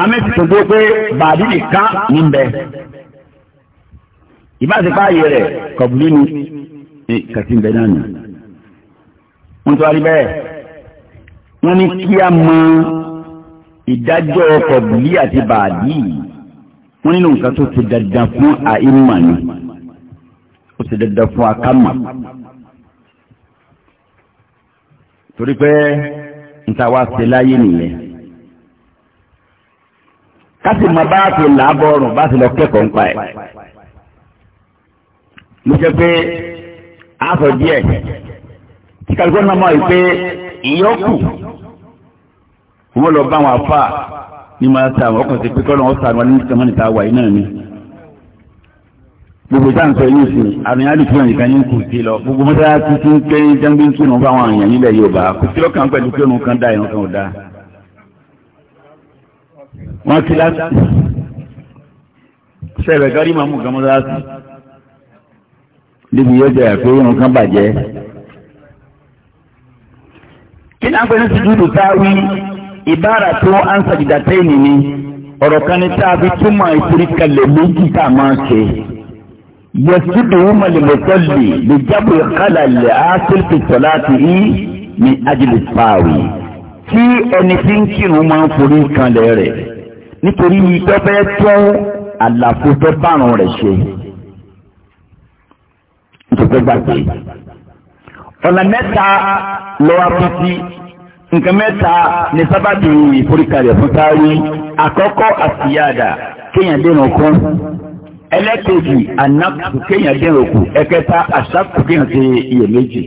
amẹ́sì tó gbé pé bàbí nìkan ní bẹ ìbáṣepá ayé rẹ̀ kọ̀bùlí ni kàtí bẹ náà nù wọ́n tó wárí bẹ́ẹ̀ wọ́n ní kí a mọ ìdájọ́ kọ̀bùlí àti bàbí wọ́n nínú nǹkan tó ti dandan fún àìmọ̀ ni ó ti dandan fún akámà torí pé níta wá ṣe láyé nìyẹn. kásì máa bá ti làábọ̀rùn bá ti lọ kẹ́kọ̀ọ́ nípa ẹ̀. mo ṣe pé aṣọ díẹ̀ tí kálukú náà mọ̀ wípé ìyókù wọ́n lọ bá àwọn afá ní máa ta ọkùnrin ti pé kọ́ lọ́wọ́ sàánú wọn ní ìtàn wọn níta wà yìí náà ni gbogbo tá à ń sọ yìí sí àrùn yàrá ìfihàn nìkan yín kù sí lọ gbogbo mọ́tàlásí tí ń pẹ́ jẹ́ńgbé ń kírun fáwọn èèyàn nílẹ̀ Yorùbá kò sí lọ́kàn pẹ̀lú pé òun kan dá ìrun kan ò dá. wọ́n ti láti sẹ́rẹ̀ gárí màmú kan mọ́tàlásí níbi yóò jẹ́ àpé òun kan bàjẹ́. kí ni àpẹẹrẹ ti dúdú táwí ìbára tó ánsà jìdá tẹ́yìn ọ̀rọ̀ kan ní táàbí túmọ̀ ìforíkalẹ̀ méjì tá a máa ṣe. يسبهم المصلي لجبر خلل العاصل في صلاته من أجل الطاوي tí ẹni tí ń kírun máa ń forí kanlẹ̀ rẹ̀ nítorí tó fẹ́ tún àlàfo fẹ́ bárun rẹ̀ ṣe nítorí gbàgbé ọ̀nà mẹ́ta lọ́wọ́ pípí nǹkan mẹ́ta ní kéèyàn dénú kún ẹlẹ́kejì anáàkù kéèyàn dín òkú ẹ̀kẹta àṣàkù kéèyàn ṣe iyèméjì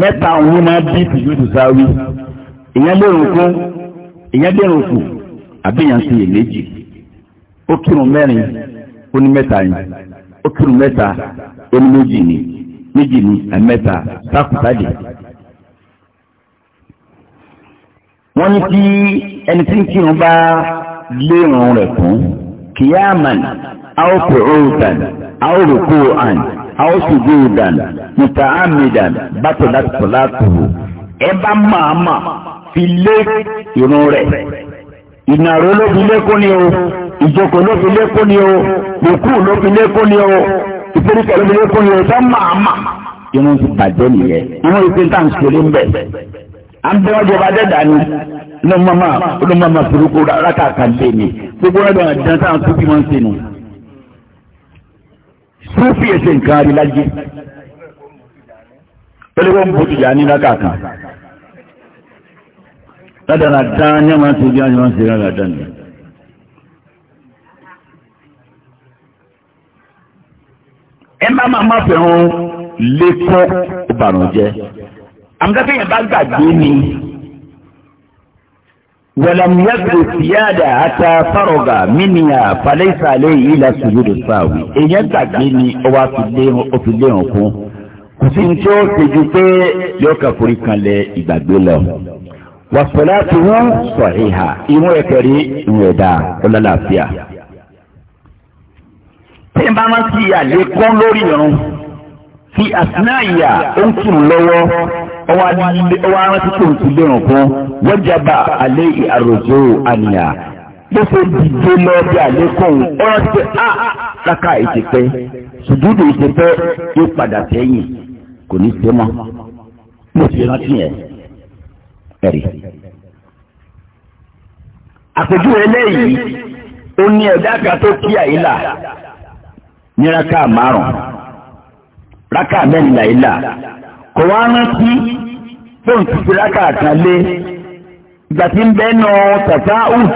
mẹ́ta òun máa bí tìjú tìsáwí ìyẹn lérò kó ìyẹn dín òkú àbíyàn ṣe iyèméjì ó kírun mẹ́rin ó ní mẹ́ta yìí ó kírun mẹ́ta ó ní méjì ni méjì ni ẹ̀mẹ́ta sákùtàdé wọ́n ní kí ẹni tí ń kírun bá lérò rẹ̀ kún kìyàmánì. أو قعودا أو ركوعا أو سجودا متعمدا بطلت صلاته ẹba màmá fi lé irun rẹ̀ ìnàró ló fi lékún ni o ìjókòó ló fi lékún ni o ìkú ló fi lékún ni o ìfẹ́ríkà ló fi lékún ni o sọ màmá irun ti bàjẹ́ nìyẹn irun ìpín tá à ń ṣeré ń bẹ̀ à ń bẹ́ wọ́n jọba dẹ́dà ni ló mama ló mama burúkú rákàkà lé ni gbogbo ẹ̀dọ̀ àdìdán tá à ń tó kí wọ́n ń ṣe nù súfì ẹsẹ̀ nǹkan arí láyé pẹ̀lẹ́wọ́n ń bójú yà ní lákàkàn ládàrà dán ní àwọn àti ojú àwọn ṣe rárá dán ni. ẹ má má má fẹ́ràn lékún ìbànújẹ́ àmì tẹ́tẹ́ yẹn bá gbàgbé ni. ولم يجلس سيادة حتى فرغ منها فليس عليه إلا سجود الساوي èèyàn gbàgbé ni ó wá fi lé hàn fún kò sí ní tí ó ṣe ju pé yóò kà forí kanlẹ̀ ìgbàgbé وصلاته صحيحة ìwọ̀n ẹ̀kẹ́rì ìwọ̀n ẹ̀dá ọlọ́láfíà. tí n bá máa ń ṣe àlékún lórí fi asinaya ó ń tó ti lérùn fún wọ́jàbà alẹ́ àròjò àníyà ló dìde lọ bí àlékún ọ̀rọ̀ ah, ti á lákà ìṣèpẹ́ ṣùdúdù ìṣèpẹ́ yóò padà sẹ́yìn kò ní ṣe mọ́ mo fi rántí yẹn ẹ̀rí. àpèjúwe eléyìí ó ní ẹ̀dá kan tó kí márùn Raka mẹ́rin làílà kò wá rántí fóun ti fi rákà kan lé ìgbà tí ń bẹ́ẹ̀ nà tàtà ùd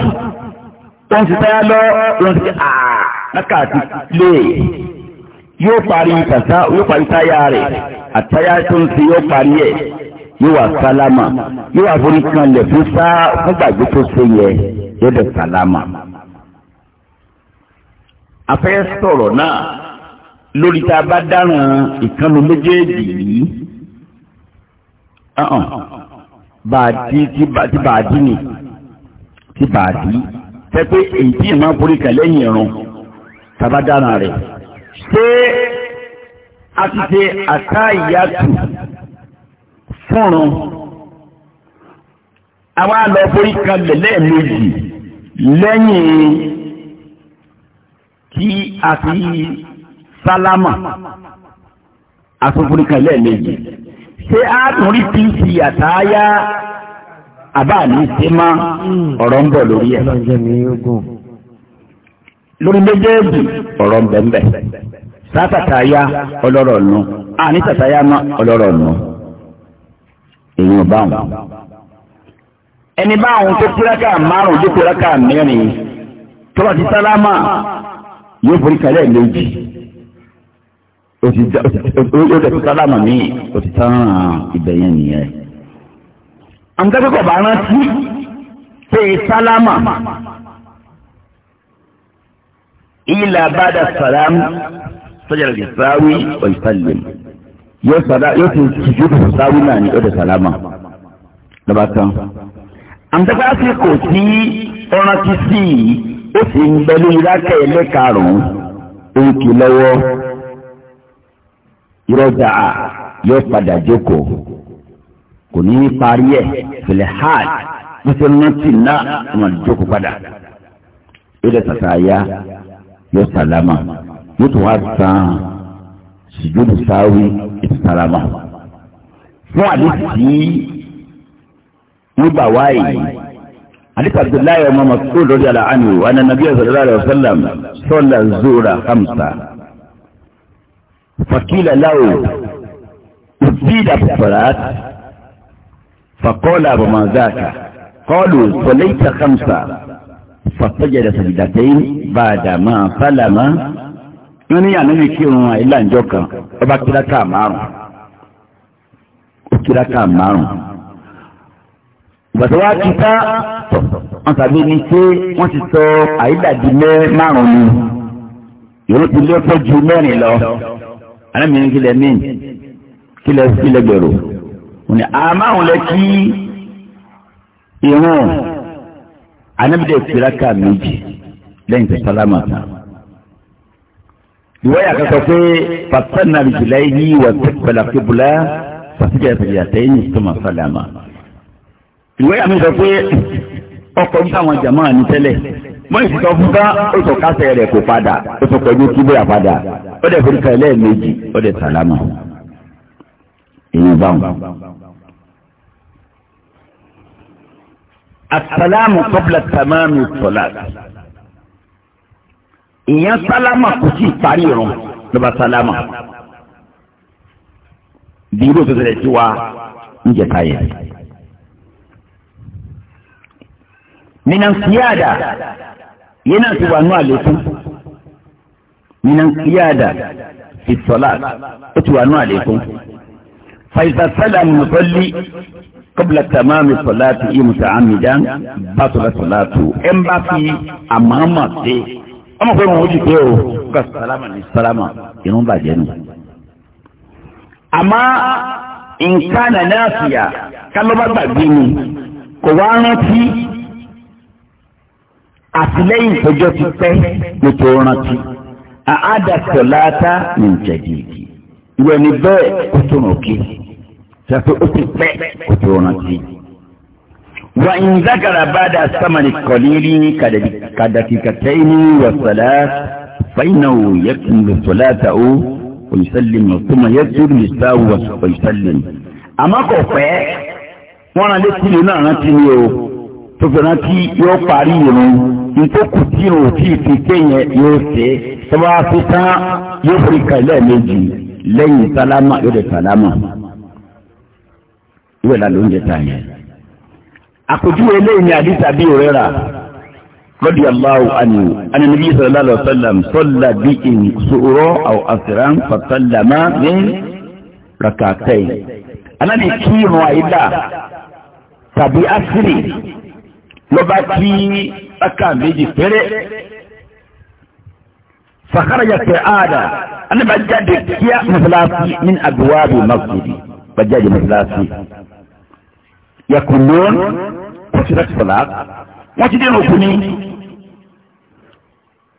tó ń ti táyà lọ ló ń ti àà rákà ti lé yóò parí tàtà yóò parí táyà rẹ̀ àtáyà tó ń ti yóò parí ẹ̀ yóò wá sálámà yóò wá forí kan lẹ̀ fún sá fún gbàgbé tó ṣe yẹ yóò dẹ̀ sálámà. afẹ́ sọ̀rọ̀ náà lórí tá a bá dáràn ìkànnì méjèèjì yìí bàdí ti bàdí ni tí bàdí tẹ pé èyí tí ìmọ̀ àforí kan lẹ́yìn ìrun tá a bá dáràn rẹ̀ ṣé a ti ṣe àkáyàtù fúnrun àwa lọ forí kan lẹ́ẹ̀mejì lẹ́yìn kí a ti. Salama, asọ́fúnìkan lẹ́ẹ̀mejì ṣé a tún rí pc àtàyà àbá ní sèmá ọ̀rọ̀ ń bọ̀ lórí ẹ̀ lórí méjèèjì ọ̀rọ̀ ń bẹ̀m̀bẹ̀ sátàtàyà ọlọ́rọ̀ nù àní tàtàyà má ọlọ́rọ̀ nù èyí ò báwọn ẹni báwọn tó kúrákà márùn-ún tó kúrákà mẹ́rin ti sálámà yóò forí kalẹ̀ méjì ó ti já ó tẹ̀ sálámà mí ó ti tán ibẹ̀ yẹn nìyẹn. àǹtẹ́kọ̀kọ̀ bá rántí pé sálámà ilà bàdà sàlámù sọ́jà lè sáwí ọ̀ìsàlẹ̀ yóò ti ṣùjú sáwí náà ní ó tẹ̀ sálámà lọ́ba tán àǹtẹ́kọ̀ àsìkò tí ọ̀rántí sí i ó sì ń bẹ lórí lákẹ́ ẹlẹ́karùn-ún ó lọ́wọ́ ìrọ̀jà yóò padà jókòó kò ní í parí ẹ̀ fìlẹ̀ hajj nítorí náà tì náà wọn jókòó padà yóò dẹ̀ tàtà ya yóò sàlámà yóò tún wá sàn sùjúdù sáwí ìsàlámà fún àdìsí nígbà wáyé àdìsí abdullahi ọmọ masoud rọ́jà làánù wa anna nabiyyu sallallahu alaihi wasallam salla zuhra khamsa. فقيل له أصيب بالصلاة فقال أبو ما ذاك قالوا صليت خمسة فسجد سجدتين بعدما سلم wọ́n ní àná ní kírun ilá ìjọ kan ọba kíráká márùn ó kíráká márùn ìgbàsọ́wọ́ akíta wọ́n tàbí ní pé wọ́n ti sọ àyídàdí mẹ́ márùn ni yòó ti lé pọ̀ ju mẹ́rin lọ alámìíràn kílẹ̀ míì kílẹ̀ kílẹ̀ gbèrò òní àmàhùn lẹ kí irun anábìdẹ kìlákà méjì lẹ́yìn tó sálámà tán ìwọ́yà kankan pé pàṣẹ́nà bìjìlá yìí wà pẹ̀lú àkébùlá pàṣẹ́jà ìpèjì àtẹ̀yìn tó máa sálámà ìwọ́yà mi sọ pé ọkọ̀ ń àwọn jàmáà ní tẹ́lẹ̀ mọ ìsìtọ́ fún bá ó sọ kásẹ̀ rẹ̀ kó padà ó sọ pẹ̀lú kíbẹ̀ àpadà ó dẹ̀ forí kan lẹ́ẹ̀mejì ó dẹ̀ sàlámà èèyàn báwọn. asalamu kọ́bla tamamu sọ̀lá ìyẹn sálámà kò sí ìparí ìrun lọ́ba sálámà bí irú òṣèlú rẹ̀ ti wá ń jẹ̀ta yẹn. minansiyada yìí náà ti wà nú àlékún minansiyada fi salat ó ti wà nú àlékún faiza salam musalli qabla tamami salati imuta amidan batula salatu ẹ ń bá fi àmàmà sí ọmọ pé wọn ò jù pé o ká salama ní salama irun bàjẹ́ nù. àmọ́ nǹkan nàá fìyà kálọ́bà gbàgbé ni kò wá rántí àtìlẹ́yìn ìpẹjọ ti pẹ́ lótò rántí àádàtọ láàtà ní ìjẹdìdì ìwé ni bẹ́ẹ̀ ó tó ràn kí ṣàpé ó ti pẹ́ ó tó rántí. wà ń zákàrà bá dà sámàlì kọ̀lìrì kàdàkìkàtẹ́yìn wàsálà fàyínà ò yẹ kí n lè sọ̀lá ta ó òyìnbó ọ̀túnmọ̀ yẹ kí n lè sá wà òyìnbó àmọ́ kò pẹ́ wọ́n rán létí lónà rántí ni o tó fi rántí yóò parí ìrun ìtòkù tí ìrun tí ì fi kéyẹn yóò ṣe tọ́ba fi tán yóò fi kàlẹ́ méjì lẹ́yìn sálámà yóò lè sálámà ìwé ìlànà oúnjẹ tà yẹn. àpèjúwe eléyìí ni àdìsá bí òré rà lọ́dí aláwọ̀ àni ananabi sọ̀rọ̀lá lọ sọ́làm sọ́là bí ìṣòro àwọn àṣírà fàtàlámà ní rakatai. anábì kí ìrun àyíká tàbí àṣírí ló bá kí rákà méjì péré fakaraja tẹ aada ana bá jáde kíá masalasi min aduwaabi masjidi bá jáde masalasi yakunun kòsìlẹ̀ sọ̀lá wọ́n ti dénú kuni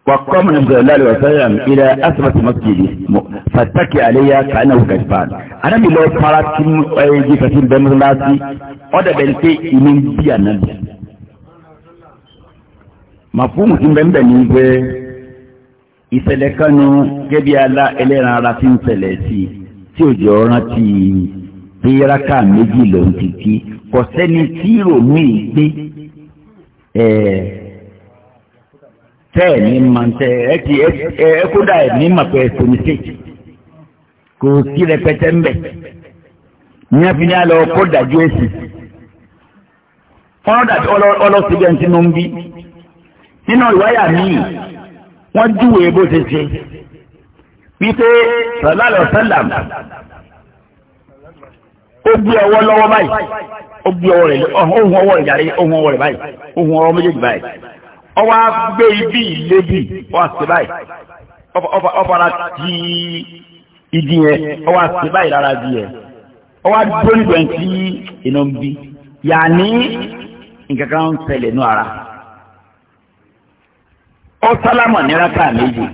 وقام النبي صلى الله عليه وسلم الى اثبت مسجده فاتكي عليها كانه كسبان انا من لو فرات كم ايجي فتين بمرلاسي وده بنتي من بيانا màfúùmù ti bẹ́ẹ̀ ní pé ìṣẹ̀lẹ̀ kanu gẹ́bí alá ẹlẹ́ran ara ti ń ṣẹlẹ̀ sí tí òjò rántí péyáraka méjì lòún ti kí kò sẹ́ni tí ròmí gbé tẹ́ ẹ̀ ní máa ń tẹ́ ẹ ti ẹ kódà ẹ̀ ní màpẹ́ ẹ̀ tó ní sèkì kò sí rẹpẹtẹ ń bẹ̀ ní a fi ní alọ́ kó dájú èsì ń bí nínú ìwáyà míì wọ́n júwèé bó ṣe ṣe wípé sọlálọ sálàm ó gbé ọwọ́ lọ́wọ́ báyìí ó gbé ọwọ́ rẹ̀ ohun ọwọ́ rẹ̀ yàrá ohun ọwọ́ rẹ̀ báyìí ohun ọwọ́ méjèèjì báyìí ọwọ́ á gbé ibi ìlébi ọwọ́ àti báyìí ọwọ́ ti igi yẹn ọwọ́ àti báyìí rárá di yẹn ọwọ́ àdúgbò nígbà tí inú ń bí yàní nǹkan kan ń ṣẹlẹ̀ nú ara ó sálámọ̀ ní rákà méjì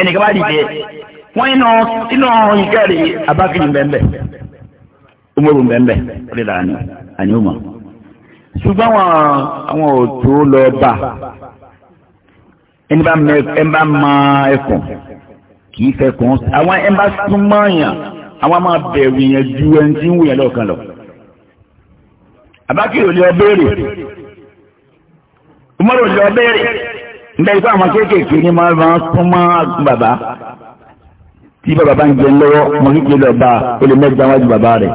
ẹnìkan bá dìde wọ́n iná iná ìkẹ́rì abákìnyìn bẹ́ẹ̀ umaru bẹ́ẹ̀ rí la ni àníwòmọ̀ ṣùgbọ́n àwọn àwọn òtún lọ bá ẹni bá mọ ẹkùn kì í fẹ́ kùn àwọn ẹni bá súnmọ́ yàn àwọn máa bẹ̀rù yẹn ju ẹni tí ń wù yẹn lọ́kàn lọ. abákìnyìn ò lè ọ umaru lọ bẹ̀rẹ̀ nígbà yìí kó àwọn kéékèèké ní máa máa tún máa bàbá tí bàbá bá ń jẹ lọ́wọ́ ọmọ kékeré lọ bá o lè mẹ́jọ wájú bàbá rẹ̀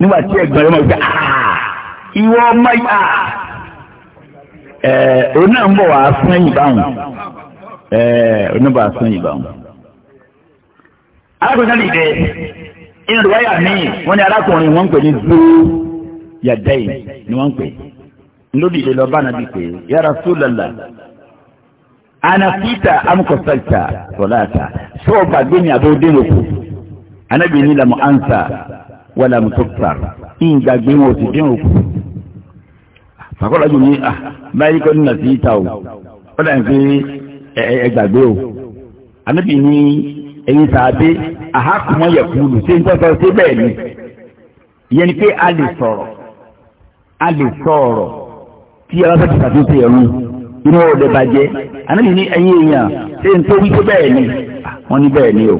nígbà tí ẹ̀gbọ́n rẹ̀ máa gbé ah, ìwọ ọmọ yìí ah. ẹ̀ òun náà ń bọ̀ wá fún ẹ̀yìn báwọn ẹ̀ òun náà bọ̀ wá fún ẹ̀yìn báwọn. alákòóso lè dẹ inú ìwáyà míì wọ́n ní arákùnrin wọ́n ń pè ní zuu yàdẹ́yìn ni wọ́n ń pè é lórí ìlú ọba nàbí pé ya Rasulullah anafita amukọsita sọláta sọ gbàgbé ni àbẹ òde lóko anabi ni lamu ansa wàlà mutukar ń gbàgbé wọn òsì dín òkú. fàkọ́lá jù ní à ah, báyìí kọ́ ní nàfita o ó dà ń fi ẹ gbàgbé o anabi ni ẹ̀yin sàbẹ àhàkùmọ̀ yẹ̀kúlù ṣé ń tọ́sọ ṣé bẹ́ẹ̀ ni yẹn ni pé a lè sọ̀rọ̀ a lè sọ̀rọ̀ tí a bá fẹ́ ṣàtúnṣe ẹ̀rù inú ọ̀dẹ̀ bàjẹ́ anábì ní ẹ̀yìn èèyàn ṣé n tó wí pé bẹ́ẹ̀ ni ah, wọ́n ní bẹ́ẹ̀ ni o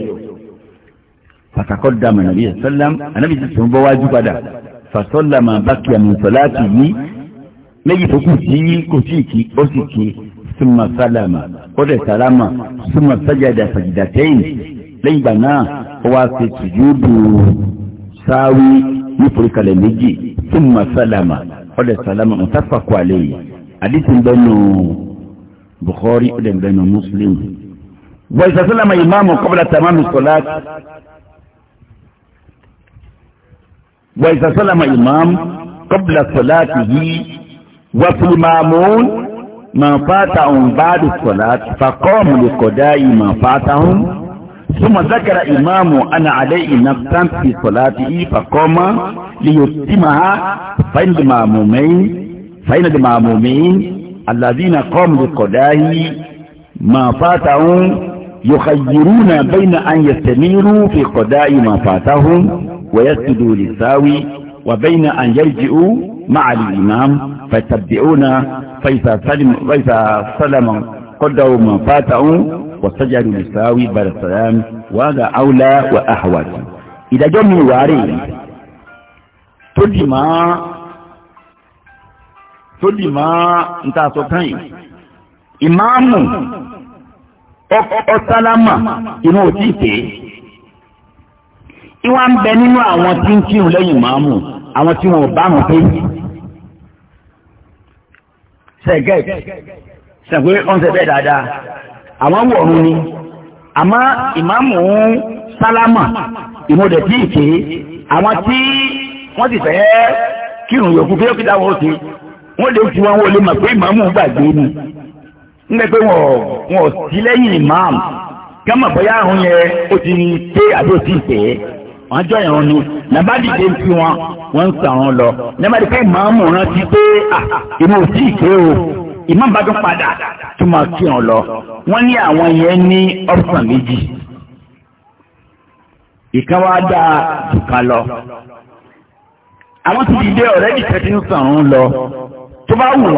pàtàkọ́ dàmọ̀ nàbí sọ́lám anábì ti sùn bọ́ wájú padà fàṣọ́làmà bákìá min sọ́láàtì yìí méjì tó kù sí kò sí kí ó sì kí súnmọ́ sálàmà ó dẹ̀ sálàmà súnmọ́ sájàdà sàjìdàtẹ́yìn lẹ́yìn ìgbà náà ó wá ṣe tùjú dùn sáwí ní foríkalẹ̀ méjì súnmọ́ sálàmà ọ̀dẹ̀ sàlámù mùtàfàkù àlẹ́ yìí àdìsí ń bẹnu Bukhari ọ̀dẹ̀ ń bẹnu Muslim. wọ́n ìsàsálàmù ìmáàmù kọ́bùlà tàmámù sọ̀lá wọ́n ìsàsálàmù ìmáàmù kọ́bùlà sọ̀lá tìyí wọ́n fi máàmù máa fàtà òun bá lè kọ̀dá yìí máa fàtà ثم ذكر إمام أنا عليه نفسا في صلاته فقام ليتمها فإن المأمومين فإن المأمومين الذين قاموا بقضاه ما فاتهم يخيرون بين أن يستمروا في قضاء ما فاتهم ويسجدوا للساوي وبين أن يلجئوا مع الإمام فيتبعون فإذا سلم, فإذا سلم قدروا ما فاتهم وسجدوا للساوي بعد السلام وهذا أولى وأحوط إذا جاء واري تجمع تجمع أنت أصبحين ìmáàmù ọ̀sálámà inú òtí ìwà ń bẹ nínú àwọn tí ń kírun lẹ́yìn ìmáàmù àwọn tí wọn ò bá wọn pé sẹ̀gbé ọ̀n ṣe bẹ́ẹ̀ dáadáa àwọn wọ̀ọ̀run ni àmọ́ ìmáàmù sálámà ìmọ̀dẹ̀ tí àwọn tí wọ́n ti fẹ́ kírun yòókù bí ókè dáwọ́ ṣe wọ́n lè fi wọn wọlé mà pé ìmáàmù gbàgbé ni nígbà pé wọ́n wọ́n sí lẹ́yìn ìmáàmù gámà bóyá àrùn yẹn ó ti pé àbí ó ti pè é wọ́n jọ ìrún ni nàbá dìde ń fi wọn wọ́n ń sàrún lọ nàbá dìde pé ìmáàmù rántí pé ìmọ̀ ò tí o imam bá tún padà tó máa kí wọn lọ wọ́n ní àwọn yẹn ní ọ̀sán méjì ìkan wá dá dùkà lọ àwọn ti dìde ọ̀rẹ́ ìtẹ́ tí ń sàrún lọ tó bá wù wọ́n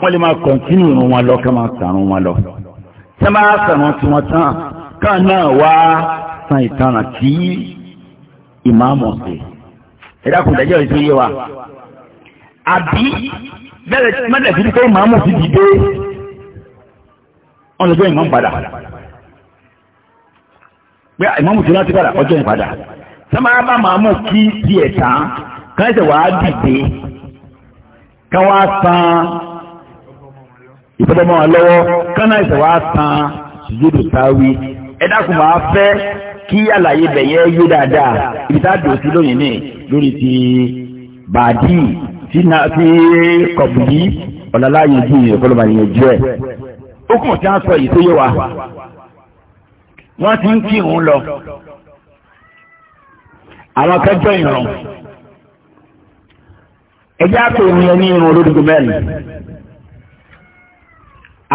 wọ́n lè máa kọ̀ntínú irun wọn lọ ká máa sàrún wọn lọ tí wọ́n bá sàrún tí wọ́n tán kan náà wá san ìtanràn tí ìmáàmù sí ẹ̀dá kùn dájọ́ ìṣòye wa àbí bẹ́ẹ̀ mẹ́tẹ̀ fi pé màmú ti dìde wọ́n lè gbé ìmọ̀ padà pé ìmọ̀mù ti rántí padà ọjọ́ ìpadà sọ́mọ́ra bá màmú kí tiẹ̀ tán kan ṣe wàá dìde kan wá san ìfọ́bọ́mọ́ wọn lọ́wọ́ kan náà ṣe wàá san ìjọdọ̀ táwí ẹ dákun máa fẹ́ kí àlàyé bẹ̀yẹ yé dáadáa ibi tá a dòsí lónìí ní lórí ti bàdí tí na fi kọ̀bù yìí ọ̀làlá yìí ju ìyẹn kọlọ́mà yẹn jù ẹ̀. ó kàn tí wọ́n sọ yìí tó yé wa wọ́n ti ń kí òun lọ àwọn akẹ́jọ́ ìrùn ẹjẹ́ àpò òun ní irun olódodo mẹ́rin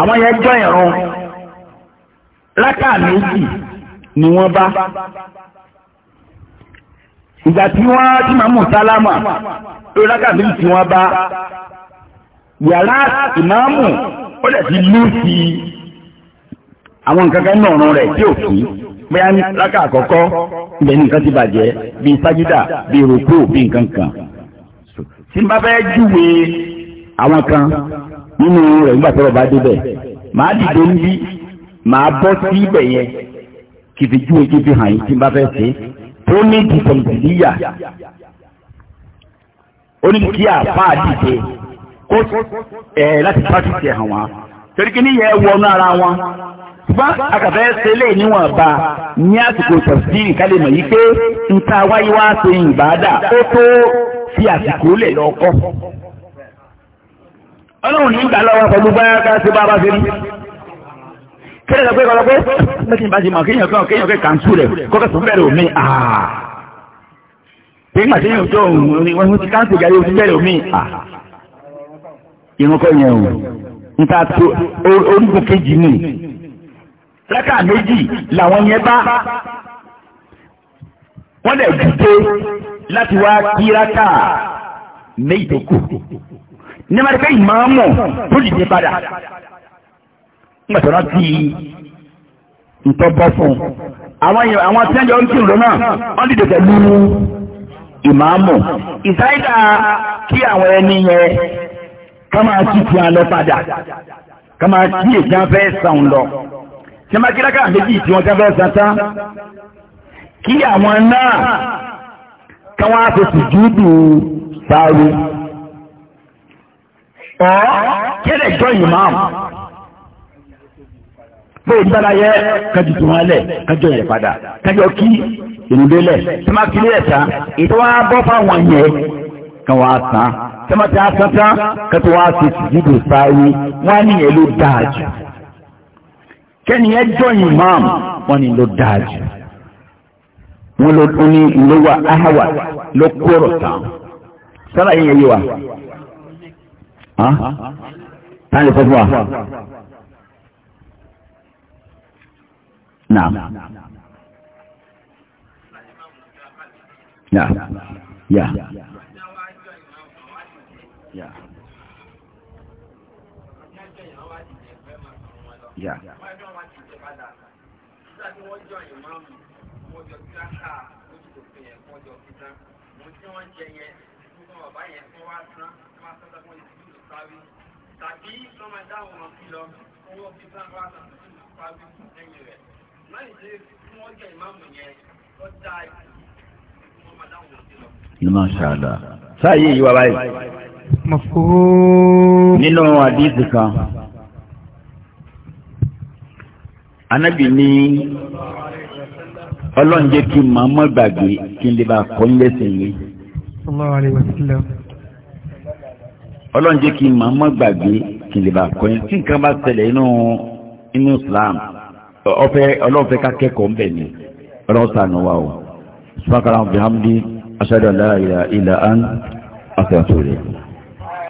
àwọn yẹn jọ ìrùn látà méjì ni wọ́n bá ìgbà tí wọ́n tí màmú sálámà lórí rákàtí tí wọ́n bá yàrá ìmáàmù ó dẹ̀ ti lú sí àwọn nǹkan kan náà rẹ̀ tí ò fi bóyá ní rákà àkọ́kọ́ ibẹ̀ nìkan ti bàjẹ́ bíi sájúdà bíi rògbò bíi nǹkan kan tí n bá fẹ́ júwe àwọn kan nínú rẹ̀ nígbà tí wọ́n bá débẹ̀ màá dìde níbí màá bọ́ sí ibẹ̀ yẹn kìfìjúwe kìfìhàn yìí tí n bá fẹ́ ṣe é. tó ní dìtẹ̀lìtìlíyà ó ní kí àpá dìde kó ẹ̀ láti pàtìsì hàn wá torí kí ní yẹ wọnú ara wọn ṣùgbọ́n àkàfẹ́ ṣe lè níwọ̀nba ní àsìkò tafsiri kálẹ̀ mọ̀ yìí pé wáyé wá ṣe ìbáadà ó tó fi àsìkò lè lọ ọlọ́run ní ìgbà lọ́wọ́ pẹ̀lú báyá kẹ́lẹ́ lọ́gbẹ́ kọ́lọ́gbẹ́ mẹ́tí bá ti mọ̀ kéèyàn kan kéèyàn kẹ́ kàǹtù rẹ̀ kọ́kẹ́ tó bẹ̀rẹ̀ omi àà pígbà tí yóò tó òun wọ́n ti káǹtù gàrí omi bẹ̀rẹ̀ omi àà ìrúnkọ́ yẹn o níta tó orúkọ kejì ni lẹ́ka méjì làwọn yẹn bá wọ́n lẹ̀ dìde láti wá kí rákà méjì tó kù ní ma ti fẹ́ ìmáàmù tó dìde padà mọ̀tọ́rọ́ ti ìtọ́bọ́ fún àwọn tí ẹjọ́ ń kí ìrọ̀ náà wọ́n dìde pẹ̀lú ìmáàmù ìsáìdà kí àwọn ẹni yẹn ká máa kí ti àlọ padà ká máa kí èjì afẹ́ sàn lọ tí máa kíláka méjì tí wọ́n ti afẹ́ sàn tán kí àwọn náà ká wọ́n á fi sùjúdù sáré ọ̀ kẹ́lẹ̀ jọ ìmáàmù fún ìdárayẹ kájú tó wọn lẹ kájọ yẹ padà kájọ kí ìrùndé lẹ tẹmá kiri ẹ tán ètò wa bọ fáwọn yẹn kan wá tán tẹmá tí a tán tán kẹtọ wá sí ìdíjọ sáré wọn nìyẹn ló dáa jù kẹniyẹn jọyìn imam wọn ni ló dáa jù wọn ló tún ní ìlú wa ahawa ló kúrò tán sára yẹn yẹ wa tán lè fọ́ fún wa. Naam. Ya. Ya. Ya. Ya. Tàbí sọ́mọdá wọn fi lọ, owó fi sáńgbà àtàkùn sí ìpàdé ẹ̀yìn rẹ̀. Mashala. Sáàyè yìí wà báyìí. Mafhum. Nínú àdíìsì kan. Anábì ní ọlọ́run jẹ́ kí màá mọ́ gbàgbé kí n lè bá kọ́ lẹ́sẹ̀ yìí. Sallallahu alaihi wasallam. Ọlọ́run mọ́ gbàgbé kí n lè bá kọ́ yẹn. Tí nǹkan bá ṣẹlẹ̀ inú Islam ọfẹ Ọlọ́run fẹ́ ká kẹ́kọ̀ọ́ ńbẹ ni Ọlọ́run ṣàánú wa o subhanahu wa ta'ala bihamdi ashhadu an la ilaha